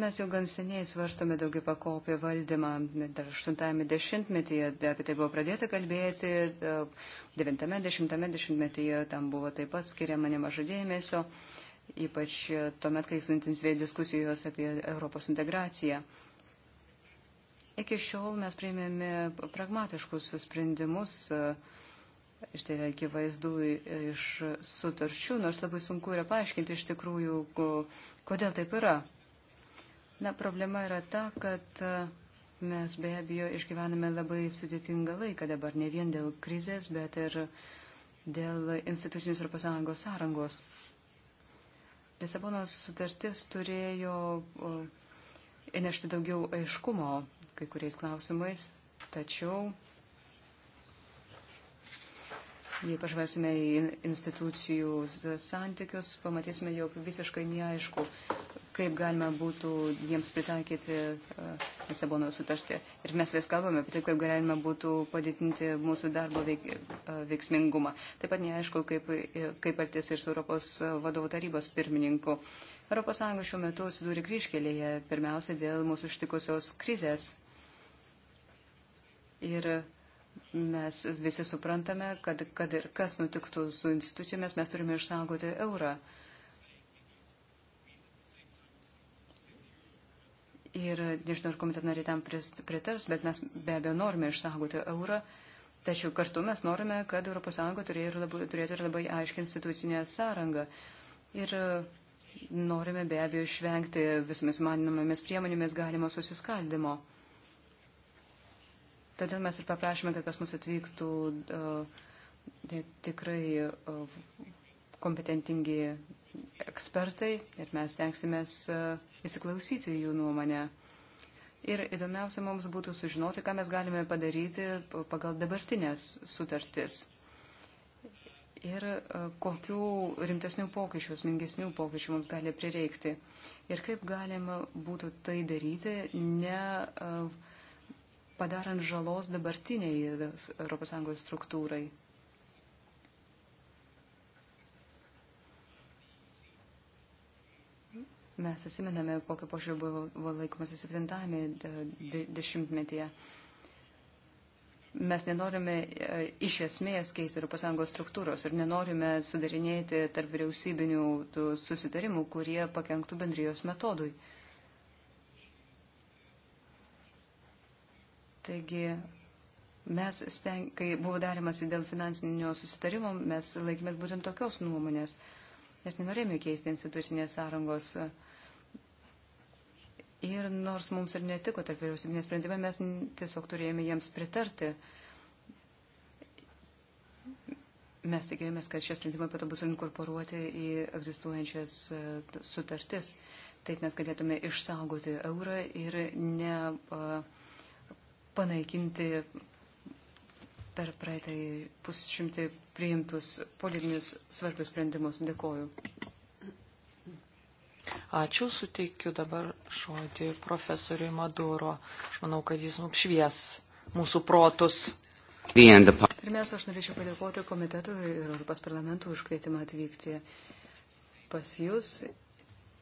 Mes jau gan seniai svarstome daugia pakopį valdymą, dar 80-ame dešimtmetyje apie tai buvo pradėta kalbėti, 9-ame dešimtame dešimtmetyje tam buvo taip pat skiriama nemažai dėmesio, ypač tuomet, kai suintensyvėjo diskusijos apie Europos integraciją. Iki šiol mes prieimėme pragmatiškus sprendimus e, ir tai yra akivaizdu e, iš sutarčių, nors labai sunku yra paaiškinti iš tikrųjų, kodėl taip yra. Na, problema yra ta, kad e, mes be abejo išgyvename labai sudėtingą laiką dabar, ne vien dėl krizės, bet ir dėl institucinės Europos Sąjungos sąrangos. Lisabonos sutartis turėjo įnešti daugiau aiškumo kai kuriais klausimais, tačiau jei pažvelgsime į institucijų santykius, pamatysime, jog visiškai neaišku, kaip galima būtų jiems pritaikyti e, Lisabono sutartį. Ir mes vis kalbame apie tai, kaip galima būtų padidinti mūsų darbo veik, e, veiksmingumą. Taip pat neaišku, kaip, e, kaip artis ir su Europos vadovų tarybos pirmininku. ES šiuo metu susidūrė kryškelėje, pirmiausia dėl mūsų ištikusios krizės. Ir mes visi suprantame, kad, kad ir kas nutiktų su institucijomis, mes turime išsaugoti eurą. Ir nežinau, ar komiteto nariai tam pritars, bet mes be abejo norime išsaugoti eurą. Tačiau kartu mes norime, kad ES turėtų ir labai aiškį institucinę sąrangą. Ir norime be abejo išvengti visomis maninomomis priemonėmis galimo susiskaldimo. Todėl mes ir paprašėme, kad pas mus atvyktų uh, tikrai uh, kompetentingi ekspertai ir mes tenksimės uh, įsiklausyti jų nuomonę. Ir įdomiausia mums būtų sužinoti, ką mes galime padaryti pagal dabartinės sutartis. Ir kokių rimtesnių pokyčių, smingesnių pokyčių mums gali prireikti. Ir kaip galima būtų tai daryti, ne uh, padarant žalos dabartiniai ES struktūrai. Mes atsimename, kokio požiūrio buvo, buvo laikomasi septintame dešimtmetyje. Mes nenorime e, iš esmės keisti ES struktūros ir nenorime sudarinėti tarp vyriausybinių susitarimų, kurie pakenktų bendrijos metodui. Uh, Taigi mes, steng, kai buvo darimasi dėl finansinio susitarimo, mes laikėmės būtent tokios nuomonės. Mes nenorėjome keisti institucinės sąrangos. Ir nors mums ir netiko tarp vyriausybinės sprendimai, mes tiesiog turėjome jiems pritarti. Mes tikėjomės, kad šie sprendimai pato bus inkorporuoti į egzistuojančias e, sutartis. Taip mes galėtume išsaugoti eurą ir ne. Uh, panaikinti per praeitą pusšimtį priimtus politinius svarbius sprendimus. Dėkoju. Ačiū, suteikiu dabar žodį profesoriui Maduro. Aš manau, kad jis mums švies mūsų protus. Pirmiausia, aš norėčiau padėkoti komitetui ir Europos parlamentui už kvietimą atvykti pas jūs.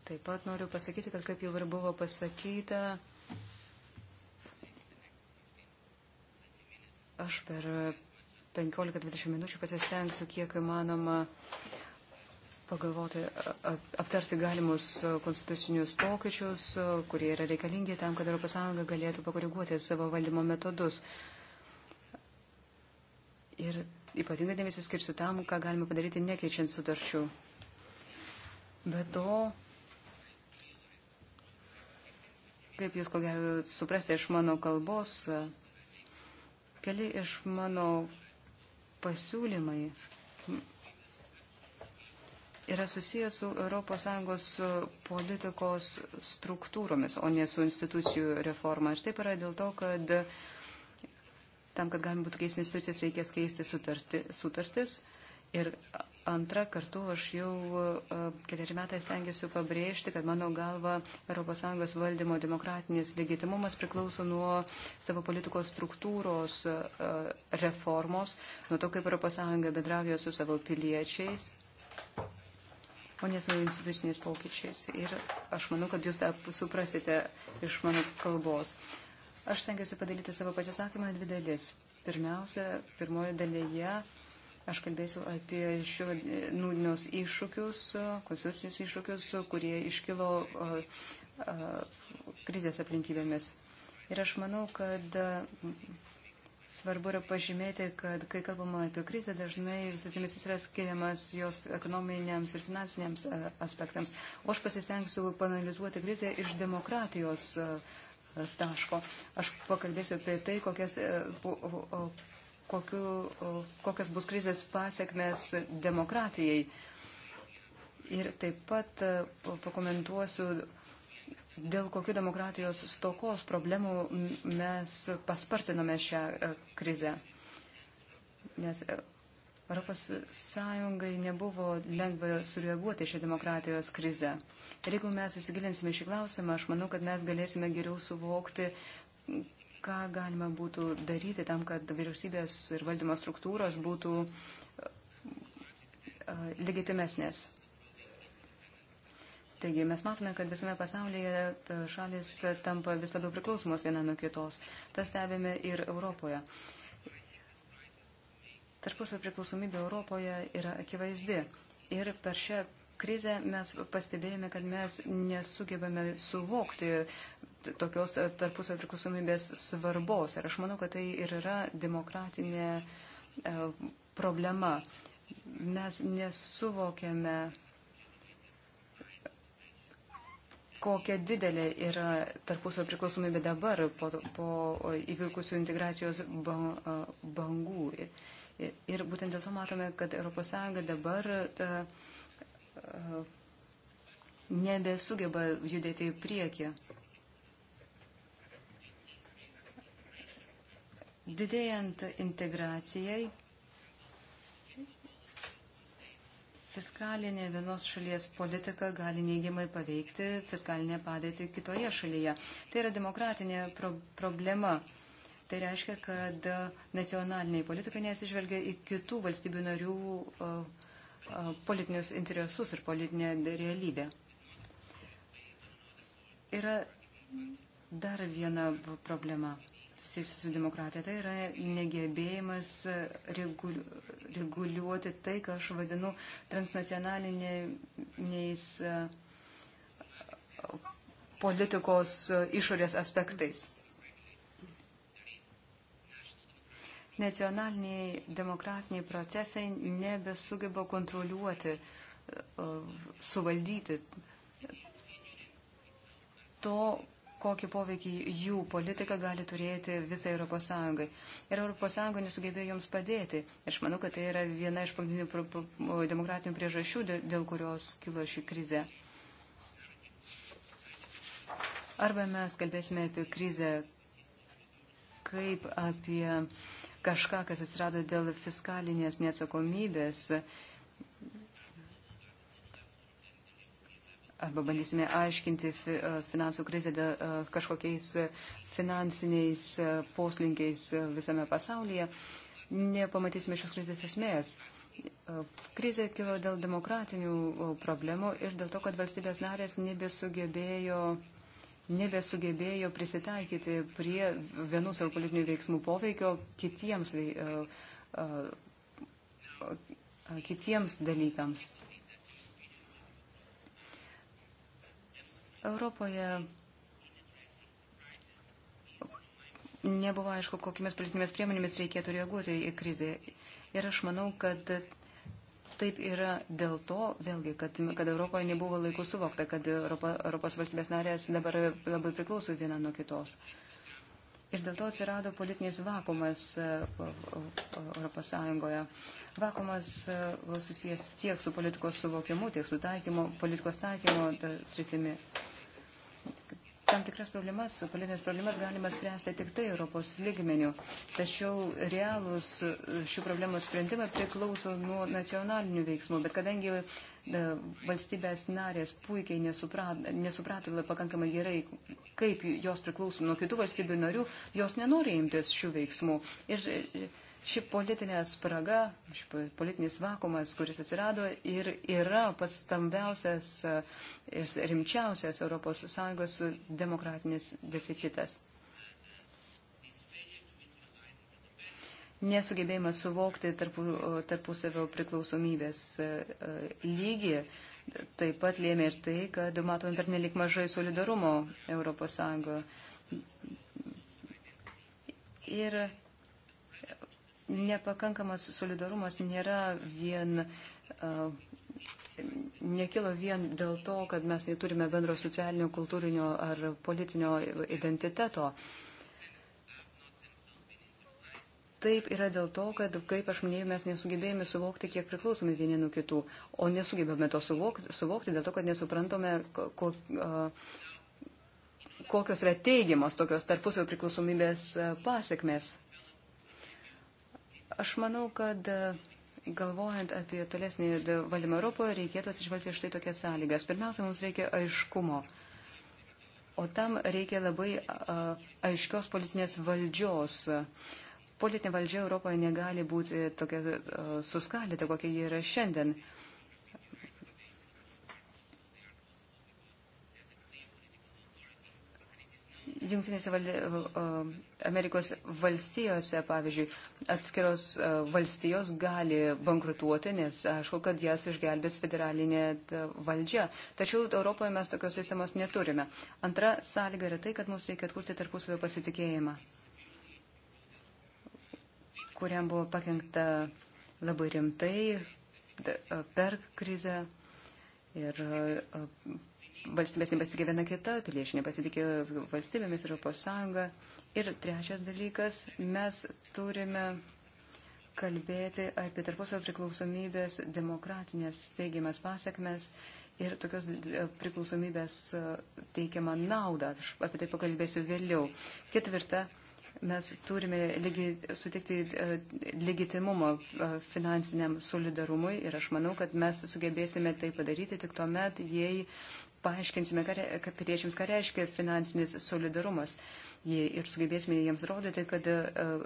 Taip pat noriu pasakyti, kad kaip jau ir buvo pasakyta, Aš per 15-20 minučių pasistengsiu, kiek įmanoma, pagalvoti, aptarti galimus konstitucinius pokyčius, kurie yra reikalingi tam, kad ES galėtų pakoreguoti savo valdymo metodus. Ir ypatingai dėmesį skirsiu tam, ką galime padaryti nekeičiant sutarčių. Be to, kaip jūs ko gero suprasti iš mano kalbos, Keli iš mano pasiūlymai yra susijęs su ES politikos struktūromis, o ne su institucijų reforma. Ir taip yra dėl to, kad tam, kad galima būtų keisti institucijas, reikės keisti sutarti, sutartis. Ir Antra, kartu aš jau e, keliari metai stengiuosi pabrėžti, kad mano galva ES valdymo demokratinis legitimumas priklauso nuo savo politikos struktūros e, reformos, nuo to, kaip ES bendravė su savo piliečiais, o ne su instituciniais pokyčiais. Ir aš manau, kad jūs tą suprasite iš mano kalbos. Aš stengiuosi padaryti savo pasisakymą dvi dalis. Pirmiausia, pirmojo dalyje Aš kalbėsiu apie šio e, nūdienos iššūkius, e, konstitucinius iššūkius, kurie iškilo e, krizės aplinkybėmis. Ir aš manau, kad svarbu yra pažymėti, kad kai kalbama apie krizę, dažnai visas dėmesys yra skiriamas jos ekonominiams ir finansiniams aspektams. O aš pasistengsiu panalizuoti krizę iš demokratijos taško. Aš pakalbėsiu apie tai, kokias, kokiu, kokios bus krizės pasiekmes demokratijai. Ir taip pat pakomentuosiu, dėl kokių demokratijos stokos problemų mes paspartinome šią e, krizę. Nes e, Europos Sąjungai nebuvo lengva sureaguoti šią demokratijos krizę. Ir jeigu mes įsigilinsime šį klausimą, aš manau, kad mes galėsime geriau suvokti, ką galima būtų daryti tam, kad vyriausybės ir valdymo struktūros būtų e, legitimesnės. Taigi mes matome, kad visame pasaulyje šalis tampa vis labiau priklausomos viena nuo kitos. Tas stebime ir Europoje. Tarpusavio priklausomybė Europoje yra akivaizdi. Ir per šią krizę mes pastebėjome, kad mes nesugebame suvokti tokios tarpusio priklausomybės svarbos. Ir aš manau, kad tai ir yra demokratinė e, problema. Mes nesuvokėme, kokia didelė yra tarpusio priklausomybė dabar po, po įvykusių integracijos e, bangų. Ir būtent dėl to matome, kad ES dabar. Ta, E, nebesugeba judėti į priekį. Didėjant integracijai, fiskalinė vienos šalies politika gali neigiamai paveikti fiskalinę padėtį kitoje šalyje. Tai yra demokratinė pro problema. Tai reiškia, kad nacionaliniai politikai nesižvelgia į kitų valstybių narių uh, politinius interesus ir politinę realybę. Yra dar viena problema susijusi su demokratija. Tai yra negebėjimas reguliu, reguliuoti tai, ką aš vadinu transnacionaliniais politikos išorės aspektais. nacionaliniai demokratiniai procesai nebesugeba kontroliuoti, e, suvaldyti to, kokį poveikį jų politika gali turėti visai Europos Sąjungai. Ir Europos Sąjunga nesugebėjo joms padėti. Aš manau, kad tai yra viena iš pagrindinių demokratinių priežasčių, dėl kurios kilo ši krize. Arba mes kalbėsime apie krizę kaip apie uh, kažką, kas atsirado dėl fiskalinės neatsakomybės. Arba bandysime aiškinti e, finansų krizę e, kažkokiais finansiniais e, poslinkiais visame pasaulyje, nepamatysime šios krizės esmės. Krizė kilo dėl demokratinių problemų ir dėl to, kad valstybės narės nebesugebėjo uh, nebesugebėjo prisitaikyti prie vienų savo politinių veiksmų poveikio kitiems, e, e, e, kitiems dalykams. Europoje nebuvo aišku, kokiamis politinėmis priemonėmis reikėtų reaguoti į krizę. Ir aš manau, kad Taip yra dėl to, vėlgi, kad, kad Europoje nebuvo laikų suvokta, kad Europa, Europos valstybės narės dabar labai priklauso viena nuo kitos. Ir dėl to atsirado politinis vakumas e, Europos Sąjungoje. Vakumas e, susijęs tiek su politikos suvokimu, tiek su taikymo, politikos taikymo e, sritimi. Ta, tam tikras problemas, politinės problemas galima spręsti tik tai Europos lygmenių. Tačiau realūs e, šių problemų sprendimai priklauso nuo nacionalinių veiksmų, bet kadangi e, valstybės narės puikiai nesuprato, nesuprato pakankamai gerai, kaip jos priklauso nuo kitų valstybių narių, jos nenori imtis šių veiksmų. Ir, e, Ši politinė spraga, ši politinis vakumas, kuris atsirado ir yra pats stambiausias e, ir rimčiausias ES demokratinis deficitas. Nesugebėjimas suvokti tarpu, tarpusavio priklausomybės e, e, lygį taip pat lėmė ir tai, kad matome per nelik mažai solidarumo ES. Ir nepakankamas solidarumas nėra vien, uh, nekilo vien dėl to, kad mes neturime bendro socialinio, kultūrinio ar politinio identiteto. Taip yra dėl to, kad, kaip aš minėjau, mes nesugebėjome suvokti, kiek priklausome vieni nuo kitų, o nesugebėjome to suvokti, suvokti dėl to, kad nesuprantome, ko, uh, kokios yra teigiamos tokios tarpusio priklausomybės pasiekmes. Aš manau, kad e, galvojant apie tolesnį valdymą Europoje, reikėtų atsižvelgti štai tokias sąlygas. Pirmiausia, mums reikia aiškumo. O tam reikia labai aiškios politinės valdžios. Politinė valdžia Europoje negali būti tokia e, suskaldyta, kokia ji yra šiandien. Junktinėse val... Amerikos valstijose, pavyzdžiui, atskiros valstijos gali bankrutuoti, nes aišku, kad jas išgelbės federalinė valdžia. Tačiau Europoje mes tokios sistemos neturime. Antra sąlyga yra tai, kad mums reikia atkurti tarpusavio pasitikėjimą, kuriam buvo pakengta labai rimtai per krizę ir valstybės nepasitikė viena kita, piliečiai nepasitikė valstybėmis Europos Sąjunga. Ir trečias dalykas, mes turime kalbėti apie tarpusavio priklausomybės demokratinės teigiamas pasiekmes ir tokios priklausomybės e, teikiamą naudą. Aš apie tai pakalbėsiu vėliau. Ketvirta, mes turime legi, sutikti e, legitimumą e, finansiniam solidarumui ir aš manau, kad mes sugebėsime tai padaryti tik tuo met, jei paaiškinsime kad piliečiams, ką reiškia finansinis solidarumas. Ir sugebėsime jiems rodyti, kad e,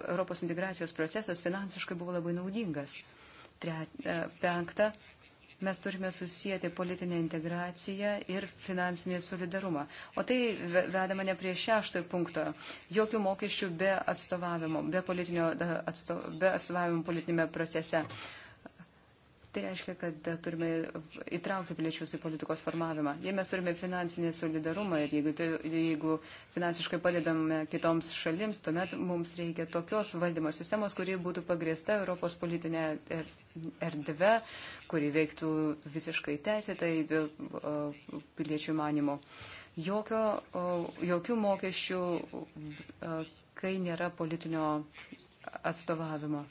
Europos integracijos procesas finansiškai buvo labai naudingas. Tre, e, penkta, mes turime susijęti politinę integraciją ir finansinį solidarumą. O tai veda mane prie šeštojo punkto. Jokių mokesčių be atstovavimo, be, atsto, be atstovavimo politinėme procese. Tai reiškia, kad turime įtraukti piliečius į politikos formavimą. Jei mes turime finansinį solidarumą ir jeigu, tai, jeigu finansiškai padedame kitoms šalims, tuomet mums reikia tokios valdymo sistemos, kuri būtų pagrėsta Europos politinė er, erdve, kuri veiktų visiškai teisėtai piliečių manimo. Jokio, jokių mokesčių, kai nėra politinio atstovavimo.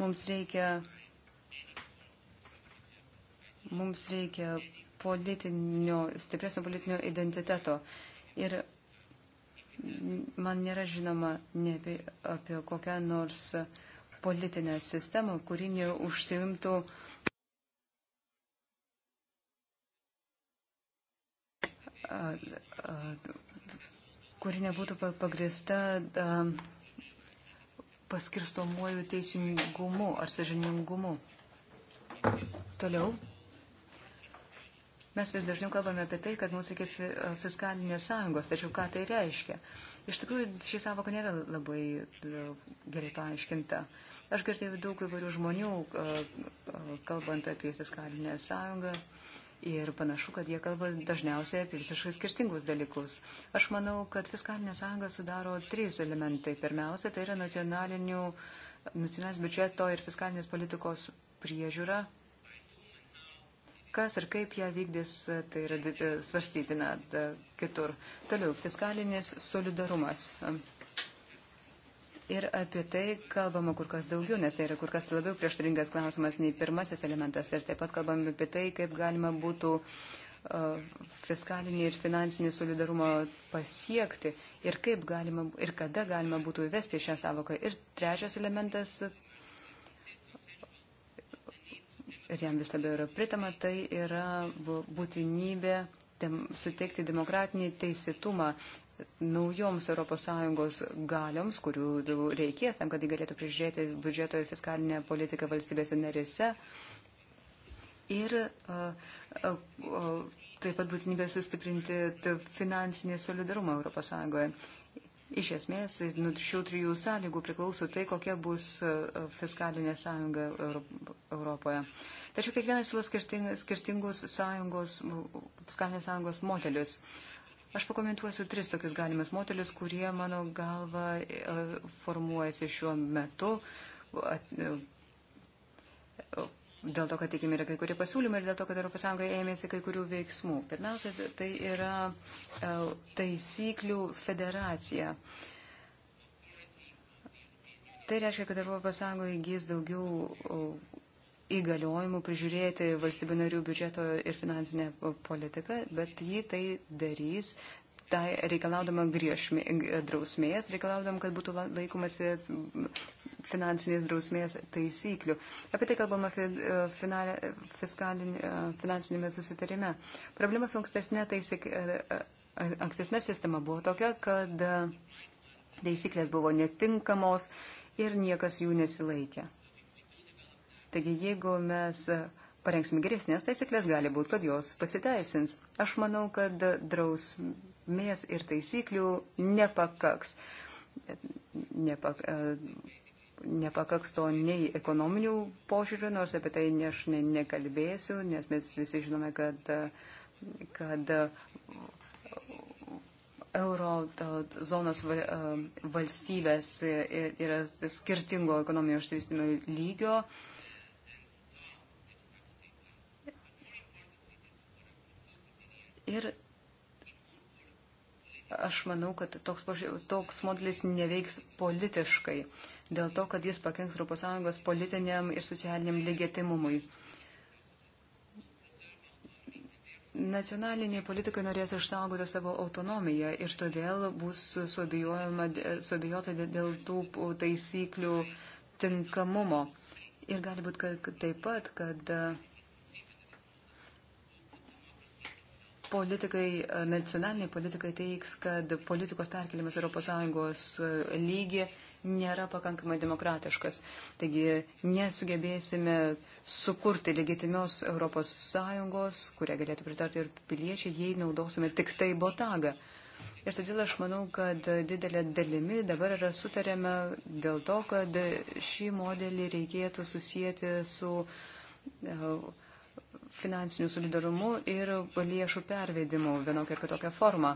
Mums reikia Mums reikia politinio, stipresnio politinio identiteto. Ir man nėra žinoma ne apie, apie kokią nors politinę sistemą, kuri neužsiimtų kuri nebūtų pagrista paskirstomuoju teisingumu ar sažiningumu. Toliau. Mes vis dažniau kalbame apie tai, kad mums reikia fiskalinės sąjungos, tačiau ką tai reiškia? Iš tikrųjų, ši savoka nėra labai e, gerai paaiškinta. Aš girdėjau daug įvairių žmonių, e, e, kalbant apie fiskalinę sąjungą. Ir panašu, kad jie kalba dažniausiai apie visiškai skirtingus dalykus. Aš manau, kad fiskalinė sąjunga sudaro trys elementai. Pirmiausia, tai yra nacionalinių, nacionalinės biudžeto ir fiskalinės politikos priežiūra kas ir kaip ją vykdys, tai yra svarstytina kitur. Toliau, fiskalinis solidarumas. Ir apie tai kalbama kur kas daugiau, nes tai yra kur kas labiau prieštaringas klausimas nei pirmasis elementas. Ir taip pat kalbame apie tai, kaip galima būtų fiskalinį ir finansinį solidarumą pasiekti ir kaip galima ir kada galima būtų įvesti šią savoką. Ir trečias elementas ir jam vis labiau yra pritama, tai yra būtinybė dem, suteikti demokratinį teisėtumą naujoms ES galioms, kurių reikės tam, kad jį galėtų prižiūrėti biudžeto ir fiskalinę politiką valstybėse narėse. Ir uh, uh, uh, taip pat būtinybė sustiprinti finansinį solidarumą ES. Iš esmės, nuo šių trijų sąlygų priklauso tai, kokia bus e, e, fiskalinė sąjunga Europoje. Tačiau kiekvienas siūlo skirting, skirtingus sąjungos, fiskalinės sąjungos modelius. Aš pakomentuosiu tris tokius galimus modelius, kurie, mano galva, e, formuojasi šiuo metu dėl to, kad tikimi yra kai kurie pasiūlymai ir dėl to, kad ES ėmėsi kai kurių veiksmų. Pirmiausia, tai yra e, taisyklių federacija. Tai reiškia, kad ES įgys daugiau įgaliojimų prižiūrėti valstybių narių biudžeto ir finansinę politiką, bet ji tai darys tai reikalaudama griežmė, drausmės, reikalaudama, kad būtų laikomasi finansinės drausmės taisyklių. Apie tai kalbama e, finale, e, finansinėme susitarime. Problema su ankstesnė, taisyk, e, ankstesnė sistema buvo tokia, kad taisyklės buvo netinkamos ir niekas jų nesilaikė. Taigi, jeigu mes parengsime geresnės taisyklės, gali būti, kad jos pasiteisins. Aš manau, kad drausmė trukmės ir taisyklių nepakaks. Nepak, e, nepakaks to nei ekonominių požiūrių, nors apie tai aš ne, nekalbėsiu, nes mes visi žinome, kad, kad euro zonos e, valstybės e, yra skirtingo ekonominio išsivystimo lygio. Ir aš manau, kad toks, toks modelis neveiks politiškai, dėl to, kad jis pakenks ES politiniam ir socialiniam legitimumui. Nacionaliniai politikai norės išsaugoti savo autonomiją ir todėl bus suabijota dėl tų taisyklių tinkamumo. Ir gali būti taip pat, kad. Uh, politikai, e, nacionaliniai politikai teiks, kad politikos perkelimas ES e, lygi nėra pakankamai demokratiškas. Taigi nesugebėsime sukurti legitimios ES, kurią galėtų pritarti ir piliečiai, jei naudosime tik tai botagą. Ir todėl aš manau, kad didelė dalimi dabar yra sutarėme dėl to, kad šį modelį reikėtų susijęti su uh, finansiniu solidarumu ir lėšų pervedimu vienokia ir kitokia forma.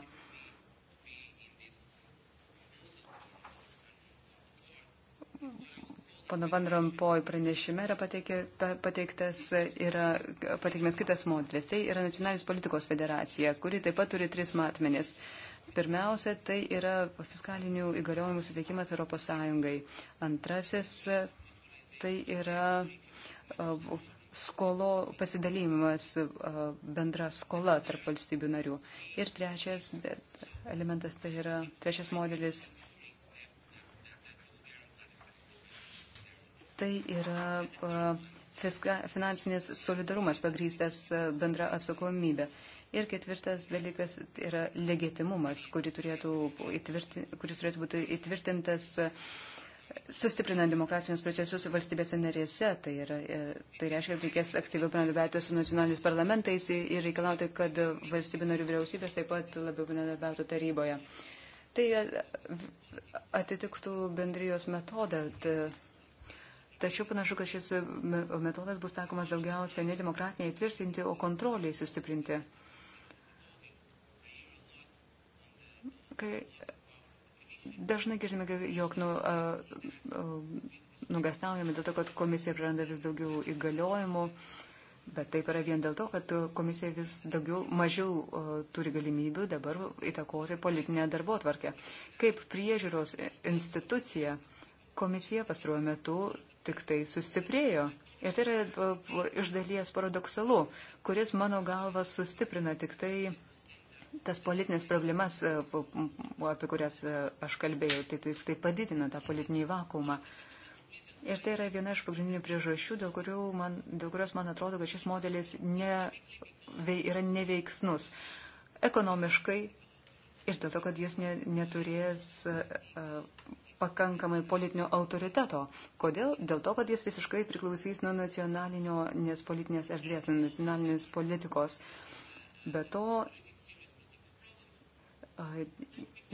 Pana Van Rompoj pranešime yra pateikė, pateiktas yra, pateikimas kitas modelis. Tai yra nacionalinis politikos federacija, kuri taip pat turi tris matmenis. Pirmiausia, tai yra fiskalinių įgaliojimų suteikimas Europos Sąjungai. Antrasis, tai yra uh, skolo pasidalymas, bendra skola tarp valstybių narių. Ir trečias elementas tai yra, trečias modelis, tai yra fiska, finansinis solidarumas pagrystas bendra atsakomybė. Ir ketvirtas dalykas yra legitimumas, kuris turėtų, įtvirti, kuris turėtų būti įtvirtintas uh, sustiprinant demokratinius procesus valstybėse narėse. Tai, yra, e, tai reiškia, kad reikės aktyviau bendradarbiauti su nacionaliniais parlamentais ir reikalauti, kad valstybių narių vyriausybės taip pat labiau bendradarbiautų taryboje. Tai e, atitiktų bendrijos metodą. Tačiau panašu, kad šis metodas bus takomas daugiausia ne demokratiniai tvirtinti, o kontroliai sustiprinti. Kai Dažnai girdime, jog nu, nugastaujame dėl to, kad komisija praranda vis daugiau įgaliojimų, bet taip yra vien dėl to, kad komisija vis daugiau, mažiau uh, turi galimybių dabar įtakoti politinę darbo tvarkę. Kaip priežiūros institucija komisija pastaruoju metu tik tai sustiprėjo. Ir tai yra uh, iš dalies paradoksalu, kuris mano galva sustiprina tik tai uh, tas politinės problemas, e, apie kurias e, aš kalbėjau, tai, tai, tai padidina tą politinį vakumą. Ir tai yra viena iš pagrindinių priežasčių, dėl, man, dėl kurios man atrodo, kad šis modelis ne, yra neveiksnus ekonomiškai ir dėl to, kad jis ne, neturės uh, pakankamai politinio autoriteto. Kodėl? Dėl to, kad jis visiškai priklausys nuo nacionalinės politinės erdvės, nuo nacionalinės politikos. Be to,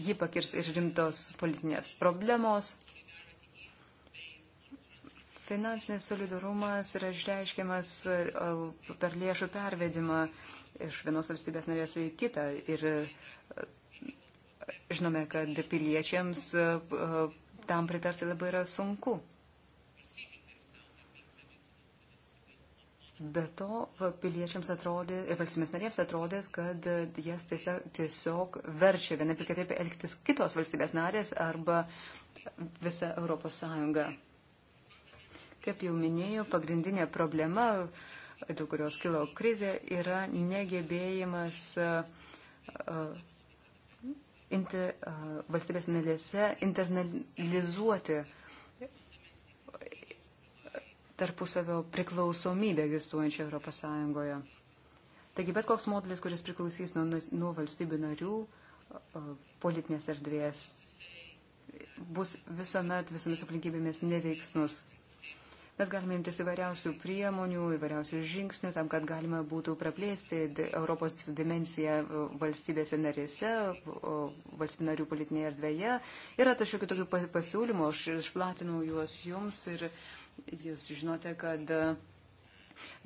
jį pakirs ir rimtos politinės problemos. Finansinis solidarumas yra išreiškiamas per lėšų pervedimą iš vienos valstybės narės į kitą. Ir žinome, kad piliečiams tam pritarti labai yra sunku. Be to, piliečiams atrodė ir valstybės narėms atrodės, kad jas tiesiog, tiesiog verčia vienai per kitaip elgtis kitos valstybės narės arba visa Europos Sąjunga. Kaip jau minėjau, pagrindinė problema, dėl kurios kilo krizė, yra negebėjimas inter, valstybės narėse internalizuoti uh, tarpusavio priklausomybę egzistuojančią Europos Sąjungoje. Taigi bet koks modelis, kuris priklausys nuo, nuo valstybių narių politinės erdvės, bus visuomet visomis aplinkybėmis neveiksnus. Mes galime imtis įvairiausių priemonių, įvairiausių žingsnių tam, kad galima būtų praplėsti Europos dimensiją valstybėse narėse, valstybių narių politinėje erdvėje. Yra tačiau kitokių pasiūlymų, aš išplatinau juos jums ir Jūs žinote, kad e,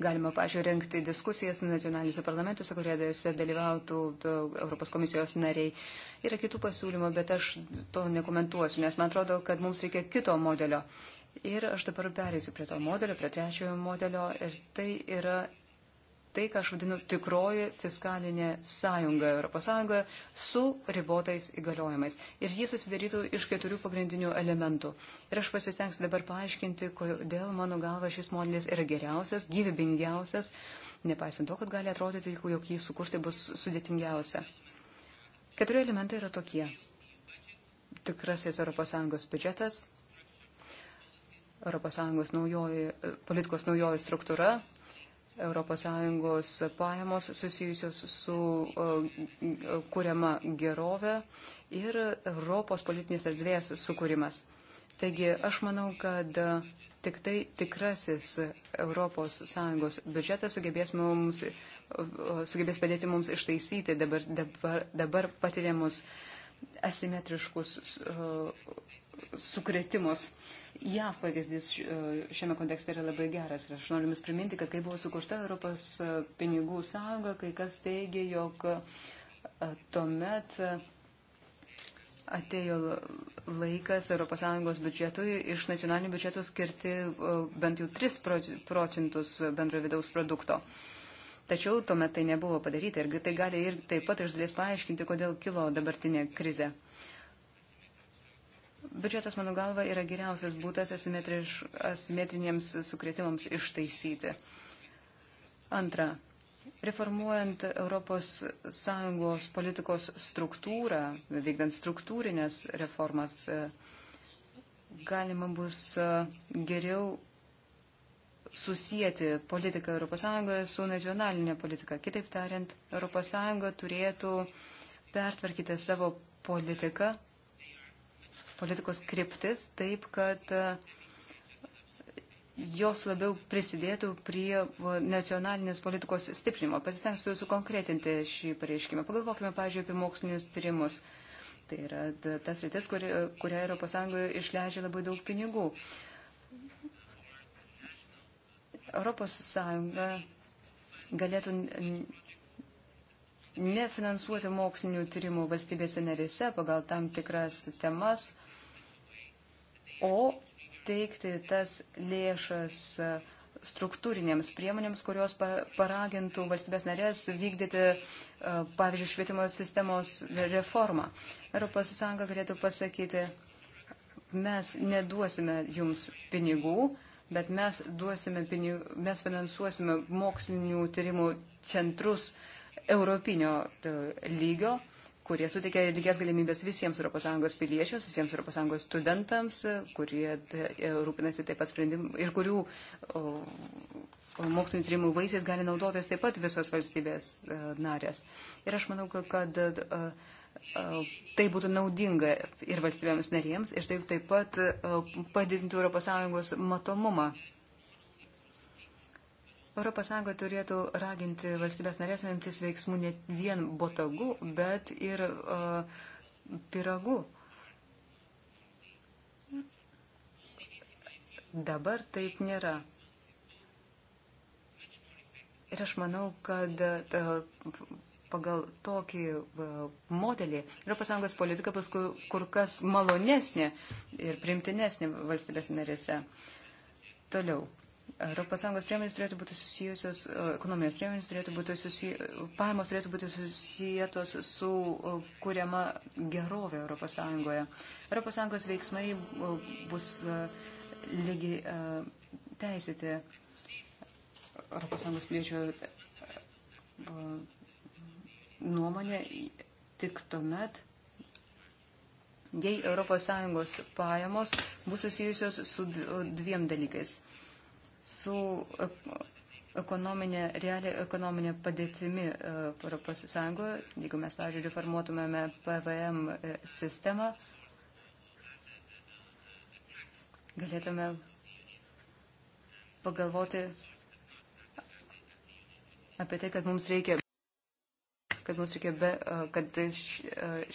galima, pažiūrėjau, rengti diskusijas nacionaliniuose parlamentuose, kuriuose dalyvautų e, Europos komisijos nariai. Yra kitų pasiūlymų, bet aš to nekomentuosiu, nes man atrodo, kad mums reikia kito modelio. Ir aš dabar perėsiu prie to modelio, prie trečiojo modelio. Ir tai yra tai, ką aš vadinu tikroji fiskalinė sąjunga Europos Sąjungoje su ribotais įgaliojimais. Ir ji susidarytų iš keturių pagrindinių elementų. Ir aš pasistengsiu dabar paaiškinti, kodėl mano galva šis modelis yra geriausias, gyvybingiausias, nepaisant to, kad gali atrodyti, jog jį sukurti bus sudėtingiausia. Keturi elementai yra tokie. Tikrasis ES biudžetas, ES naujoji, politikos naujoji struktūra, ES pajamos susijusios su e, e, kuriama gerove ir Europos politinės erdvės sukūrimas. Taigi aš manau, kad tik tai tikrasis ES biudžetas sugebės, mums, e, sugebės padėti mums ištaisyti dabar, dabar, dabar patiriamus asimetriškus uh, sukretimus. Uh, JAV pavyzdys e, šiame kontekste yra labai geras ir aš noriu Jums priminti, kad kai buvo sukurta Europos e, pinigų sąjunga, kai kas teigia, jog e, tuomet atėjo laikas ES biudžetui iš nacionalinių biudžetų skirti bent jau 3 procentus bendro vidaus produkto. Tačiau tuomet tai nebuvo padaryta ir tai gali ir taip pat iš dalies paaiškinti, kodėl kilo dabartinė krize biudžetas, mano galva, yra geriausias būtas asimetriniams sukretimams ištaisyti. Antra, reformuojant ES politikos struktūrą, vykdant struktūrinės reformas, galima bus e, geriau susijęti politiką ES su nacionalinė politika. Kitaip tariant, ES turėtų pertvarkyti savo politiką politikos kryptis taip, kad e, jos labiau prisidėtų prie nacionalinės politikos stiprinimo. Pasistengsiu sukonkretinti šį pareiškimą. Pagalvokime, pažiūrėjau, apie mokslinius tyrimus. Tai yra tas rytis, kuri, kurią Europos Sąjungoje išleidžia labai daug pinigų. Europos Sąjunga galėtų nefinansuoti mokslinių tyrimų valstybėse narėse pagal tam tikras temas o teikti tas lėšas struktūrinėms priemonėms, kurios paragintų valstybės narės vykdyti, e, pavyzdžiui, švietimo sistemos reformą. ES galėtų pasakyti, mes neduosime jums pinigų, bet mes, pinigų, mes finansuosime mokslinių tyrimų centrus europinio e, lygio kurie suteikia lygias galimybės visiems ES piliečiams, visiems ES studentams, kurie e, rūpinasi taip pat sprendimu ir kurių mokslinio tyrimų vaisiais gali naudotis taip pat visos valstybės e, narės. Ir aš manau, kad e, tai būtų naudinga ir valstybėms narėms, ir taip, taip pat padidintų ES matomumą ES turėtų raginti valstybės narės imtis veiksmų ne vien botagų, bet ir uh, piragų. Dabar taip nėra. Ir aš manau, kad uh, pagal tokį modelį ES politika bus kur kas malonesnė ir primtinesnė valstybės narėse. Toliau. Europos Sąjungos priemonės turėtų būti susijusios, ekonominės priemonės turėtų būti susijusios, pajamos turėtų būti susijėtos su kuriama gerovė Europos Sąjungoje. Europos Sąjungos veiksmai bus e, lygi e, teisėti Europos Sąjungos piliečių e, nuomonė tik tuomet, jei Europos Sąjungos pajamos bus susijusios su dviem dalykais su e, ekonominė, realiai ekonominė padėtimi e, Europos Sąjungoje, jeigu mes, pavyzdžiui, reformuotumėme PVM e, sistemą, galėtume pagalvoti apie tai, kad mums reikia kad mums reikia, be, kad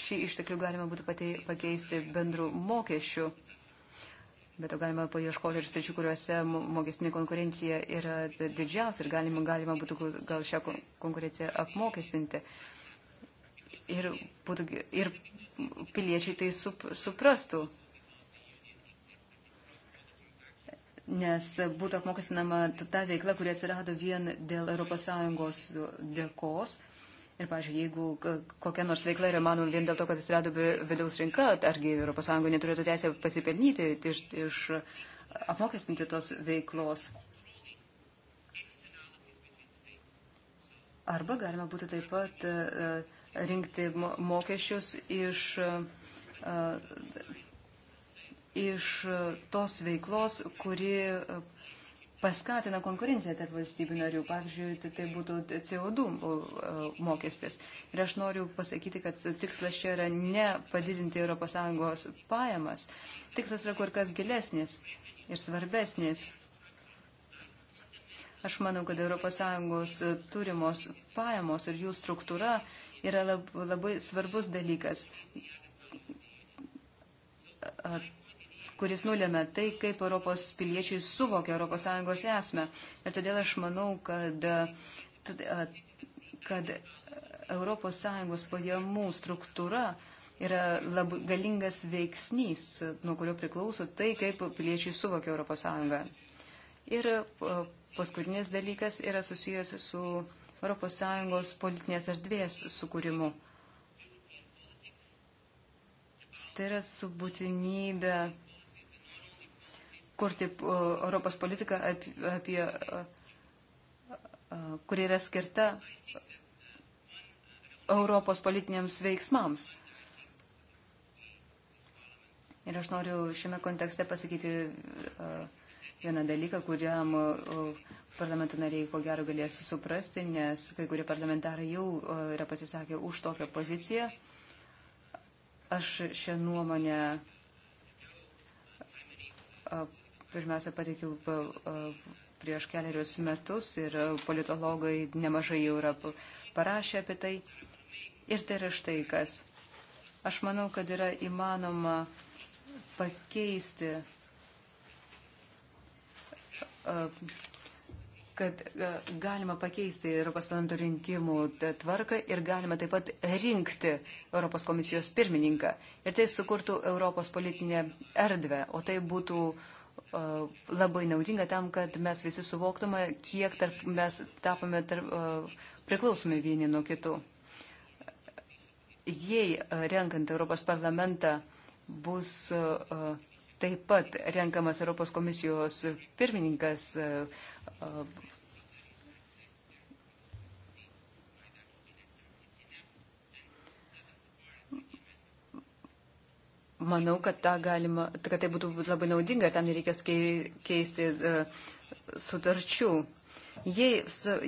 šį išteklių galima būtų pakeisti bendrų mokesčių. Bet to galima paieškoti ir sričių, kuriuose mokestinė konkurencija yra didžiausia ir galima, galima būtų gal šią konkurenciją apmokestinti. Ir, būtų, ir piliečiai tai sup, suprastų. nes būtų apmokestinama ta veikla, kuri atsirado vien dėl ES dėkos, Ir, pažiūrėjau, jeigu e, kokia nors veikla yra manoma vien dėl to, kad atsirado vidaus rinka, argi ES neturėtų teisę pasipelnyti iš, iš apmokestinti tos veiklos. Arba galima būtų taip pat e, e, rinkti mokesčius iš, iš tos veiklos, kuri paskatina konkurenciją tarp valstybių narių. Pavyzdžiui, tai, tai būtų CO2 e, mokestis. Ir aš noriu pasakyti, kad tikslas čia yra ne padidinti ES pajamas. Tikslas yra kur kas gilesnis ir svarbesnis. Aš manau, kad ES turimos pajamos ir jų struktūra yra labai svarbus dalykas kuris nulėmė tai, kaip Europos piliečiai suvokia ES esmę. Ir todėl aš manau, kad, kad ES pajamų struktūra yra labai galingas veiksnys, nuo kurio priklauso tai, kaip piliečiai suvokia ES. Ir e, paskutinis dalykas yra susijęs su ES politinės erdvės sukūrimu. Tai yra su būtinybė kurti uh, Europos politiką, apie, apie, uh, uh, kuri yra skirta Europos politiniams veiksmams. Ir aš noriu šiame kontekste pasakyti vieną dalyką, kuriam parlamento nariai ko gero galės suprasti, nes kai kurie parlamentarai jau yra pasisakę už tokią poziciją. Aš šią nuomonę pirmiausia pateikiau prieš keliarius metus ir politologai nemažai jau yra parašę apie tai. Ir tai yra štai kas. Aš manau, kad yra įmanoma pakeisti, kad galima pakeisti Europos parlamento rinkimų tvarką ir galima taip pat rinkti Europos komisijos pirmininką. Ir tai sukurtų Europos politinę erdvę, o tai būtų uh, labai naudinga tam, kad mes visi suvoktume, kiek tarp, mes tapome tarp, priklausomi vieni nuo kitų. Jei renkant Europos parlamentą bus taip pat renkamas Europos komisijos pirmininkas, Manau, kad, galima, kad tai būtų labai naudinga ir tam nereikės keisti e, sutarčių. Jei,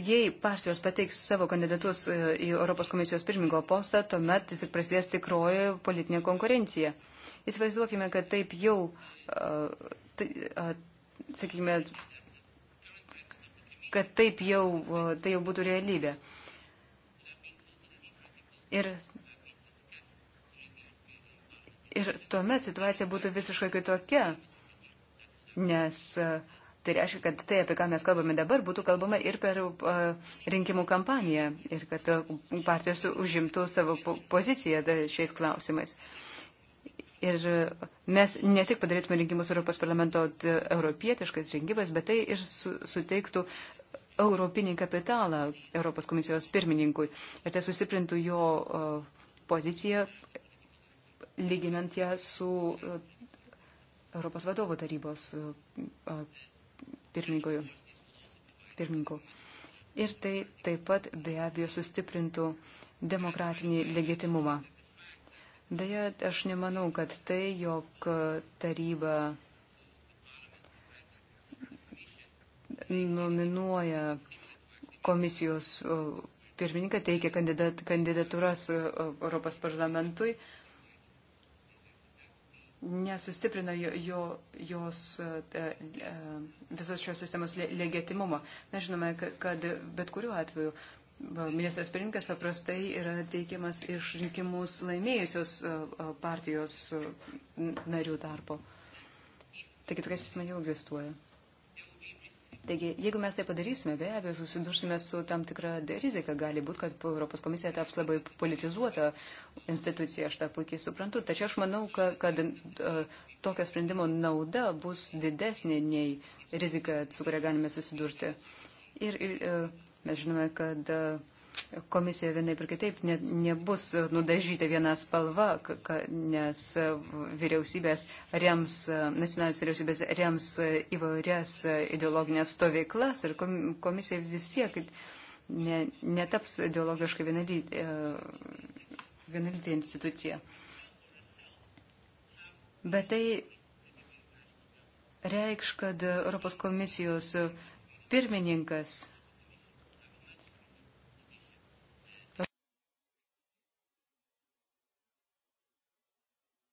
jei partijos pateiks savo kandidatus e, į Europos komisijos pirmininko postą, tuomet jis ir prasidės tikroji politinė konkurencija. Įsivaizduokime, kad taip jau, e, tai, sakykime, kad taip jau, tai jau būtų realybė. Ir Ir tuomet situacija būtų visiškai kitokia, nes e, tai reiškia, kad tai, apie ką mes kalbame dabar, būtų kalbama ir per e, rinkimų kampaniją ir kad e, partijos užimtų savo poziciją šiais klausimais. Ir mes ne tik padarytume rinkimus Europos parlamento europietiškais rinkimais, bet tai ir su, suteiktų europinį kapitalą Europos komisijos pirmininkui. Ir tai sustiprintų jo poziciją lyginant ją su e, Europos vadovų tarybos e, e, pirmininku. Ir tai taip pat be abejo sustiprintų demokratinį legitimumą. Deja, aš nemanau, kad tai, jog taryba nominuoja komisijos pirmininką, teikia kandidat, kandidatūras Europos parlamentui, nesustiprina jo, jo, jos e, e, visos šios sistemos legitimumo. Mes žinome, kad bet kuriuo atveju ministras pirmininkas paprastai yra teikiamas iš rinkimus laimėjusios e, partijos narių darbo. Taigi tokia sistema jau egzistuoja. Taigi, jeigu mes tai padarysime, be abejo, susidursime su tam tikra rizika. Gali būti, kad Europos komisija taps labai politizuota institucija, aš tą puikiai suprantu. Tačiau aš manau, kad, kad e, tokio sprendimo nauda bus didesnė nei rizika, su kuria galime susidurti. Ir, ir e, mes žinome, kad e, komisija vienaip ir kitaip ne, nebus nudažyta viena spalva, ka, nes vyriausybės rems, nacionalinės vyriausybės rems įvairias ideologinės stovyklas ir komisija vis tiek ne, netaps ideologiškai e, vienalytė institucija. Bet tai reikš, kad Europos komisijos pirmininkas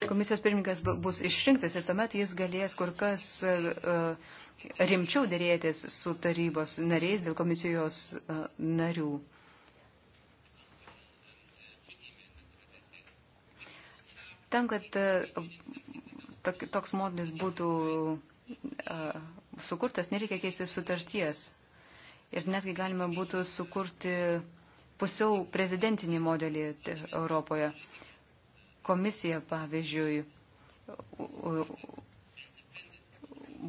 komisijos pirmininkas bus išrinktas ir tuomet jis galės kur kas e, e, rimčiau dėrėtis su tarybos nariais dėl komisijos e, narių. Tam, kad toks modelis būtų sukurtas, nereikia keisti sutarties. Ir netgi galima būtų sukurti pusiau prezidentinį modelį Europoje komisija, pavyzdžiui,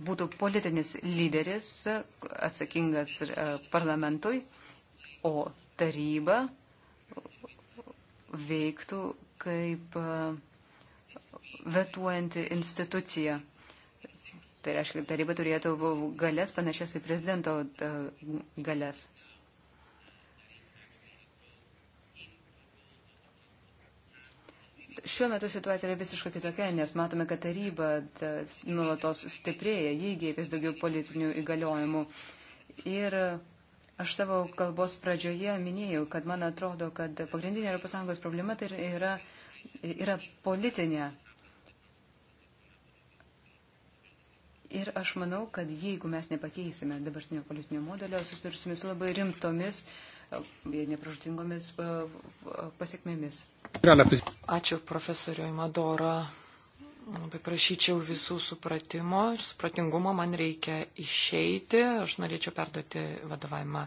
būtų politinis lyderis atsakingas e, parlamentui, o taryba veiktų kaip e, vetuojanti institucija. Tai reiškia, taryba turėtų galės panašias į prezidento e, galės. Šiuo metu situacija yra visiškai kitokia, nes matome, kad taryba nulatos stiprėja, jį įgyja vis daugiau politinių įgaliojimų. Ir aš savo kalbos pradžioje minėjau, kad man atrodo, kad pagrindinė ES problema tai yra, yra politinė. Ir aš manau, kad jeigu mes nepakeisime dabartinio politinio modelio, susidursime su labai rimtomis uh, nepražutingomis e, e, pasiekmėmis. Ačiū profesoriui Madora. Labai prašyčiau visų supratimo ir supratingumo, man reikia išeiti. Aš norėčiau perduoti vadovavimą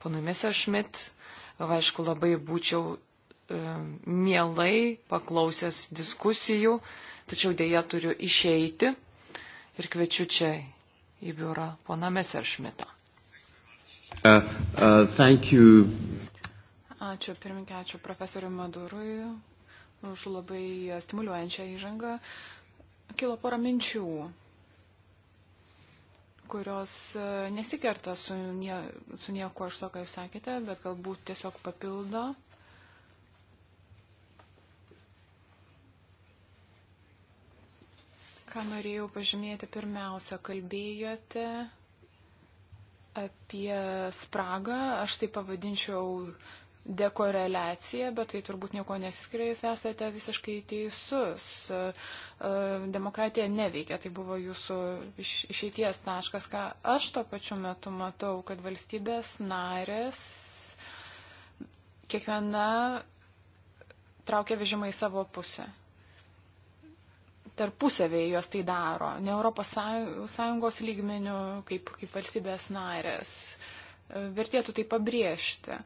ponui Messerschmidt. Aišku, labai būčiau e, mielai paklausęs diskusijų, tačiau dėja turiu išeiti ir kviečiu čia į biurą poną Messerschmittą. Uh, uh, thank you. Ačiū pirmininkė, ačiū profesoriu Madurui už labai stimuliuojančią įžangą. Kilo pora minčių, kurios uh, nesikerta su, nie, su nieko iš to, ką jūs sakėte, bet galbūt tiesiog papildo. Ką norėjau pažymėti pirmiausia, kalbėjote apie spragą, aš tai pavadinčiau dekoreliacija, bet tai turbūt nieko nesiskiria, jūs esate visiškai teisus. E, demokratija neveikia, tai buvo jūsų išeities taškas, ką aš tuo pačiu metu matau, kad valstybės narės kiekviena traukia vežimą į savo pusę tarpusavėje jos tai daro, ne Europos Sąjungos lygmenių, kaip, kaip valstybės narės. E, vertėtų tai pabrėžti,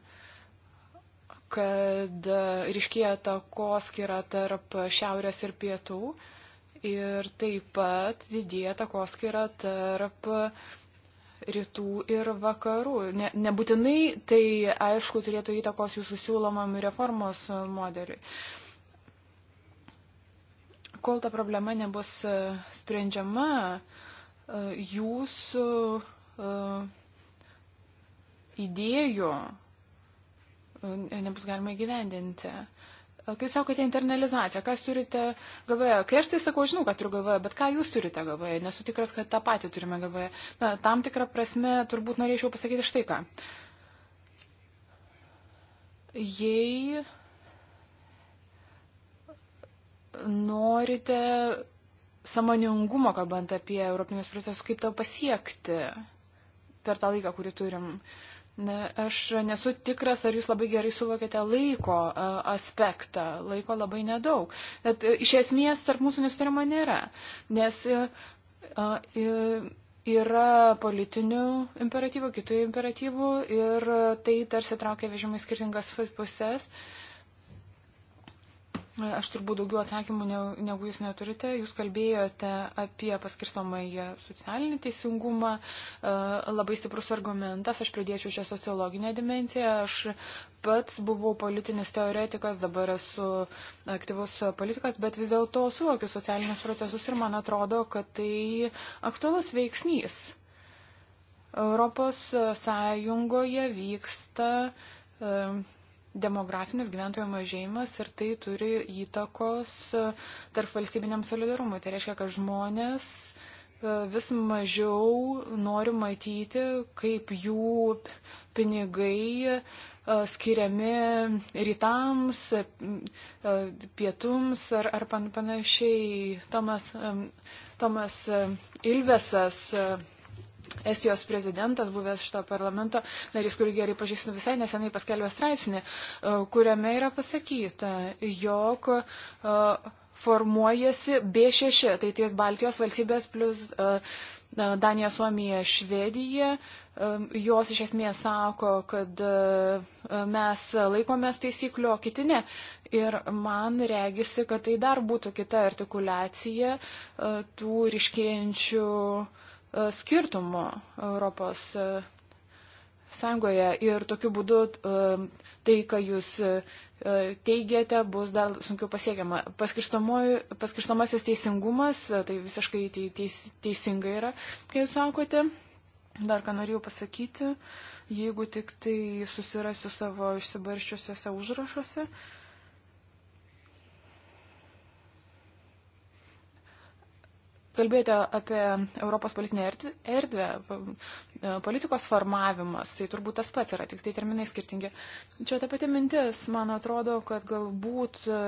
kad e, ryškėja ta koskira tarp šiaurės ir pietų ir taip pat didėja ta koskira tarp rytų ir vakarų. Ne, nebūtinai tai, aišku, turėtų įtakos jūsų siūlomam reformos modeliui. Uh, kol ta problema nebus e, sprendžiama, e, jūsų e, idėjų nebus galima įgyvendinti. Kai sakote internalizaciją, ką jūs turite galvoje? Kai aš tai sakau, žinau, ką turiu galvoje, bet ką jūs turite galvoje? Nesu tikras, kad tą patį turime galvoje. Na, tam tikrą prasme turbūt norėčiau pasakyti štai ką. Jei norite samoningumo, kalbant apie europinius procesus, kaip to pasiekti per tą laiką, kurį turim. Na, aš nesu tikras, ar jūs labai gerai suvokėte laiko aspektą. Laiko labai nedaug. Bet e, iš esmės tarp mūsų nesutarimo nėra. Nes e, yra politinių imperatyvų, kitų imperatyvų ir tai tarsi traukia vežimai skirtingas puses. Uh, Aš turbūt daugiau atsakymų negu jūs neturite. Jūs kalbėjote apie paskirstomąjį socialinį teisingumą. E, labai stiprus argumentas. Aš pridėčiau šią sociologinę dimenciją. Aš pats buvau politinis teoretikas, dabar esu aktyvus politikas, bet vis dėlto suvokiu socialinius procesus ir man atrodo, kad tai aktualus veiksnys. Europos Sąjungoje vyksta e, demografinis gyventojų mažėjimas ir tai turi įtakos e, tarp valstybiniam solidarumui. Tai reiškia, kad žmonės e, vis mažiau nori matyti, kaip jų pinigai e, skiriami rytams, pietums ar, ar pan, panašiai. Tomas, Tomas Ilvesas Estijos prezidentas, buvęs šito parlamento narys, kurį gerai pažįstu visai nesenai paskelbė straipsnį, e, kuriame yra pasakyta, jog e, formuojasi B6, tai trys Baltijos valstybės plus e, Danija, Suomija, Švedija. Jos iš esmės sako, kad mes laikomės taisyklių, o kiti ne. Ir man regisi, kad tai dar būtų kita artikulacija tų ryškėjančių uh, E, skirtumų Europos e, Sąjungoje ir tokiu būdu e, tai, ką jūs teigiate, bus dar sunkiau pasiekiama. Paskirstamasis teisingumas, tai visiškai teis, teisingai yra, kai jūs sakote. Dar ką norėjau pasakyti, jeigu tik tai susirasiu savo išsibarščiusiuose užrašuose. Uh, Kalbėjote apie Europos politinę erdvę, e, politikos formavimas, tai turbūt tas pats yra, tik tai terminai skirtingi. Čia ta pati mintis, man atrodo, kad galbūt e,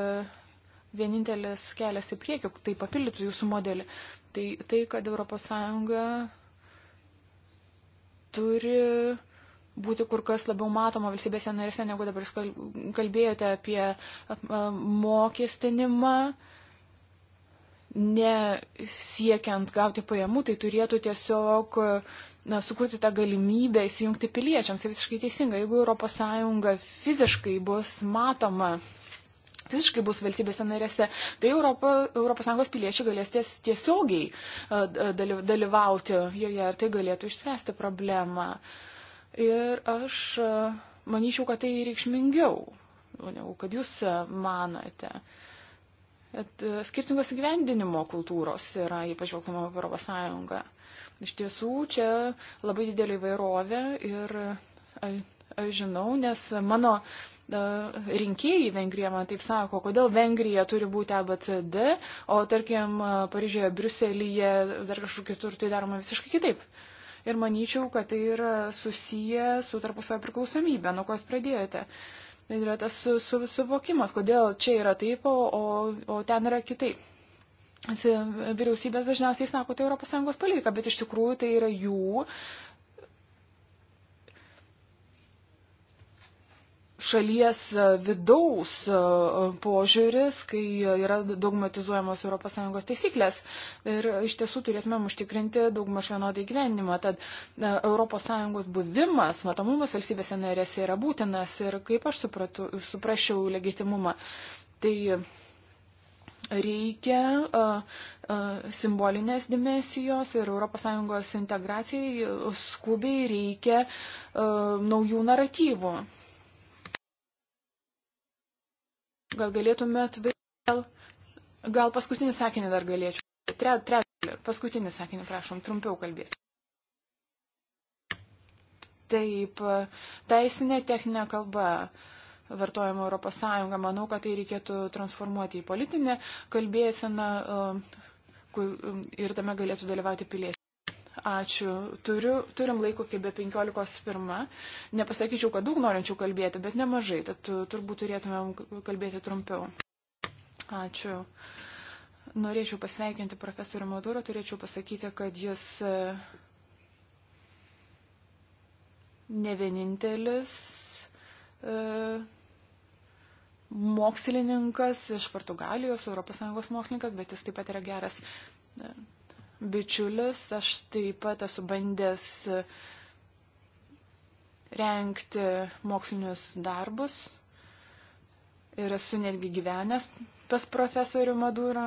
vienintelis kelias į priekį, tai papildytų jūsų modelį, tai tai, kad ES turi būti kur kas labiau matoma valstybėse narėse, negu dabar kalbėjote apie mokestinimą ne siekiant gauti pajamų, tai turėtų tiesiog na, sukurti tą galimybę įsijungti piliečiams. Tai visiškai teisinga, jeigu ES fiziškai bus matoma. Visiškai bus valstybėse narėse, tai Europo, ES piliečiai galės ties, tiesiogiai dalyvauti joje ir tai galėtų išspręsti problemą. Ir aš manyčiau, kad tai reikšmingiau, negu kad jūs manote. Uh, Bet e, skirtingos gyvendinimo kultūros yra, ypač valkoma Europos Sąjunga. Iš tiesų, čia labai didelį įvairovę ir aš e, e, žinau, nes mano rinkėjai Vengrija man taip sako, kodėl Vengrija turi būti ABCD, o tarkim Paryžioje, Briuselyje, dar kažkur kitur tai daroma visiškai kitaip. Ir manyčiau, kad tai yra susiję su tarpusavio priklausomybė, nuo ko jūs pradėjote. Uh, yra tas su, su, suvokimas, kodėl čia yra taip, o, o, o ten yra kitaip. E, vyriausybės dažniausiai sako, tai ES politika, bet iš tikrųjų tai yra jų šalies e, vidaus e, požiūris, kai yra dogmatizuojamos ES taisyklės. Ir iš tiesų turėtumėm užtikrinti daugmaž vienodai gyvenimą. Tad e, ES buvimas, matomumas valstybėse narėse yra būtinas ir kaip aš supratu, suprasčiau legitimumą. Tai reikia uh, simbolinės dimensijos ir ES integracijai skubiai reikia uh, naujų naratyvų. Gal galėtumėt vėl. Gal paskutinį sakinį dar galėčiau. Tre, tre, paskutinį sakinį, prašom, trumpiau kalbės. Taip, teisinė techninė kalba vartojama Europos Sąjunga. Manau, kad tai reikėtų transformuoti į politinę kalbėseną e, ir tame galėtų dalyvauti piliečiai. Ačiū. Turiu, turim laiko iki be 15.1. Nepasakyčiau, kad daug norinčių kalbėti, bet nemažai, tad turbūt turėtumėm kalbėti trumpiau. Ačiū. Norėčiau pasveikinti profesorių Maduro, turėčiau pasakyti, kad jis e, ne vienintelis e, mokslininkas iš Portugalijos, ES mokslininkas, bet jis taip pat yra geras e, bičiulis, aš taip pat esu bandęs renkti mokslinius darbus ir esu netgi gyvenęs pas profesorių Madūrą.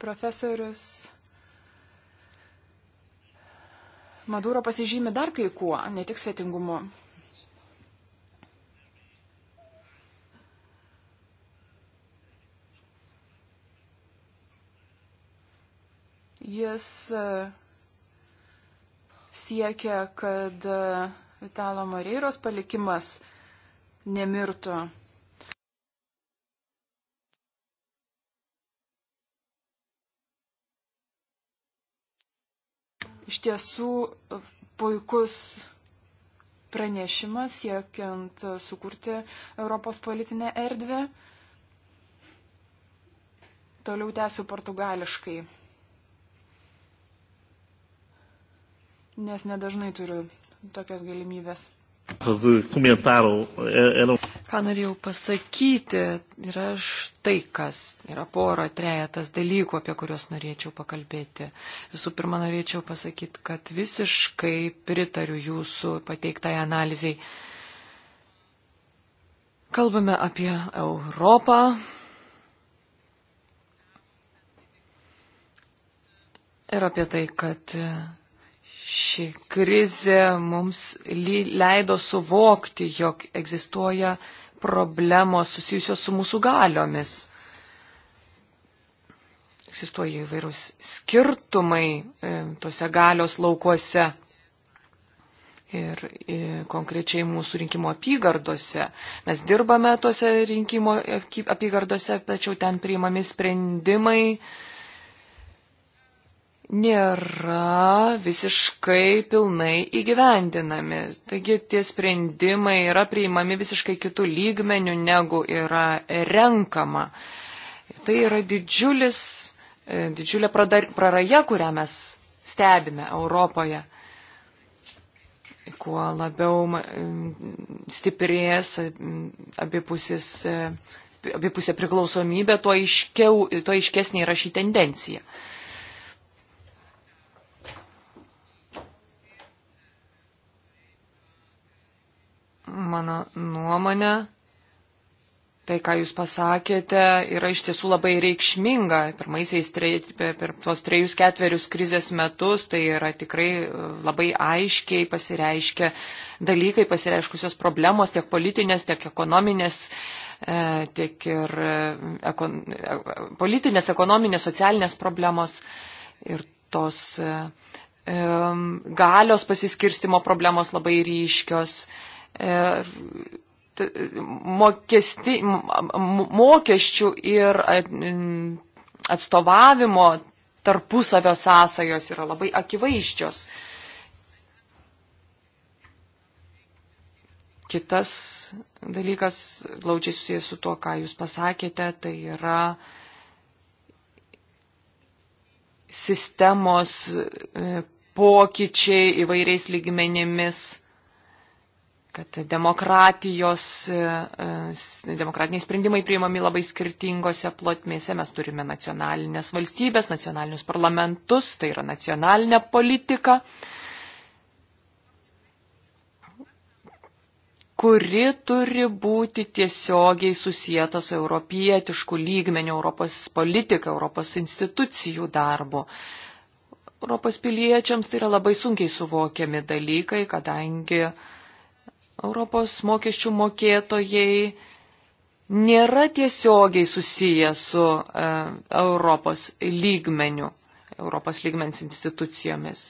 Profesorius Madūro pasižymi dar kai kuo, ne tik svetingumu. Jis e, siekia, kad e, Vitalo Moreiros palikimas nemirtų. Iš tiesų puikus pranešimas siekiant sukurti Europos politinę erdvę. Toliau tęsiu portugališkai. nes nedažnai turiu tokias galimybės. Ką norėjau pasakyti, yra štai kas, yra pora, trejetas dalykų, apie kuriuos norėčiau pakalbėti. Visų pirma, norėčiau pasakyti, kad visiškai pritariu jūsų pateiktai analizai. Kalbame apie Europą, Ir apie tai, kad Ši krizė mums leido suvokti, jog egzistuoja problemos susijusios su mūsų galiomis. Egzistuoja įvairūs skirtumai e, tose galios laukuose ir e, konkrečiai mūsų rinkimo apygardose. Mes dirbame tose rinkimo apygardose, tačiau ten priimami sprendimai, nėra visiškai pilnai įgyvendinami. Taigi tie sprendimai yra priimami visiškai kitų lygmenių, negu yra renkama. Tai yra didžiulis, e, didžiulė praraja, kurią mes stebime Europoje. Kuo labiau stiprės e, abipusis, e, abipusė priklausomybė, tuo, aiškiau, tuo aiškesnė yra ši tendencija. Mano nuomonė, tai, ką Jūs pasakėte, yra iš tiesų labai reikšminga. Pirmaisiais, trej, per tuos trejus ketverius krizės metus, tai yra tikrai e, labai aiškiai pasireiškia dalykai, pasireiškusios problemos, tiek politinės, tiek ekonominės, e, tiek ir e, ekon, politinės, ekonominės, socialinės problemos ir tos galios pasiskirstimo problemos labai ryškios. E, mokesti, mokesčių ir e, atstovavimo tarpusavio sąsajos yra labai akivaizdžios. Kitas dalykas, glaudžiai susijęs su tuo, ką jūs pasakėte, tai yra sistemos e, pokyčiai įvairiais lygmenimis kad demokratijos, e, e, demokratiniai sprendimai priimami labai skirtingose plotmėse. Mes turime nacionalinės valstybės, nacionalinius parlamentus, tai yra nacionalinė politika, kuri turi būti tiesiogiai susijęta su europietišku lygmeniu Europos politika, Europos institucijų darbu. Europos piliečiams tai yra labai sunkiai suvokiami dalykai, kadangi uh, Europos mokesčių mokėtojai nėra tiesiogiai susiję su e, Europos lygmeniu, Europos lygmens institucijomis.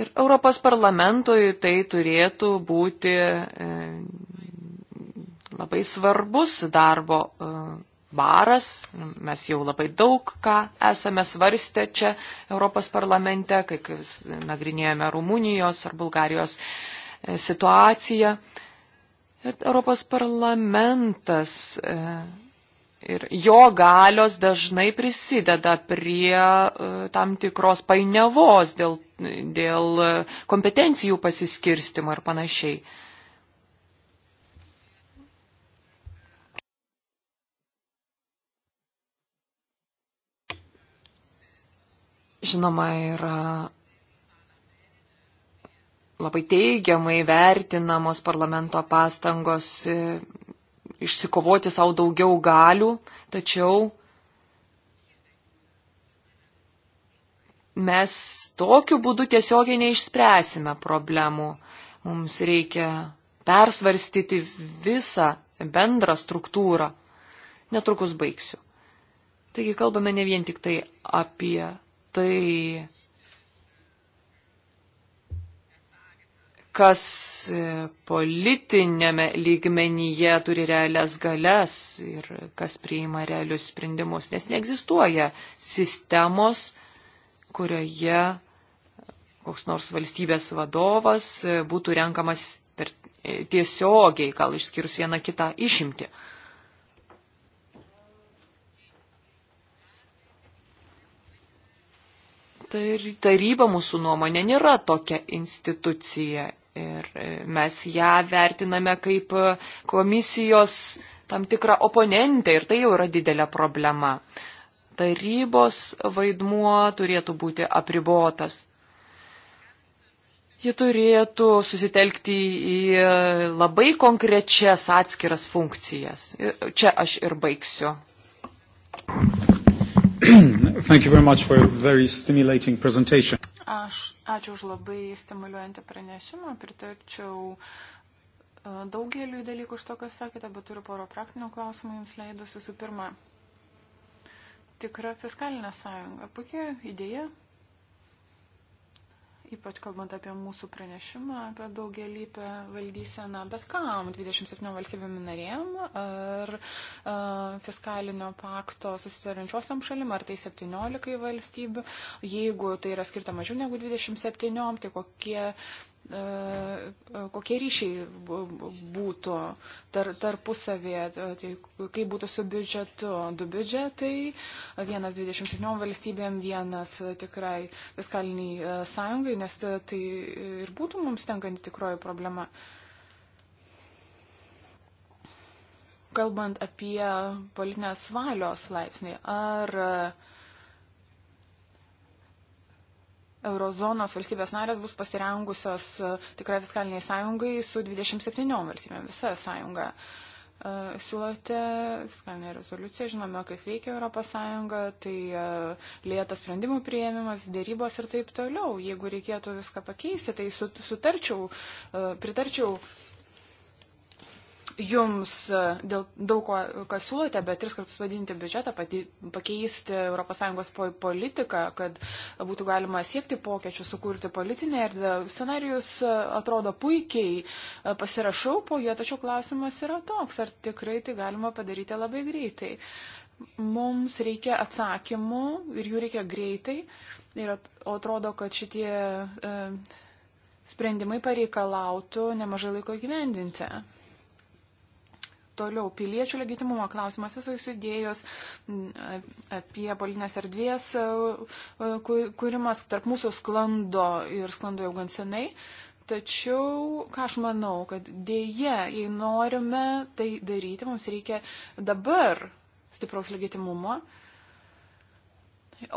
Ir Europos parlamentoj tai turėtų būti e, labai svarbus darbo e, baras. Mes jau labai daug ką esame svarstę čia Europos parlamente, kai nagrinėjome Rumunijos ar Bulgarijos e, situaciją. Bet Europos parlamentas e, ir jo galios dažnai prisideda prie e, tam tikros painiavos dėl, dėl kompetencijų pasiskirstimo ir panašiai. žinoma, yra labai teigiamai vertinamos parlamento pastangos e, išsikovoti savo daugiau galių, tačiau mes tokiu būdu tiesiogiai neišspręsime problemų. Mums reikia persvarstyti visą bendrą struktūrą. Netrukus baigsiu. Taigi kalbame ne vien tik tai apie tai, kas e, politinėme lygmenyje turi realias galias ir kas priima realius sprendimus, nes neegzistuoja sistemos, kurioje koks nors valstybės vadovas e, būtų renkamas per, e, tiesiogiai, gal išskyrus vieną kitą išimti. taryba mūsų nuomonė nėra tokia institucija Ir e, mes ją vertiname kaip e, komisijos tam tikrą oponentę ir tai jau yra didelė problema. Tarybos vaidmuo turėtų būti apribotas. Ji turėtų susitelkti į e, labai konkrečias atskiras funkcijas. Čia aš ir baigsiu. Thank you very much for a very stimulating presentation. Aš ačiū už labai stimuliuojantį pranešimą, pritarčiau e, daugeliu dalykų iš to, ką sakėte, bet turiu poro praktinių klausimų jums leidus visų pirma. Tikra fiskalinė sąjunga, puikia idėja, ypač kalbant apie mūsų pranešimą, apie daugelįpę valdyseną, bet kam 27 valstybėm narėm ar a, fiskalinio pakto susitarančiosiam šalim, ar tai 17 valstybių. Jeigu tai yra skirta mažiau negu 27, tai kokie E, kokie ryšiai būtų tar, tarpusavėje, e, tai kaip būtų su biudžetu. Du biudžetai, vienas 27 valstybėm, vienas tikrai fiskaliniai e, sąjungai, nes tai ir būtų mums tenkanti tikroji problema. Kalbant apie politinės valios laipsnį, ar uh, Eurozonos valstybės narės bus pasirengusios e, tikrai fiskaliniai sąjungai su 27 valstybėm, visa sąjunga. E, siūlote fiskalinę rezoliuciją, žinome, kaip veikia ES, tai e, lėtas sprendimų prieimimas, dėrybos ir taip toliau. Jeigu reikėtų viską pakeisti, tai sutarčiau, pritarčiau jums e, dėl daug ko, ką siūlote, bet tris kartus vadinti biudžetą, pati, pakeisti ES politiką, kad būtų galima siekti pokyčių, sukurti politinę erdvę. Scenarius e, atrodo puikiai, e, pasirašau po jo, tačiau klausimas yra toks, ar tikrai tai galima padaryti labai greitai. Mums reikia atsakymų ir jų reikia greitai. Ir atrodo, kad šitie. E, Sprendimai pareikalautų nemažai laiko gyvendinti. Toliau, piliečių legitimumo klausimas, esu įsidėjus apie politinės erdvės kūrimas tarp mūsų sklando ir sklando jau gan senai. Tačiau, ką aš manau, kad dėje, jei norime tai daryti, mums reikia dabar stipraus legitimumo,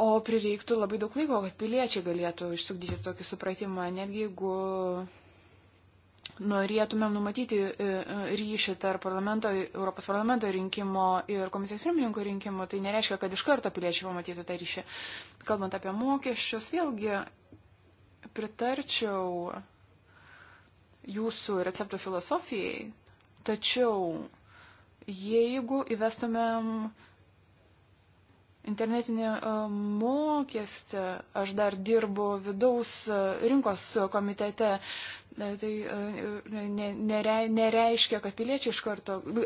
o prireiktų labai daug laiko, kad piliečiai galėtų išsugdyti tokį supratimą, netgi jeigu norėtumėm numatyti e, e, ryšį tarp parlamento, Europos parlamento rinkimo ir komisijos pirmininko rinkimo, tai nereiškia, kad iš karto piliečiai pamatytų tą ryšį. Kalbant apie mokesčius, vėlgi pritarčiau jūsų recepto filosofijai, tačiau jeigu įvestumėm internetinį e, mokestį, aš dar dirbu vidaus rinkos komitete, tai e, nereiškia, kad piliečiai iš karto nu,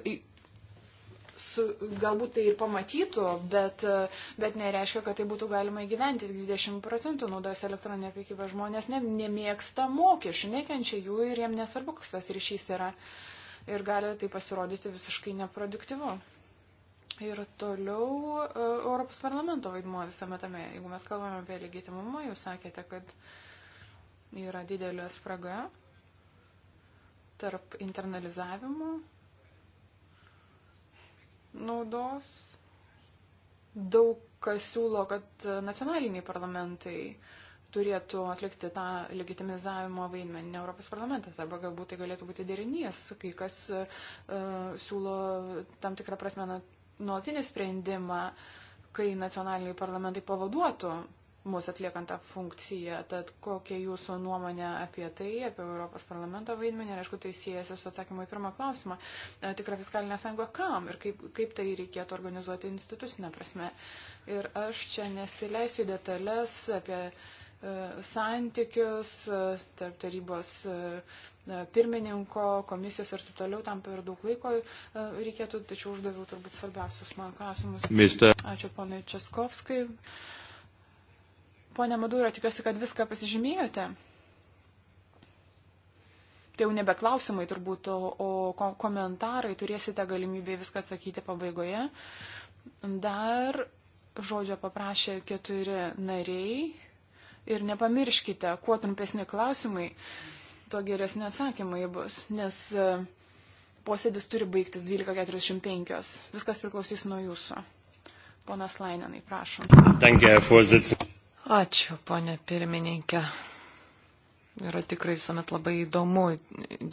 su, galbūt tai ir pamatytų, bet, e, bet nereiškia, kad tai būtų galima įgyventi. 20 procentų naudos elektroninė prekyba žmonės ne, nemėgsta mokesčių, nekenčia jų ir jiem nesvarbu, koks tas ryšys yra. Ir gali tai pasirodyti visiškai neproduktyvu. Ir toliau e, Europos parlamento vaidmuo visame tame. Jeigu mes kalbame apie legitimumą, jūs sakėte, kad uh, yra didelė spraga tarp internalizavimo naudos. Daug kas siūlo, kad nacionaliniai parlamentai turėtų atlikti tą legitimizavimo vaidmenį Europos parlamentas, arba galbūt tai galėtų būti derinys, kai kas uh, siūlo tam tikrą prasme nuolatinį sprendimą, kai nacionaliniai parlamentai pavaduotų mūsų atliekant tą funkciją. Tad kokia jūsų nuomonė apie tai, apie Europos parlamento vaidmenį, ir aišku, tai siejasi su atsakymu į pirmą klausimą. E, tikra fiskalinė sąjunga kam ir kaip, kaip tai reikėtų organizuoti institucinę prasme. Ir aš čia nesileisiu detalės apie e, santykius e, tarp tarybos pirmininko, komisijos ir taip toliau, tam per daug laiko reikėtų, tačiau uždaviau turbūt svarbiausius man klausimus. Mister. Ačiū ponai Českovskai. Pone Maduro, tikiuosi, kad viską pasižymėjote. Tai jau nebe klausimai turbūt, o, o komentarai turėsite galimybę viską atsakyti pabaigoje. Dar žodžio paprašė keturi nariai. Ir nepamirškite, kuo trumpesni klausimai, tuo geresni atsakymai bus, nes e, posėdis turi baigtis 12.45. Viskas priklausys nuo jūsų. Ponas Lainenai, prašom. Danke, Ačiū, ponė pirmininkė. Yra tikrai visuomet labai įdomu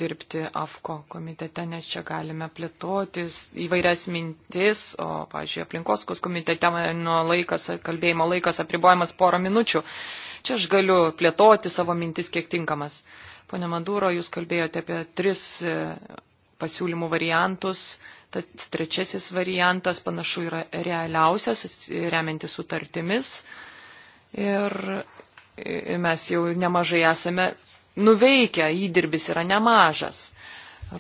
dirbti AFKO komitete, nes čia galime plėtotis įvairias mintis, o, pažiūrėjau, aplinkoskos komitete nuo laikas, kalbėjimo laikas apribojamas porą minučių. Čia aš galiu plėtoti savo mintis kiek tinkamas. Pone Maduro, jūs kalbėjote apie tris e, pasiūlymų variantus. Tad trečiasis variantas panašu yra realiausias, remiantis sutartimis. Ir mes jau nemažai esame nuveikę, įdirbis yra nemažas. E,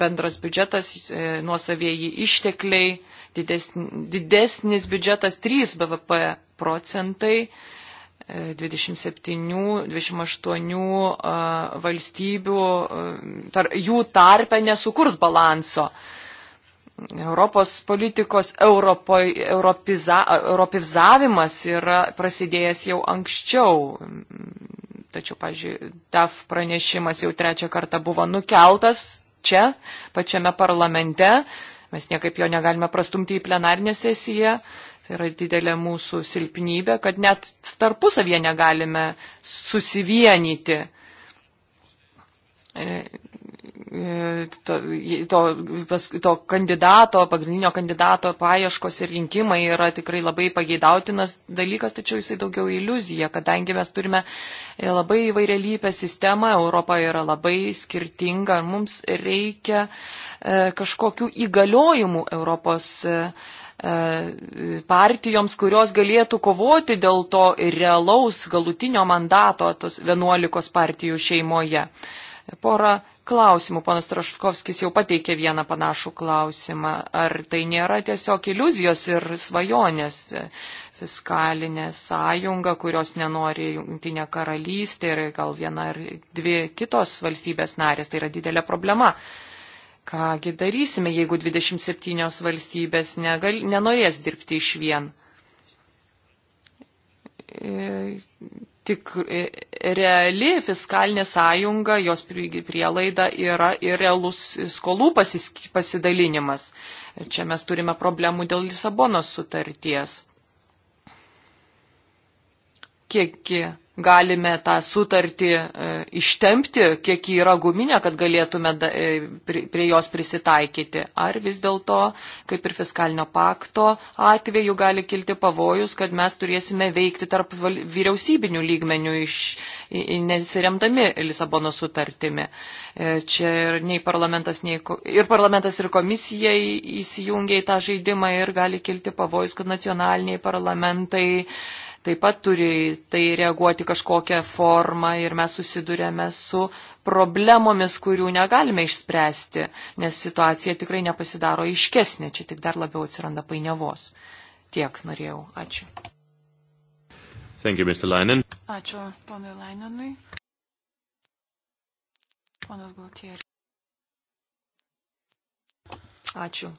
bendras biudžetas, e, nuosavieji ištekliai, didesnis biudžetas 3 BVP procentai 27-28 e, valstybių, tar, jų tarpe nesukurs balanso. Uh, Europos politikos europoj, europiza, europizavimas yra prasidėjęs jau anksčiau. Tačiau, pažiūrėjau, TAF pranešimas jau trečią kartą buvo nukeltas čia, pačiame parlamente. Mes niekaip jo negalime prastumti į plenarinę sesiją. Tai yra didelė mūsų silpnybė, kad net tarpusavie negalime susivienyti E, to, to, to kandidato, pagrindinio kandidato paieškos ir rinkimai yra tikrai labai pageidautinas dalykas, tačiau jisai daugiau iliuzija, kadangi mes turime e, labai įvairialypę sistemą, Europa yra labai skirtinga, mums reikia e, kažkokių įgaliojimų Europos partijoms, kurios galėtų kovoti dėl to realaus galutinio mandato tos 11 partijų šeimoje. Porą klausimų. Ponas Traškovskis jau pateikė vieną panašų klausimą. Ar tai nėra tiesiog iliuzijos ir svajonės fiskalinė sąjunga, kurios nenori jungtinė karalystė ir gal viena ar dvi kitos valstybės narės. Tai yra didelė problema. Kągi darysime, jeigu 27 valstybės negal, nenorės dirbti iš vien. E, tik e, reali fiskalinė sąjunga, jos prielaida yra ir realus skolų pasidalinimas. Čia mes turime problemų dėl Lisabonos sutarties kiek galime tą sutartį e, ištempti, kiek ji yra guminė, kad galėtume e, prie jos prisitaikyti. Ar vis dėlto, kaip ir fiskalinio pakto atveju, gali kilti pavojus, kad mes turėsime veikti tarp vyriausybinių lygmenių, iš, nesiremdami Lisabono sutartimi. E, čia ir, nei parlamentas, nei, ir parlamentas, ir komisija įsijungia į tą žaidimą ir gali kilti pavojus, kad nacionaliniai parlamentai taip pat turi tai reaguoti kažkokią formą ir mes susidurėme su problemomis, kurių negalime išspręsti, nes situacija tikrai nepasidaro iškesnė, čia tik dar labiau atsiranda painiavos. Tiek norėjau. Ačiū. Thank you, Mr. Leinen. Ačiū, ponui Leinenui. Ponas Gautieri. Ačiū.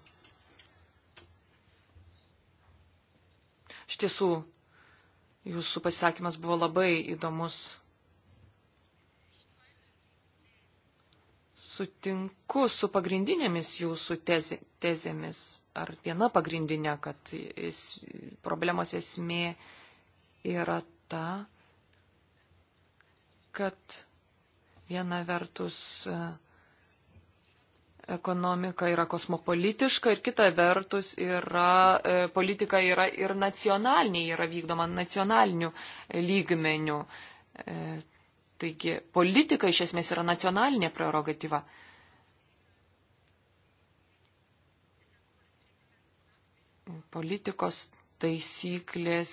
Iš tiesų, Jūsų pasisakymas buvo labai įdomus. Sutinku su pagrindinėmis jūsų tezė, tezėmis, ar viena pagrindinė, kad es, problemos esmė yra ta, kad viena vertus uh, ekonomika yra kosmopolitiška ir kita vertus yra, e, politika yra ir nacionaliniai, yra vykdoma nacionaliniu lygmeniu. E, taigi politika iš esmės yra nacionalinė prerogatyva. Politikos taisyklės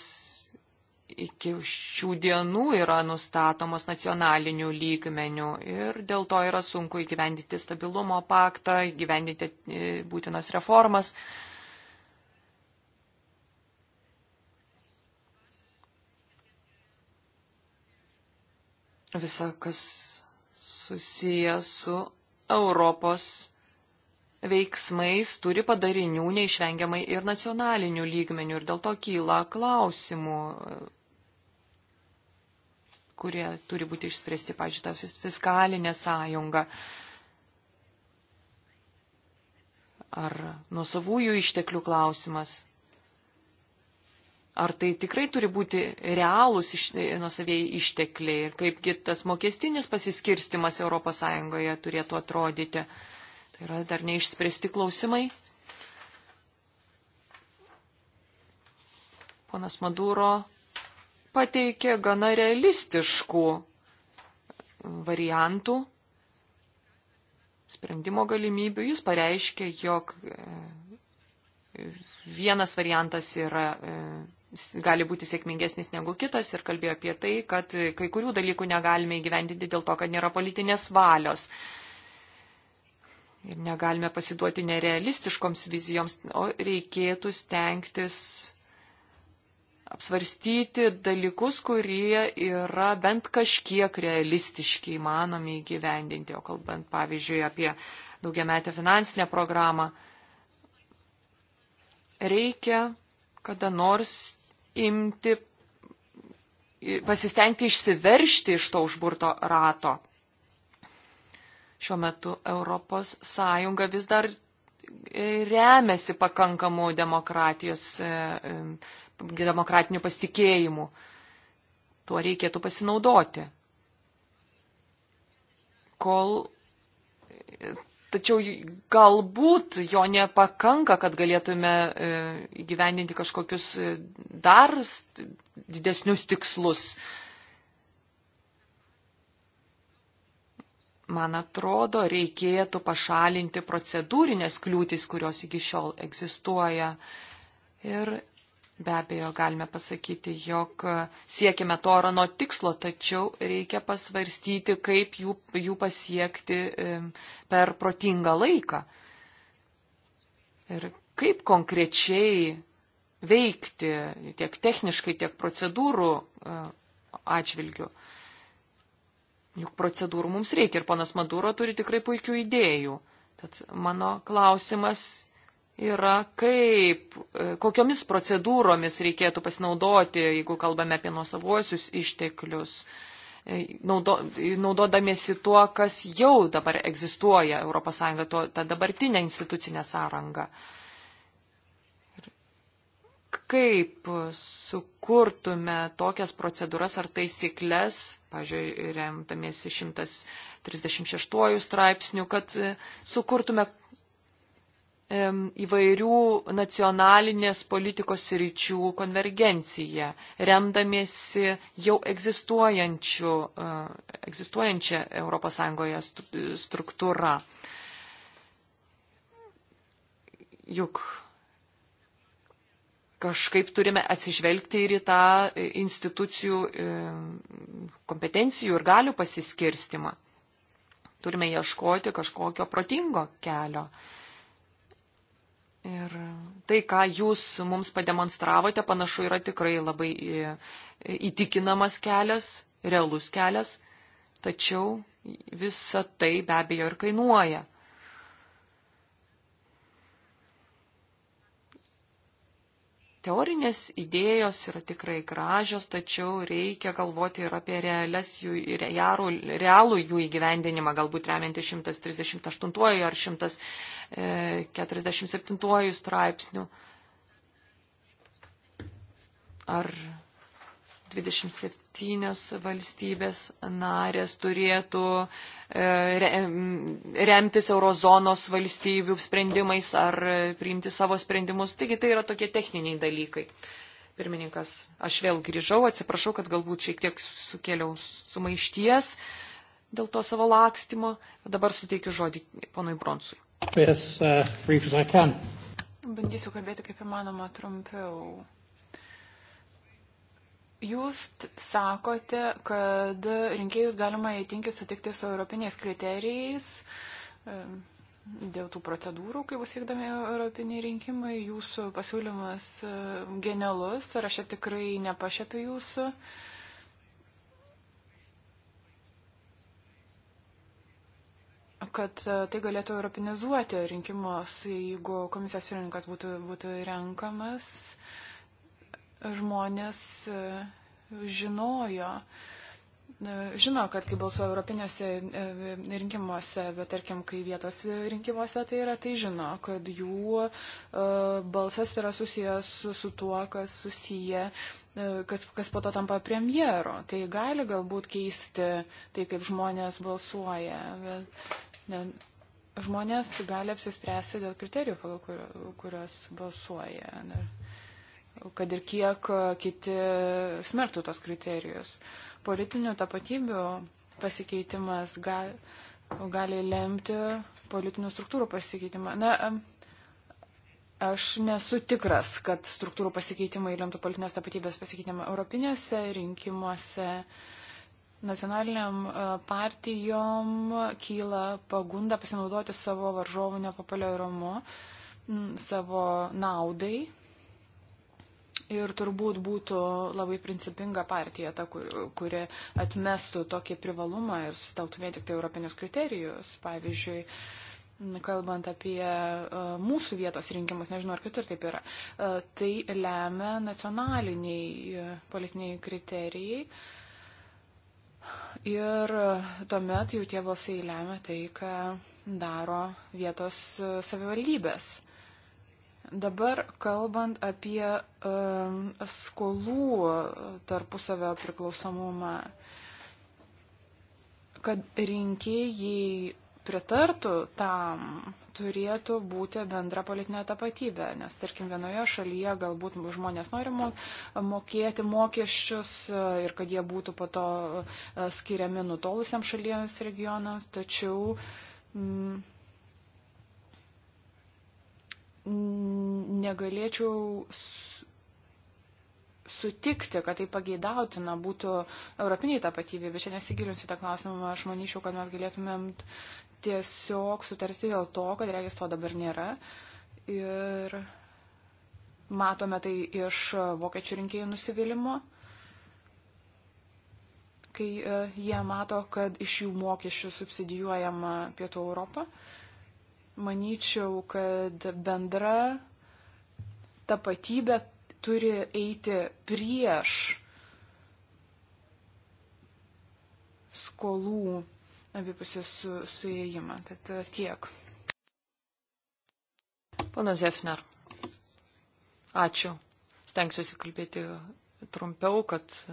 iki šių dienų yra nustatomos nacionalinių lygmenių ir dėl to yra sunku įgyvendyti stabilumo paktą, įgyvendyti e, būtinas reformas. Visa, kas susiję su Europos veiksmais turi padarinių neišvengiamai ir nacionalinių lygmenių ir dėl to kyla klausimų kurie turi būti išspręsti, pažiūrėjau, fiskalinė sąjunga ar nuosavųjų išteklių klausimas. Ar tai tikrai turi būti realūs iš, nuosavėjai ištekliai ir kaipgi tas mokestinis pasiskirstimas ES turėtų atrodyti. Tai yra dar neišspręsti klausimai. Ponas Maduro pateikė gana realistiškų variantų, sprendimo galimybių. Jis pareiškė, jog e, vienas variantas yra, e, gali būti sėkmingesnis negu kitas ir kalbėjo apie tai, kad kai kurių dalykų negalime įgyvendinti dėl to, kad nėra politinės valios. Ir negalime pasiduoti nerealistiškoms vizijoms, o reikėtų stengtis apsvarstyti dalykus, kurie yra bent kažkiek realistiški įmanomi įgyvendinti, o kalbant pavyzdžiui apie daugiametę finansinę programą, reikia kada nors imti, pasistengti išsiveršti iš to užburto rato. Šiuo metu ES vis dar remiasi pakankamu demokratijos e, e, demokratiniu pasitikėjimu. Tuo reikėtų pasinaudoti. Kol. Tačiau galbūt jo nepakanka, kad galėtume e, įgyvendinti kažkokius e, dar didesnius tikslus. man atrodo, reikėtų pašalinti procedūrinės kliūtis, kurios iki šiol egzistuoja. Ir Be abejo, galime pasakyti, jog siekime to rano tikslo, tačiau reikia pasvarstyti, kaip jų, jų pasiekti per protingą laiką. Ir kaip konkrečiai veikti tiek techniškai, tiek procedūrų e, atžvilgių. Juk procedūrų mums reikia ir ponas Maduro turi tikrai puikių idėjų. Tad mano klausimas yra, kaip, e, kokiomis procedūromis reikėtų pasinaudoti, jeigu kalbame apie nuosavuosius išteklius, e, naudo, e, naudodamiesi tuo, kas jau dabar egzistuoja ES, to, tą dabartinę institucinę sąrangą. Ir kaip sukurtume tokias procedūras ar taisyklės, pažiūrėjau, remdamiesi 136 straipsnių, kad sukurtume įvairių nacionalinės politikos ryčių konvergenciją, remdamiesi jau egzistuojančią ES struktūrą. Juk kažkaip turime atsižvelgti ir į tą institucijų e, kompetencijų ir galių pasiskirstimą. Turime ieškoti kažkokio protingo kelio. Ir tai, ką jūs mums pademonstravote, panašu, yra tikrai labai e, įtikinamas kelias, realus kelias, tačiau visa tai be abejo ir kainuoja. Teorinės idėjos yra tikrai gražios, tačiau reikia galvoti ir apie jų, realų, realų jų įgyvendinimą, galbūt remianti 138 ar 147 e, straipsnių. Ar 27 septynios valstybės narės turėtų e, remtis eurozonos valstybių sprendimais ar priimti savo sprendimus. Taigi tai yra tokie techniniai dalykai. Pirmininkas, aš vėl grįžau, atsiprašau, kad galbūt šiek tiek sukėliau sumaišties dėl to savo lakstimo. Dabar suteikiu žodį ponui Bronsui. Yes, uh, Bandysiu kalbėti kaip įmanoma trumpiau. Jūs sakote, kad rinkėjus galima įtinkti sutikti su europiniais kriterijais dėl tų procedūrų, kai bus vykdami europiniai rinkimai. Jūsų pasiūlymas e, genialus, ar aš čia tikrai nepašėpiu jūsų. kad e, tai galėtų europinizuoti rinkimus, jeigu komisijos pirmininkas būtų, būtų renkamas. Uh, žmonės e, žinojo, e, žino, kad kai balsuoja Europinėse e, rinkimuose, bet tarkim, kai vietos rinkimuose tai yra, tai žino, kad jų balsas yra susijęs su, su tuo, kas susiję, kas, kas po to tampa premjero. Tai gali galbūt keisti tai, kaip žmonės balsuoja. Bet, ne, žmonės gali apsispręsti dėl kriterijų, pagal kuriuos balsuoja. Ne kad ir kiek e, kiti smerktų tos kriterijus. Politinių tapatybių pasikeitimas gal, gali lemti politinių struktūrų pasikeitimą. Na, aš nesu tikras, kad struktūrų pasikeitimai lemtų politinės tapatybės pasikeitimą europinėse rinkimuose. Nacionaliniam e, partijom kyla pagunda pasinaudoti savo varžovų nepopuliarumu savo naudai Ir turbūt būtų labai principinga partija ta, kur, kuri atmestų tokį privalumą ir susteltų vien tik tai europinius kriterijus. Pavyzdžiui, kalbant apie e, mūsų vietos rinkimus, nežinau ar kitur taip yra, e, tai lemia nacionaliniai e, politiniai kriterijai. Ir tuomet jau tie balsai lemia tai, ką daro vietos savivaldybės. Dabar kalbant apie um, skolų tarpusavio priklausomumą, kad rinkėjai pritartų tam, turėtų būti bendra politinė tapatybė, nes tarkim vienoje šalyje galbūt žmonės nori mokėti mokesčius ir kad jie būtų po to e, skiriami nutolusiems šalies regionams, tačiau. Mm, negalėčiau sutikti, kad tai pageidautina būtų europiniai tapatybė, bet čia nesigilinsiu tą klausimą, aš manyčiau, kad mes galėtumėm tiesiog sutarti dėl to, kad regis to dabar nėra. Ir matome tai iš vokiečių rinkėjų nusivylimų, kai e, jie mato, kad iš jų mokesčių subsidijuojama Pietų Europą. Uh, manyčiau, kad bendra tapatybė turi eiti prieš skolų abipusės su, suėjimą. Tad e, tiek. Pana Zefner, ačiū. Stengsiuosi kalbėti trumpiau, kad e,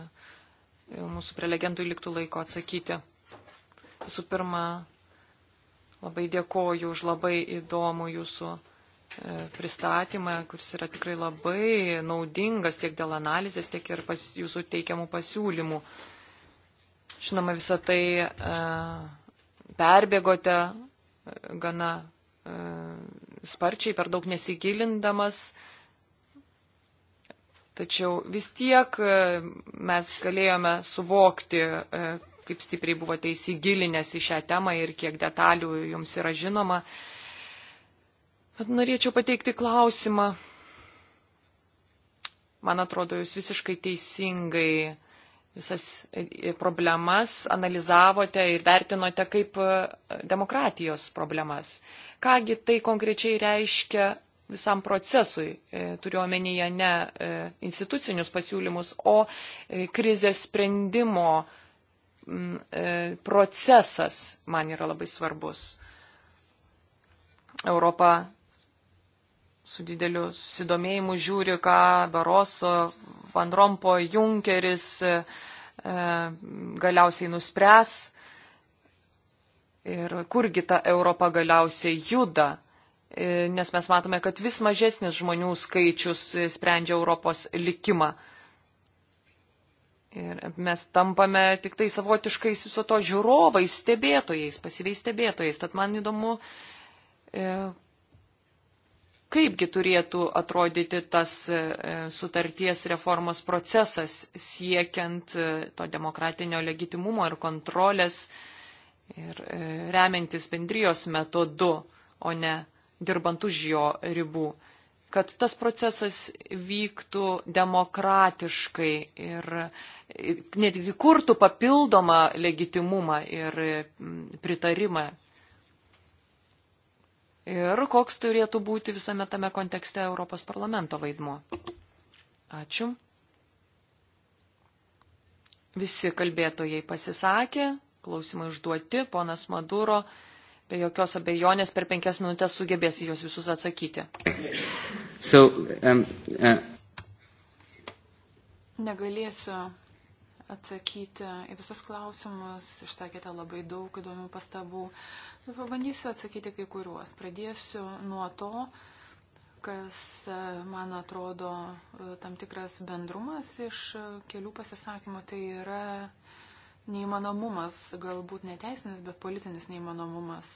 mūsų prelegentui liktų laiko atsakyti. Visų pirma, Labai dėkoju už labai įdomų jūsų e, pristatymą, kuris yra tikrai labai naudingas tiek dėl analizės, tiek ir pas, jūsų teikiamų pasiūlymų. Žinoma, visą tai e, perbėgote e, gana sparčiai, per daug nesigilindamas. Tačiau vis tiek mes galėjome suvokti, kaip stipriai buvote įsigilinęs į šią temą ir kiek detalių jums yra žinoma. Bet norėčiau pateikti klausimą. Man atrodo, jūs visiškai teisingai visas e, problemas analizavote ir vertinote kaip e, demokratijos problemas. Kągi tai konkrečiai reiškia visam procesui, e, turiu omenyje ne institucinius pasiūlymus, o krizės sprendimo E, procesas man yra labai svarbus. Europa su dideliu susidomėjimu žiūri, ką Baroso, Van Rompo, Junkeris e, e, galiausiai nuspręs ir kurgi ta Europa galiausiai juda. Nes mes matome, kad vis mažesnis žmonių skaičius sprendžia Europos likimą. Ir mes tampame tik tai savotiškais viso to žiūrovais, stebėtojais, pasyviais stebėtojais. Tad man įdomu, e, kaipgi turėtų atrodyti tas e, sutarties reformos procesas siekiant e, to demokratinio legitimumo ir kontrolės ir remiantis bendrijos metodu, o ne dirbant už jo ribų kad tas procesas vyktų demokratiškai ir netgi kurtų papildomą legitimumą ir pritarimą. Ir koks turėtų būti visame tame kontekste Europos parlamento vaidmuo. Ačiū. Visi kalbėtojai pasisakė, klausimai užduoti, ponas Maduro be jokios abejonės per penkias minutės sugebės į juos visus atsakyti. So, um, uh... Negalėsiu atsakyti į visus klausimus, išsakėte labai daug įdomių pastabų. Nu, pabandysiu atsakyti kai kuriuos. Pradėsiu nuo to, kas, e, man atrodo, e, tam tikras bendrumas iš e, kelių pasisakymų, tai yra neįmanomumas, galbūt neteisinis, bet politinis neįmanomumas.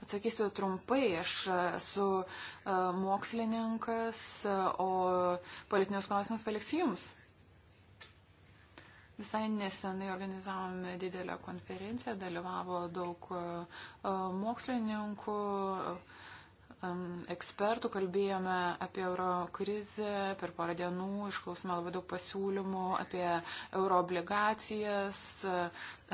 Atsakysiu trumpai, aš esu e, mokslininkas, e, o politinius klausimus paliksiu jums. Visai nesenai organizavome didelę konferenciją, dalyvavo daug e, mokslininkų, ekspertų, kalbėjome apie euro krizę, per porą dienų išklausome labai daug pasiūlymų apie euro obligacijas,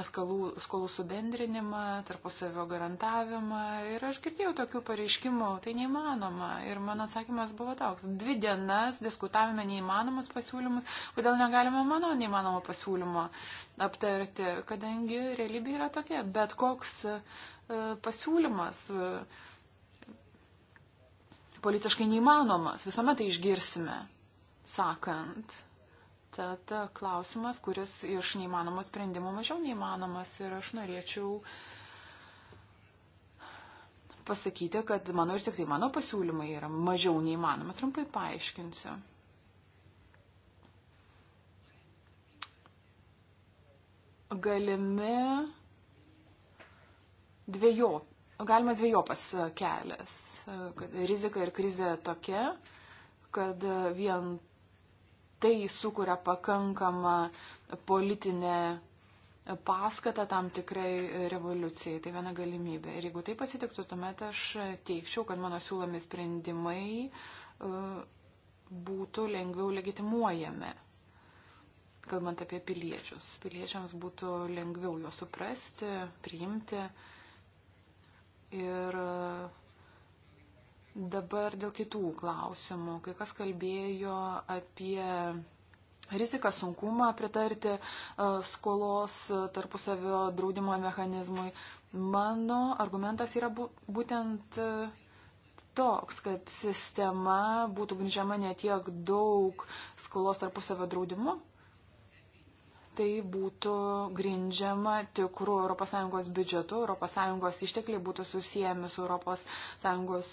skalų, skolų subendrinimą, tarpusavio garantavimą ir aš girdėjau tokių pareiškimų, tai neįmanoma ir mano atsakymas buvo toks, dvi dienas diskutavome neįmanomus pasiūlymus, kodėl negalime mano neįmanomo pasiūlymo aptarti, kadangi realybė yra tokia, bet koks e, pasiūlymas. Uh, politiškai neįmanomas. Visuomet tai išgirsime, sakant. Tad e, klausimas, kuris iš neįmanomų sprendimų mažiau neįmanomas ir aš norėčiau pasakyti, kad mano ir tik tai mano pasiūlymai yra mažiau neįmanoma. Trumpai paaiškinsiu. Galimi dviejop, galimas dviejopas kelias. Kad rizika ir krizė tokia, kad vien tai sukuria pakankamą politinę paskatą tam tikrai revoliucijai. Tai viena galimybė. Ir jeigu tai pasitiktų, tuomet aš teikčiau, kad mano siūlomi sprendimai e, būtų lengviau legitimuojami. Kalbant apie piliečius. Piliečiams būtų lengviau juos suprasti, priimti. Uh, Ir e, dabar dėl kitų klausimų. Kai kas kalbėjo apie riziką, sunkumą pritarti e, skolos tarpusavio draudimo mechanizmui. Mano argumentas yra būtent e, toks, kad sistema būtų grindžiama ne tiek daug skolos tarpusavio draudimu, tai būtų grindžiama tikrų ES biudžetu, ES ištekliai būtų susijęmi su ES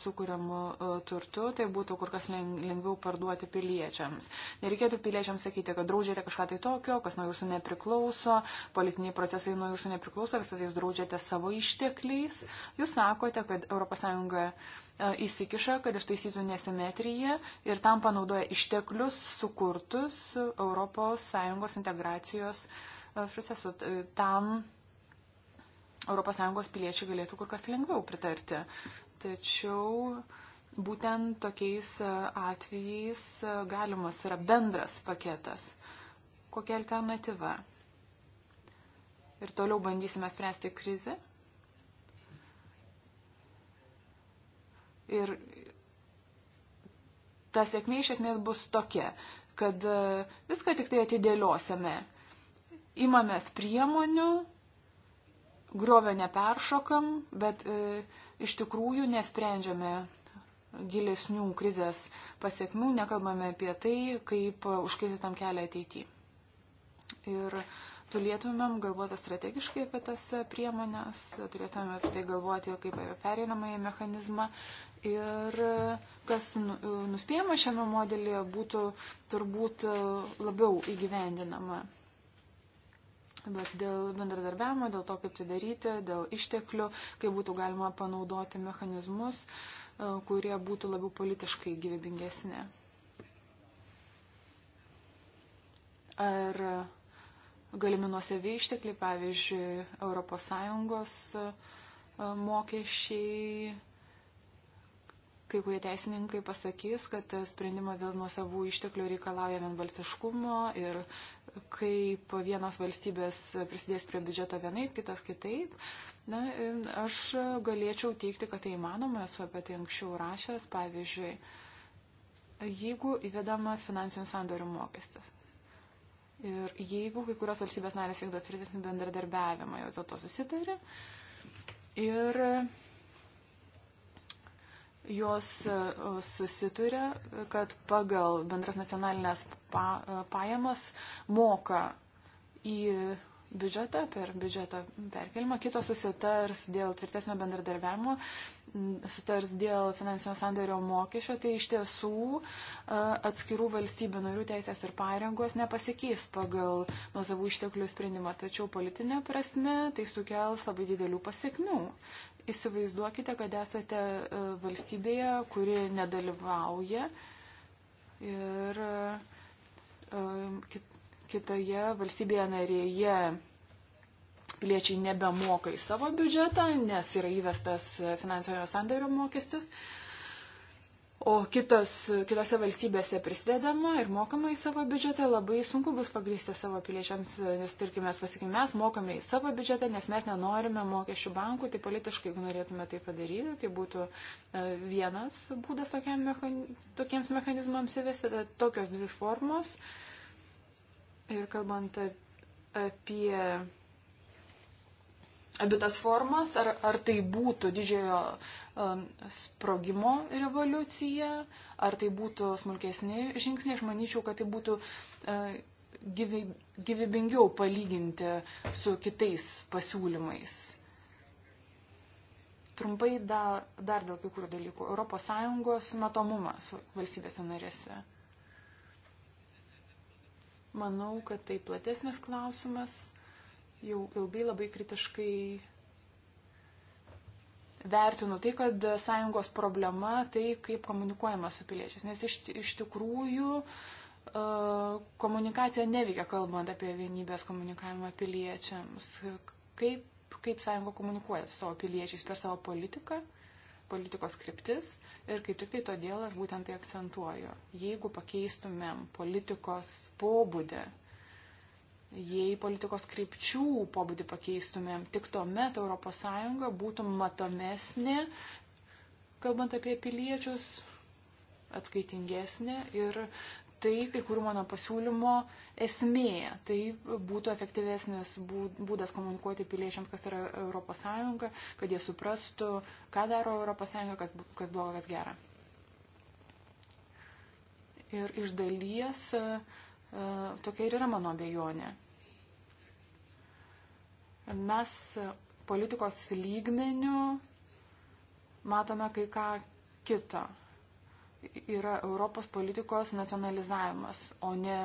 sukūriamu e, turtu, tai būtų kur kas lengviau parduoti piliečiams. Nereikėtų piliečiams sakyti, kad draudžiate kažką tai tokio, kas nuo jūsų nepriklauso, politiniai procesai nuo jūsų nepriklauso, visada tai jūs draudžiate savo ištekliais. Jūs sakote, kad ES E, įsikiša, kad ištaisytų nesimetriją ir tam panaudoja išteklius sukurtus ES integracijos e, procesą. E, tam ES piliečiai galėtų kur kas lengviau pritarti. Tačiau būtent tokiais atvejais galimas yra bendras paketas. Kokia alternatyva? Ir toliau bandysime spręsti krizę Ir ta sėkmė iš esmės bus tokia, kad e, viską tik tai atidėliosime. Imamės priemonių, griovio neperšokam, bet e, iš tikrųjų nesprendžiame gilesnių krizės pasiekmių, nekalbame apie tai, kaip užkirsti tam kelią ateityje. Ir turėtumėm galvoti strategiškai apie tas priemonės, turėtumėm apie tai galvoti kaip apie pereinamąjį mechanizmą Ir e, kas nu, e, nuspėjama šiame modelėje būtų turbūt e, labiau įgyvendinama. Bet dėl bendradarbiavimo, dėl to, kaip tai daryti, dėl išteklių, kaip būtų galima panaudoti mechanizmus, kurie būtų labiau politiškai gyvybingesnė. Ar galimi nuosavė ištekliai, pavyzdžiui, ES mokesčiai, Kai kurie teisininkai pasakys, kad sprendimas dėl nuosavų išteklių reikalauja vienbalsiškumo ir kaip vienos valstybės prisidės prie biudžeto vienaip, kitos kitaip. Na, aš galėčiau teikti, kad tai įmanoma, esu apie tai anksčiau rašęs, pavyzdžiui, jeigu įvedamas finansinių sandorių mokestis. Ir jeigu kai kurios valstybės narės vykdo tvirtesnį bendradarbiavimą, jos dėl to susitarė. Ir jos e, susituria, kad pagal bendras nacionalinės pa, e, pajamas moka į biudžetą per biudžeto perkelimą, kitos susitars dėl tvirtesnio bendradarbiavimo, sutars dėl finansinio sandario mokesčio, tai iš tiesų e, atskirų valstybių narių teisės ir pareigos nepasikeis pagal nuo savų išteklių sprendimą, tačiau politinė prasme tai sukels labai didelių pasiekmių. Įsivaizduokite, kad esate e, valstybėje, kuri nedalyvauja ir e, kitoje valstybėje narėje piliečiai nebemoka į savo biudžetą, nes yra įvestas finansinio sandario mokestis. Uh, o kitos, kitose valstybėse prisidedama ir mokama į savo biudžetą, labai sunku bus pagrysti savo piliečiams, nes tarkime, mes pasakykime, mes mokame į savo biudžetą, nes mes nenorime mokesčių bankų, tai politiškai, jeigu norėtume tai padaryti, tai būtų e, vienas būdas tokiam mechan, tokiems mechanizmams įvesti, e, tokios dvi formos. Ir kalbant apie abi tas formas, ar, ar tai būtų didžiojo Um, sprogimo revoliucija, ar tai būtų smulkesni žingsniai, aš manyčiau, kad tai būtų uh, gyvy, gyvybingiau palyginti su kitais pasiūlymais. Trumpai da, dar dėl kai kurių dalykų. ES matomumas valstybėse narėse. Manau, kad tai platesnis klausimas. Jau ilgai labai kritiškai vertinu tai, kad sąjungos problema tai, kaip komunikuojama su piliečiais. Nes iš, iš tikrųjų e, komunikacija neveikia, kalbant apie vienybės komunikavimą piliečiams. Kaip, kaip sąjunga komunikuoja su savo piliečiais per savo politiką, politikos kryptis. Ir kaip tik tai todėl aš būtent tai akcentuoju. Jeigu pakeistumėm politikos pobūdį, Jei politikos krypčių pobūdį pakeistumėm, tik tuomet ES būtų matomesnė, kalbant apie piliečius, atskaitingesnė ir tai kai kurių mano pasiūlymo esmė. Tai būtų efektyvesnis būdas komunikuoti piliečiams, kas yra ES, kad jie suprastų, ką daro ES, kas, kas bloga, kas gera. Ir iš dalies uh, E, tokia ir yra mano abejonė. Mes politikos lygmenių matome kai ką kitą. Yra Europos politikos nacionalizavimas, o ne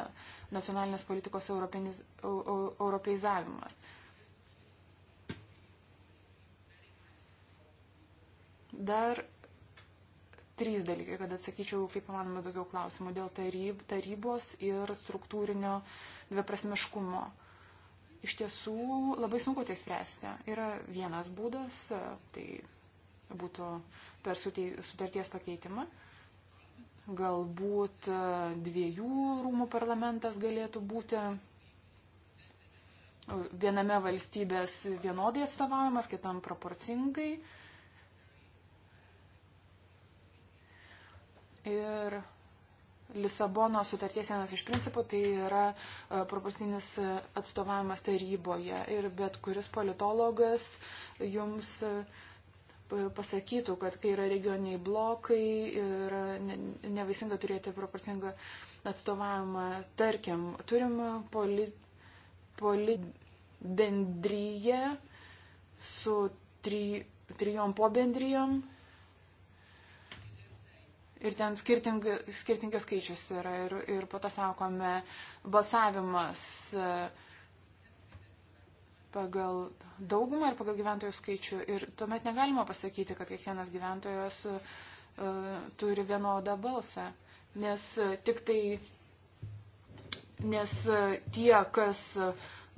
nacionalinės politikos europiniz, europeizavimas. Dar trys dalykai, kad atsakyčiau kaip įmanoma daugiau klausimų dėl taryb, tarybos ir struktūrinio dviprasmiškumo. Iš tiesų labai sunku tai spręsti. Yra vienas būdas, tai būtų per sutarties pakeitimą. Galbūt dviejų rūmų parlamentas galėtų būti viename valstybės vienodai atstovavimas, kitam proporcingai. Uh, Ir Lisabono sutarties vienas iš principų tai yra e, proporcinis e, atstovavimas taryboje. Ir bet kuris politologas jums e, pasakytų, kad kai yra regioniai blokai ir nevaisinga turėti proporcingą atstovavimą, tarkim, turim poli, poli bendryje su tri, trijom pobendryjom Ir ten skirting, skirtingi skaičius yra. Ir, ir po to sakome, balsavimas e, pagal daugumą ir pagal gyventojų skaičių. Ir tuomet negalima pasakyti, kad kiekvienas gyventojas uh, turi vienodą balsą. Nes e, tik tai, nes tie, kas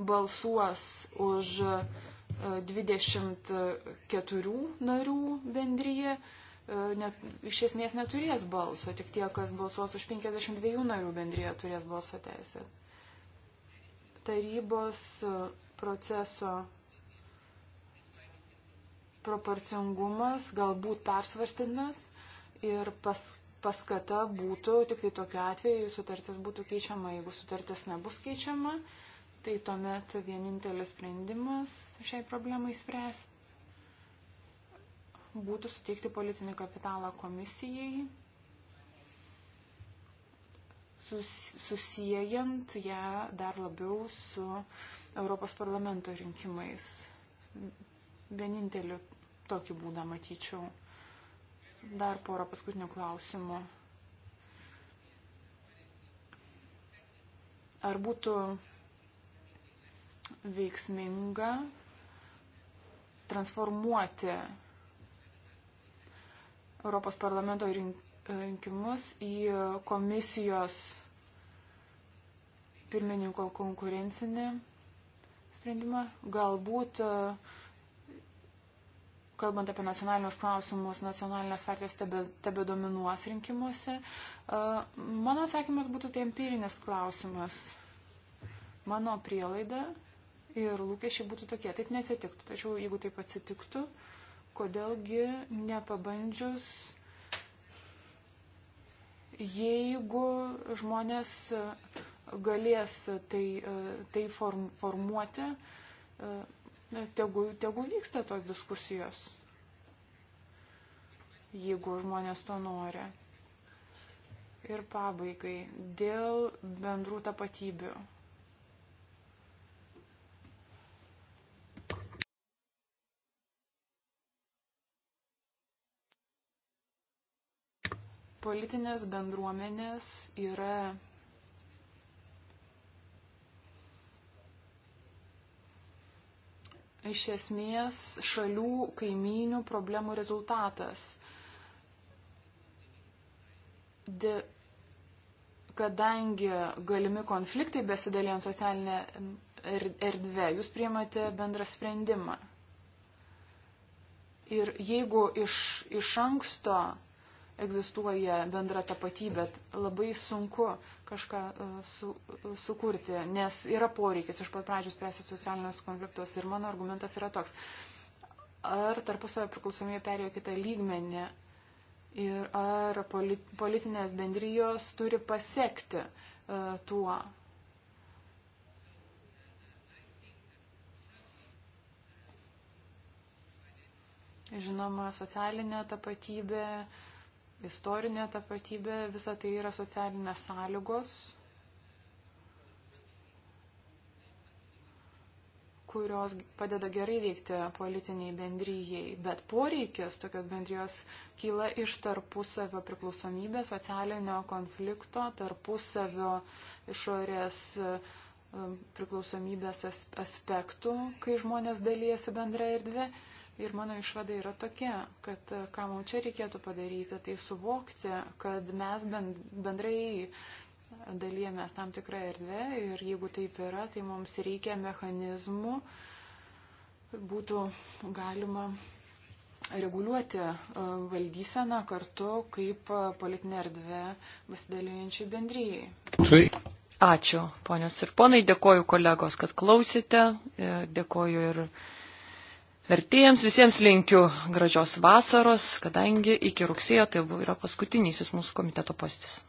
balsuos už 24 narių bendryje, uh, E, net, iš esmės neturės balso, tik tie, kas balsuos už 52 narių bendrėje, turės balso teisę. Tarybos e, proceso proporcingumas galbūt persvarstinas ir pas, paskata būtų, tik tai tokiu atveju sutartis būtų keičiama, jeigu sutartis nebus keičiama, tai tuomet vienintelis sprendimas šiai problemai spręsti būtų suteikti politinį kapitalą komisijai, sus, susijęjant ją dar labiau su Europos parlamento rinkimais. Vienintelį tokį būdą matyčiau. Dar porą paskutinių klausimų. Ar būtų veiksminga transformuoti Europos parlamento e, rinkimus į komisijos pirmininko konkurencinį sprendimą. Galbūt, e, kalbant apie nacionalinius klausimus, nacionalinės partijos tebe, tebe dominuos rinkimuose. E, mano atsakymas būtų tai empirinis klausimas. Mano prielaida ir lūkesčiai būtų tokie. Taip nesitiktų. Tačiau jeigu taip atsitiktų, uh, kodėlgi nepabandžius, jeigu žmonės galės tai, tai form, formuoti, tegu, tegu vyksta tos diskusijos, jeigu žmonės to nori. Ir pabaigai, dėl bendrų tapatybių. politinės bendruomenės yra iš esmės šalių kaimynių problemų rezultatas. De, kadangi galimi konfliktai besidalėjant socialinę er, erdvę, jūs priemate bendrą sprendimą. Ir jeigu iš, iš anksto egzistuoja bendra tapatybė, labai sunku kažką e, su, sukurti, nes yra poreikis iš pat pradžių spręsti socialinius konfliktus. Ir mano argumentas yra toks, ar tarpusavio priklausomybė perėjo kitą lygmenį ir ar politinės bendrijos turi pasiekti uh, tuo. Žinoma, socialinė tapatybė. Uh, istorinė tapatybė, visa tai yra socialinės sąlygos, kurios padeda gerai veikti politiniai bendryjei, bet poreikis tokios bendrijos kyla iš tarpusavio priklausomybės, socialinio konflikto, tarpusavio išorės um, priklausomybės aspektų, kai žmonės dalyjasi bendrą erdvę. Ir mano išvada yra tokia, kad e, ką mums čia reikėtų padaryti, tai suvokti, kad mes bendrai e, dalyjamės tam tikrą erdvę ir jeigu taip yra, tai mums reikia mechanizmų, kad būtų galima reguliuoti e, valdyseną kartu kaip politinė erdvė pasidalijančiai bendryjai. Ačiū, ponios ir ponai, dėkoju kolegos, kad klausėte, dėkoju ir Vertėjams visiems linkiu gražios vasaros, kadangi iki rugsėjo tai yra paskutinysis mūsų komiteto postis.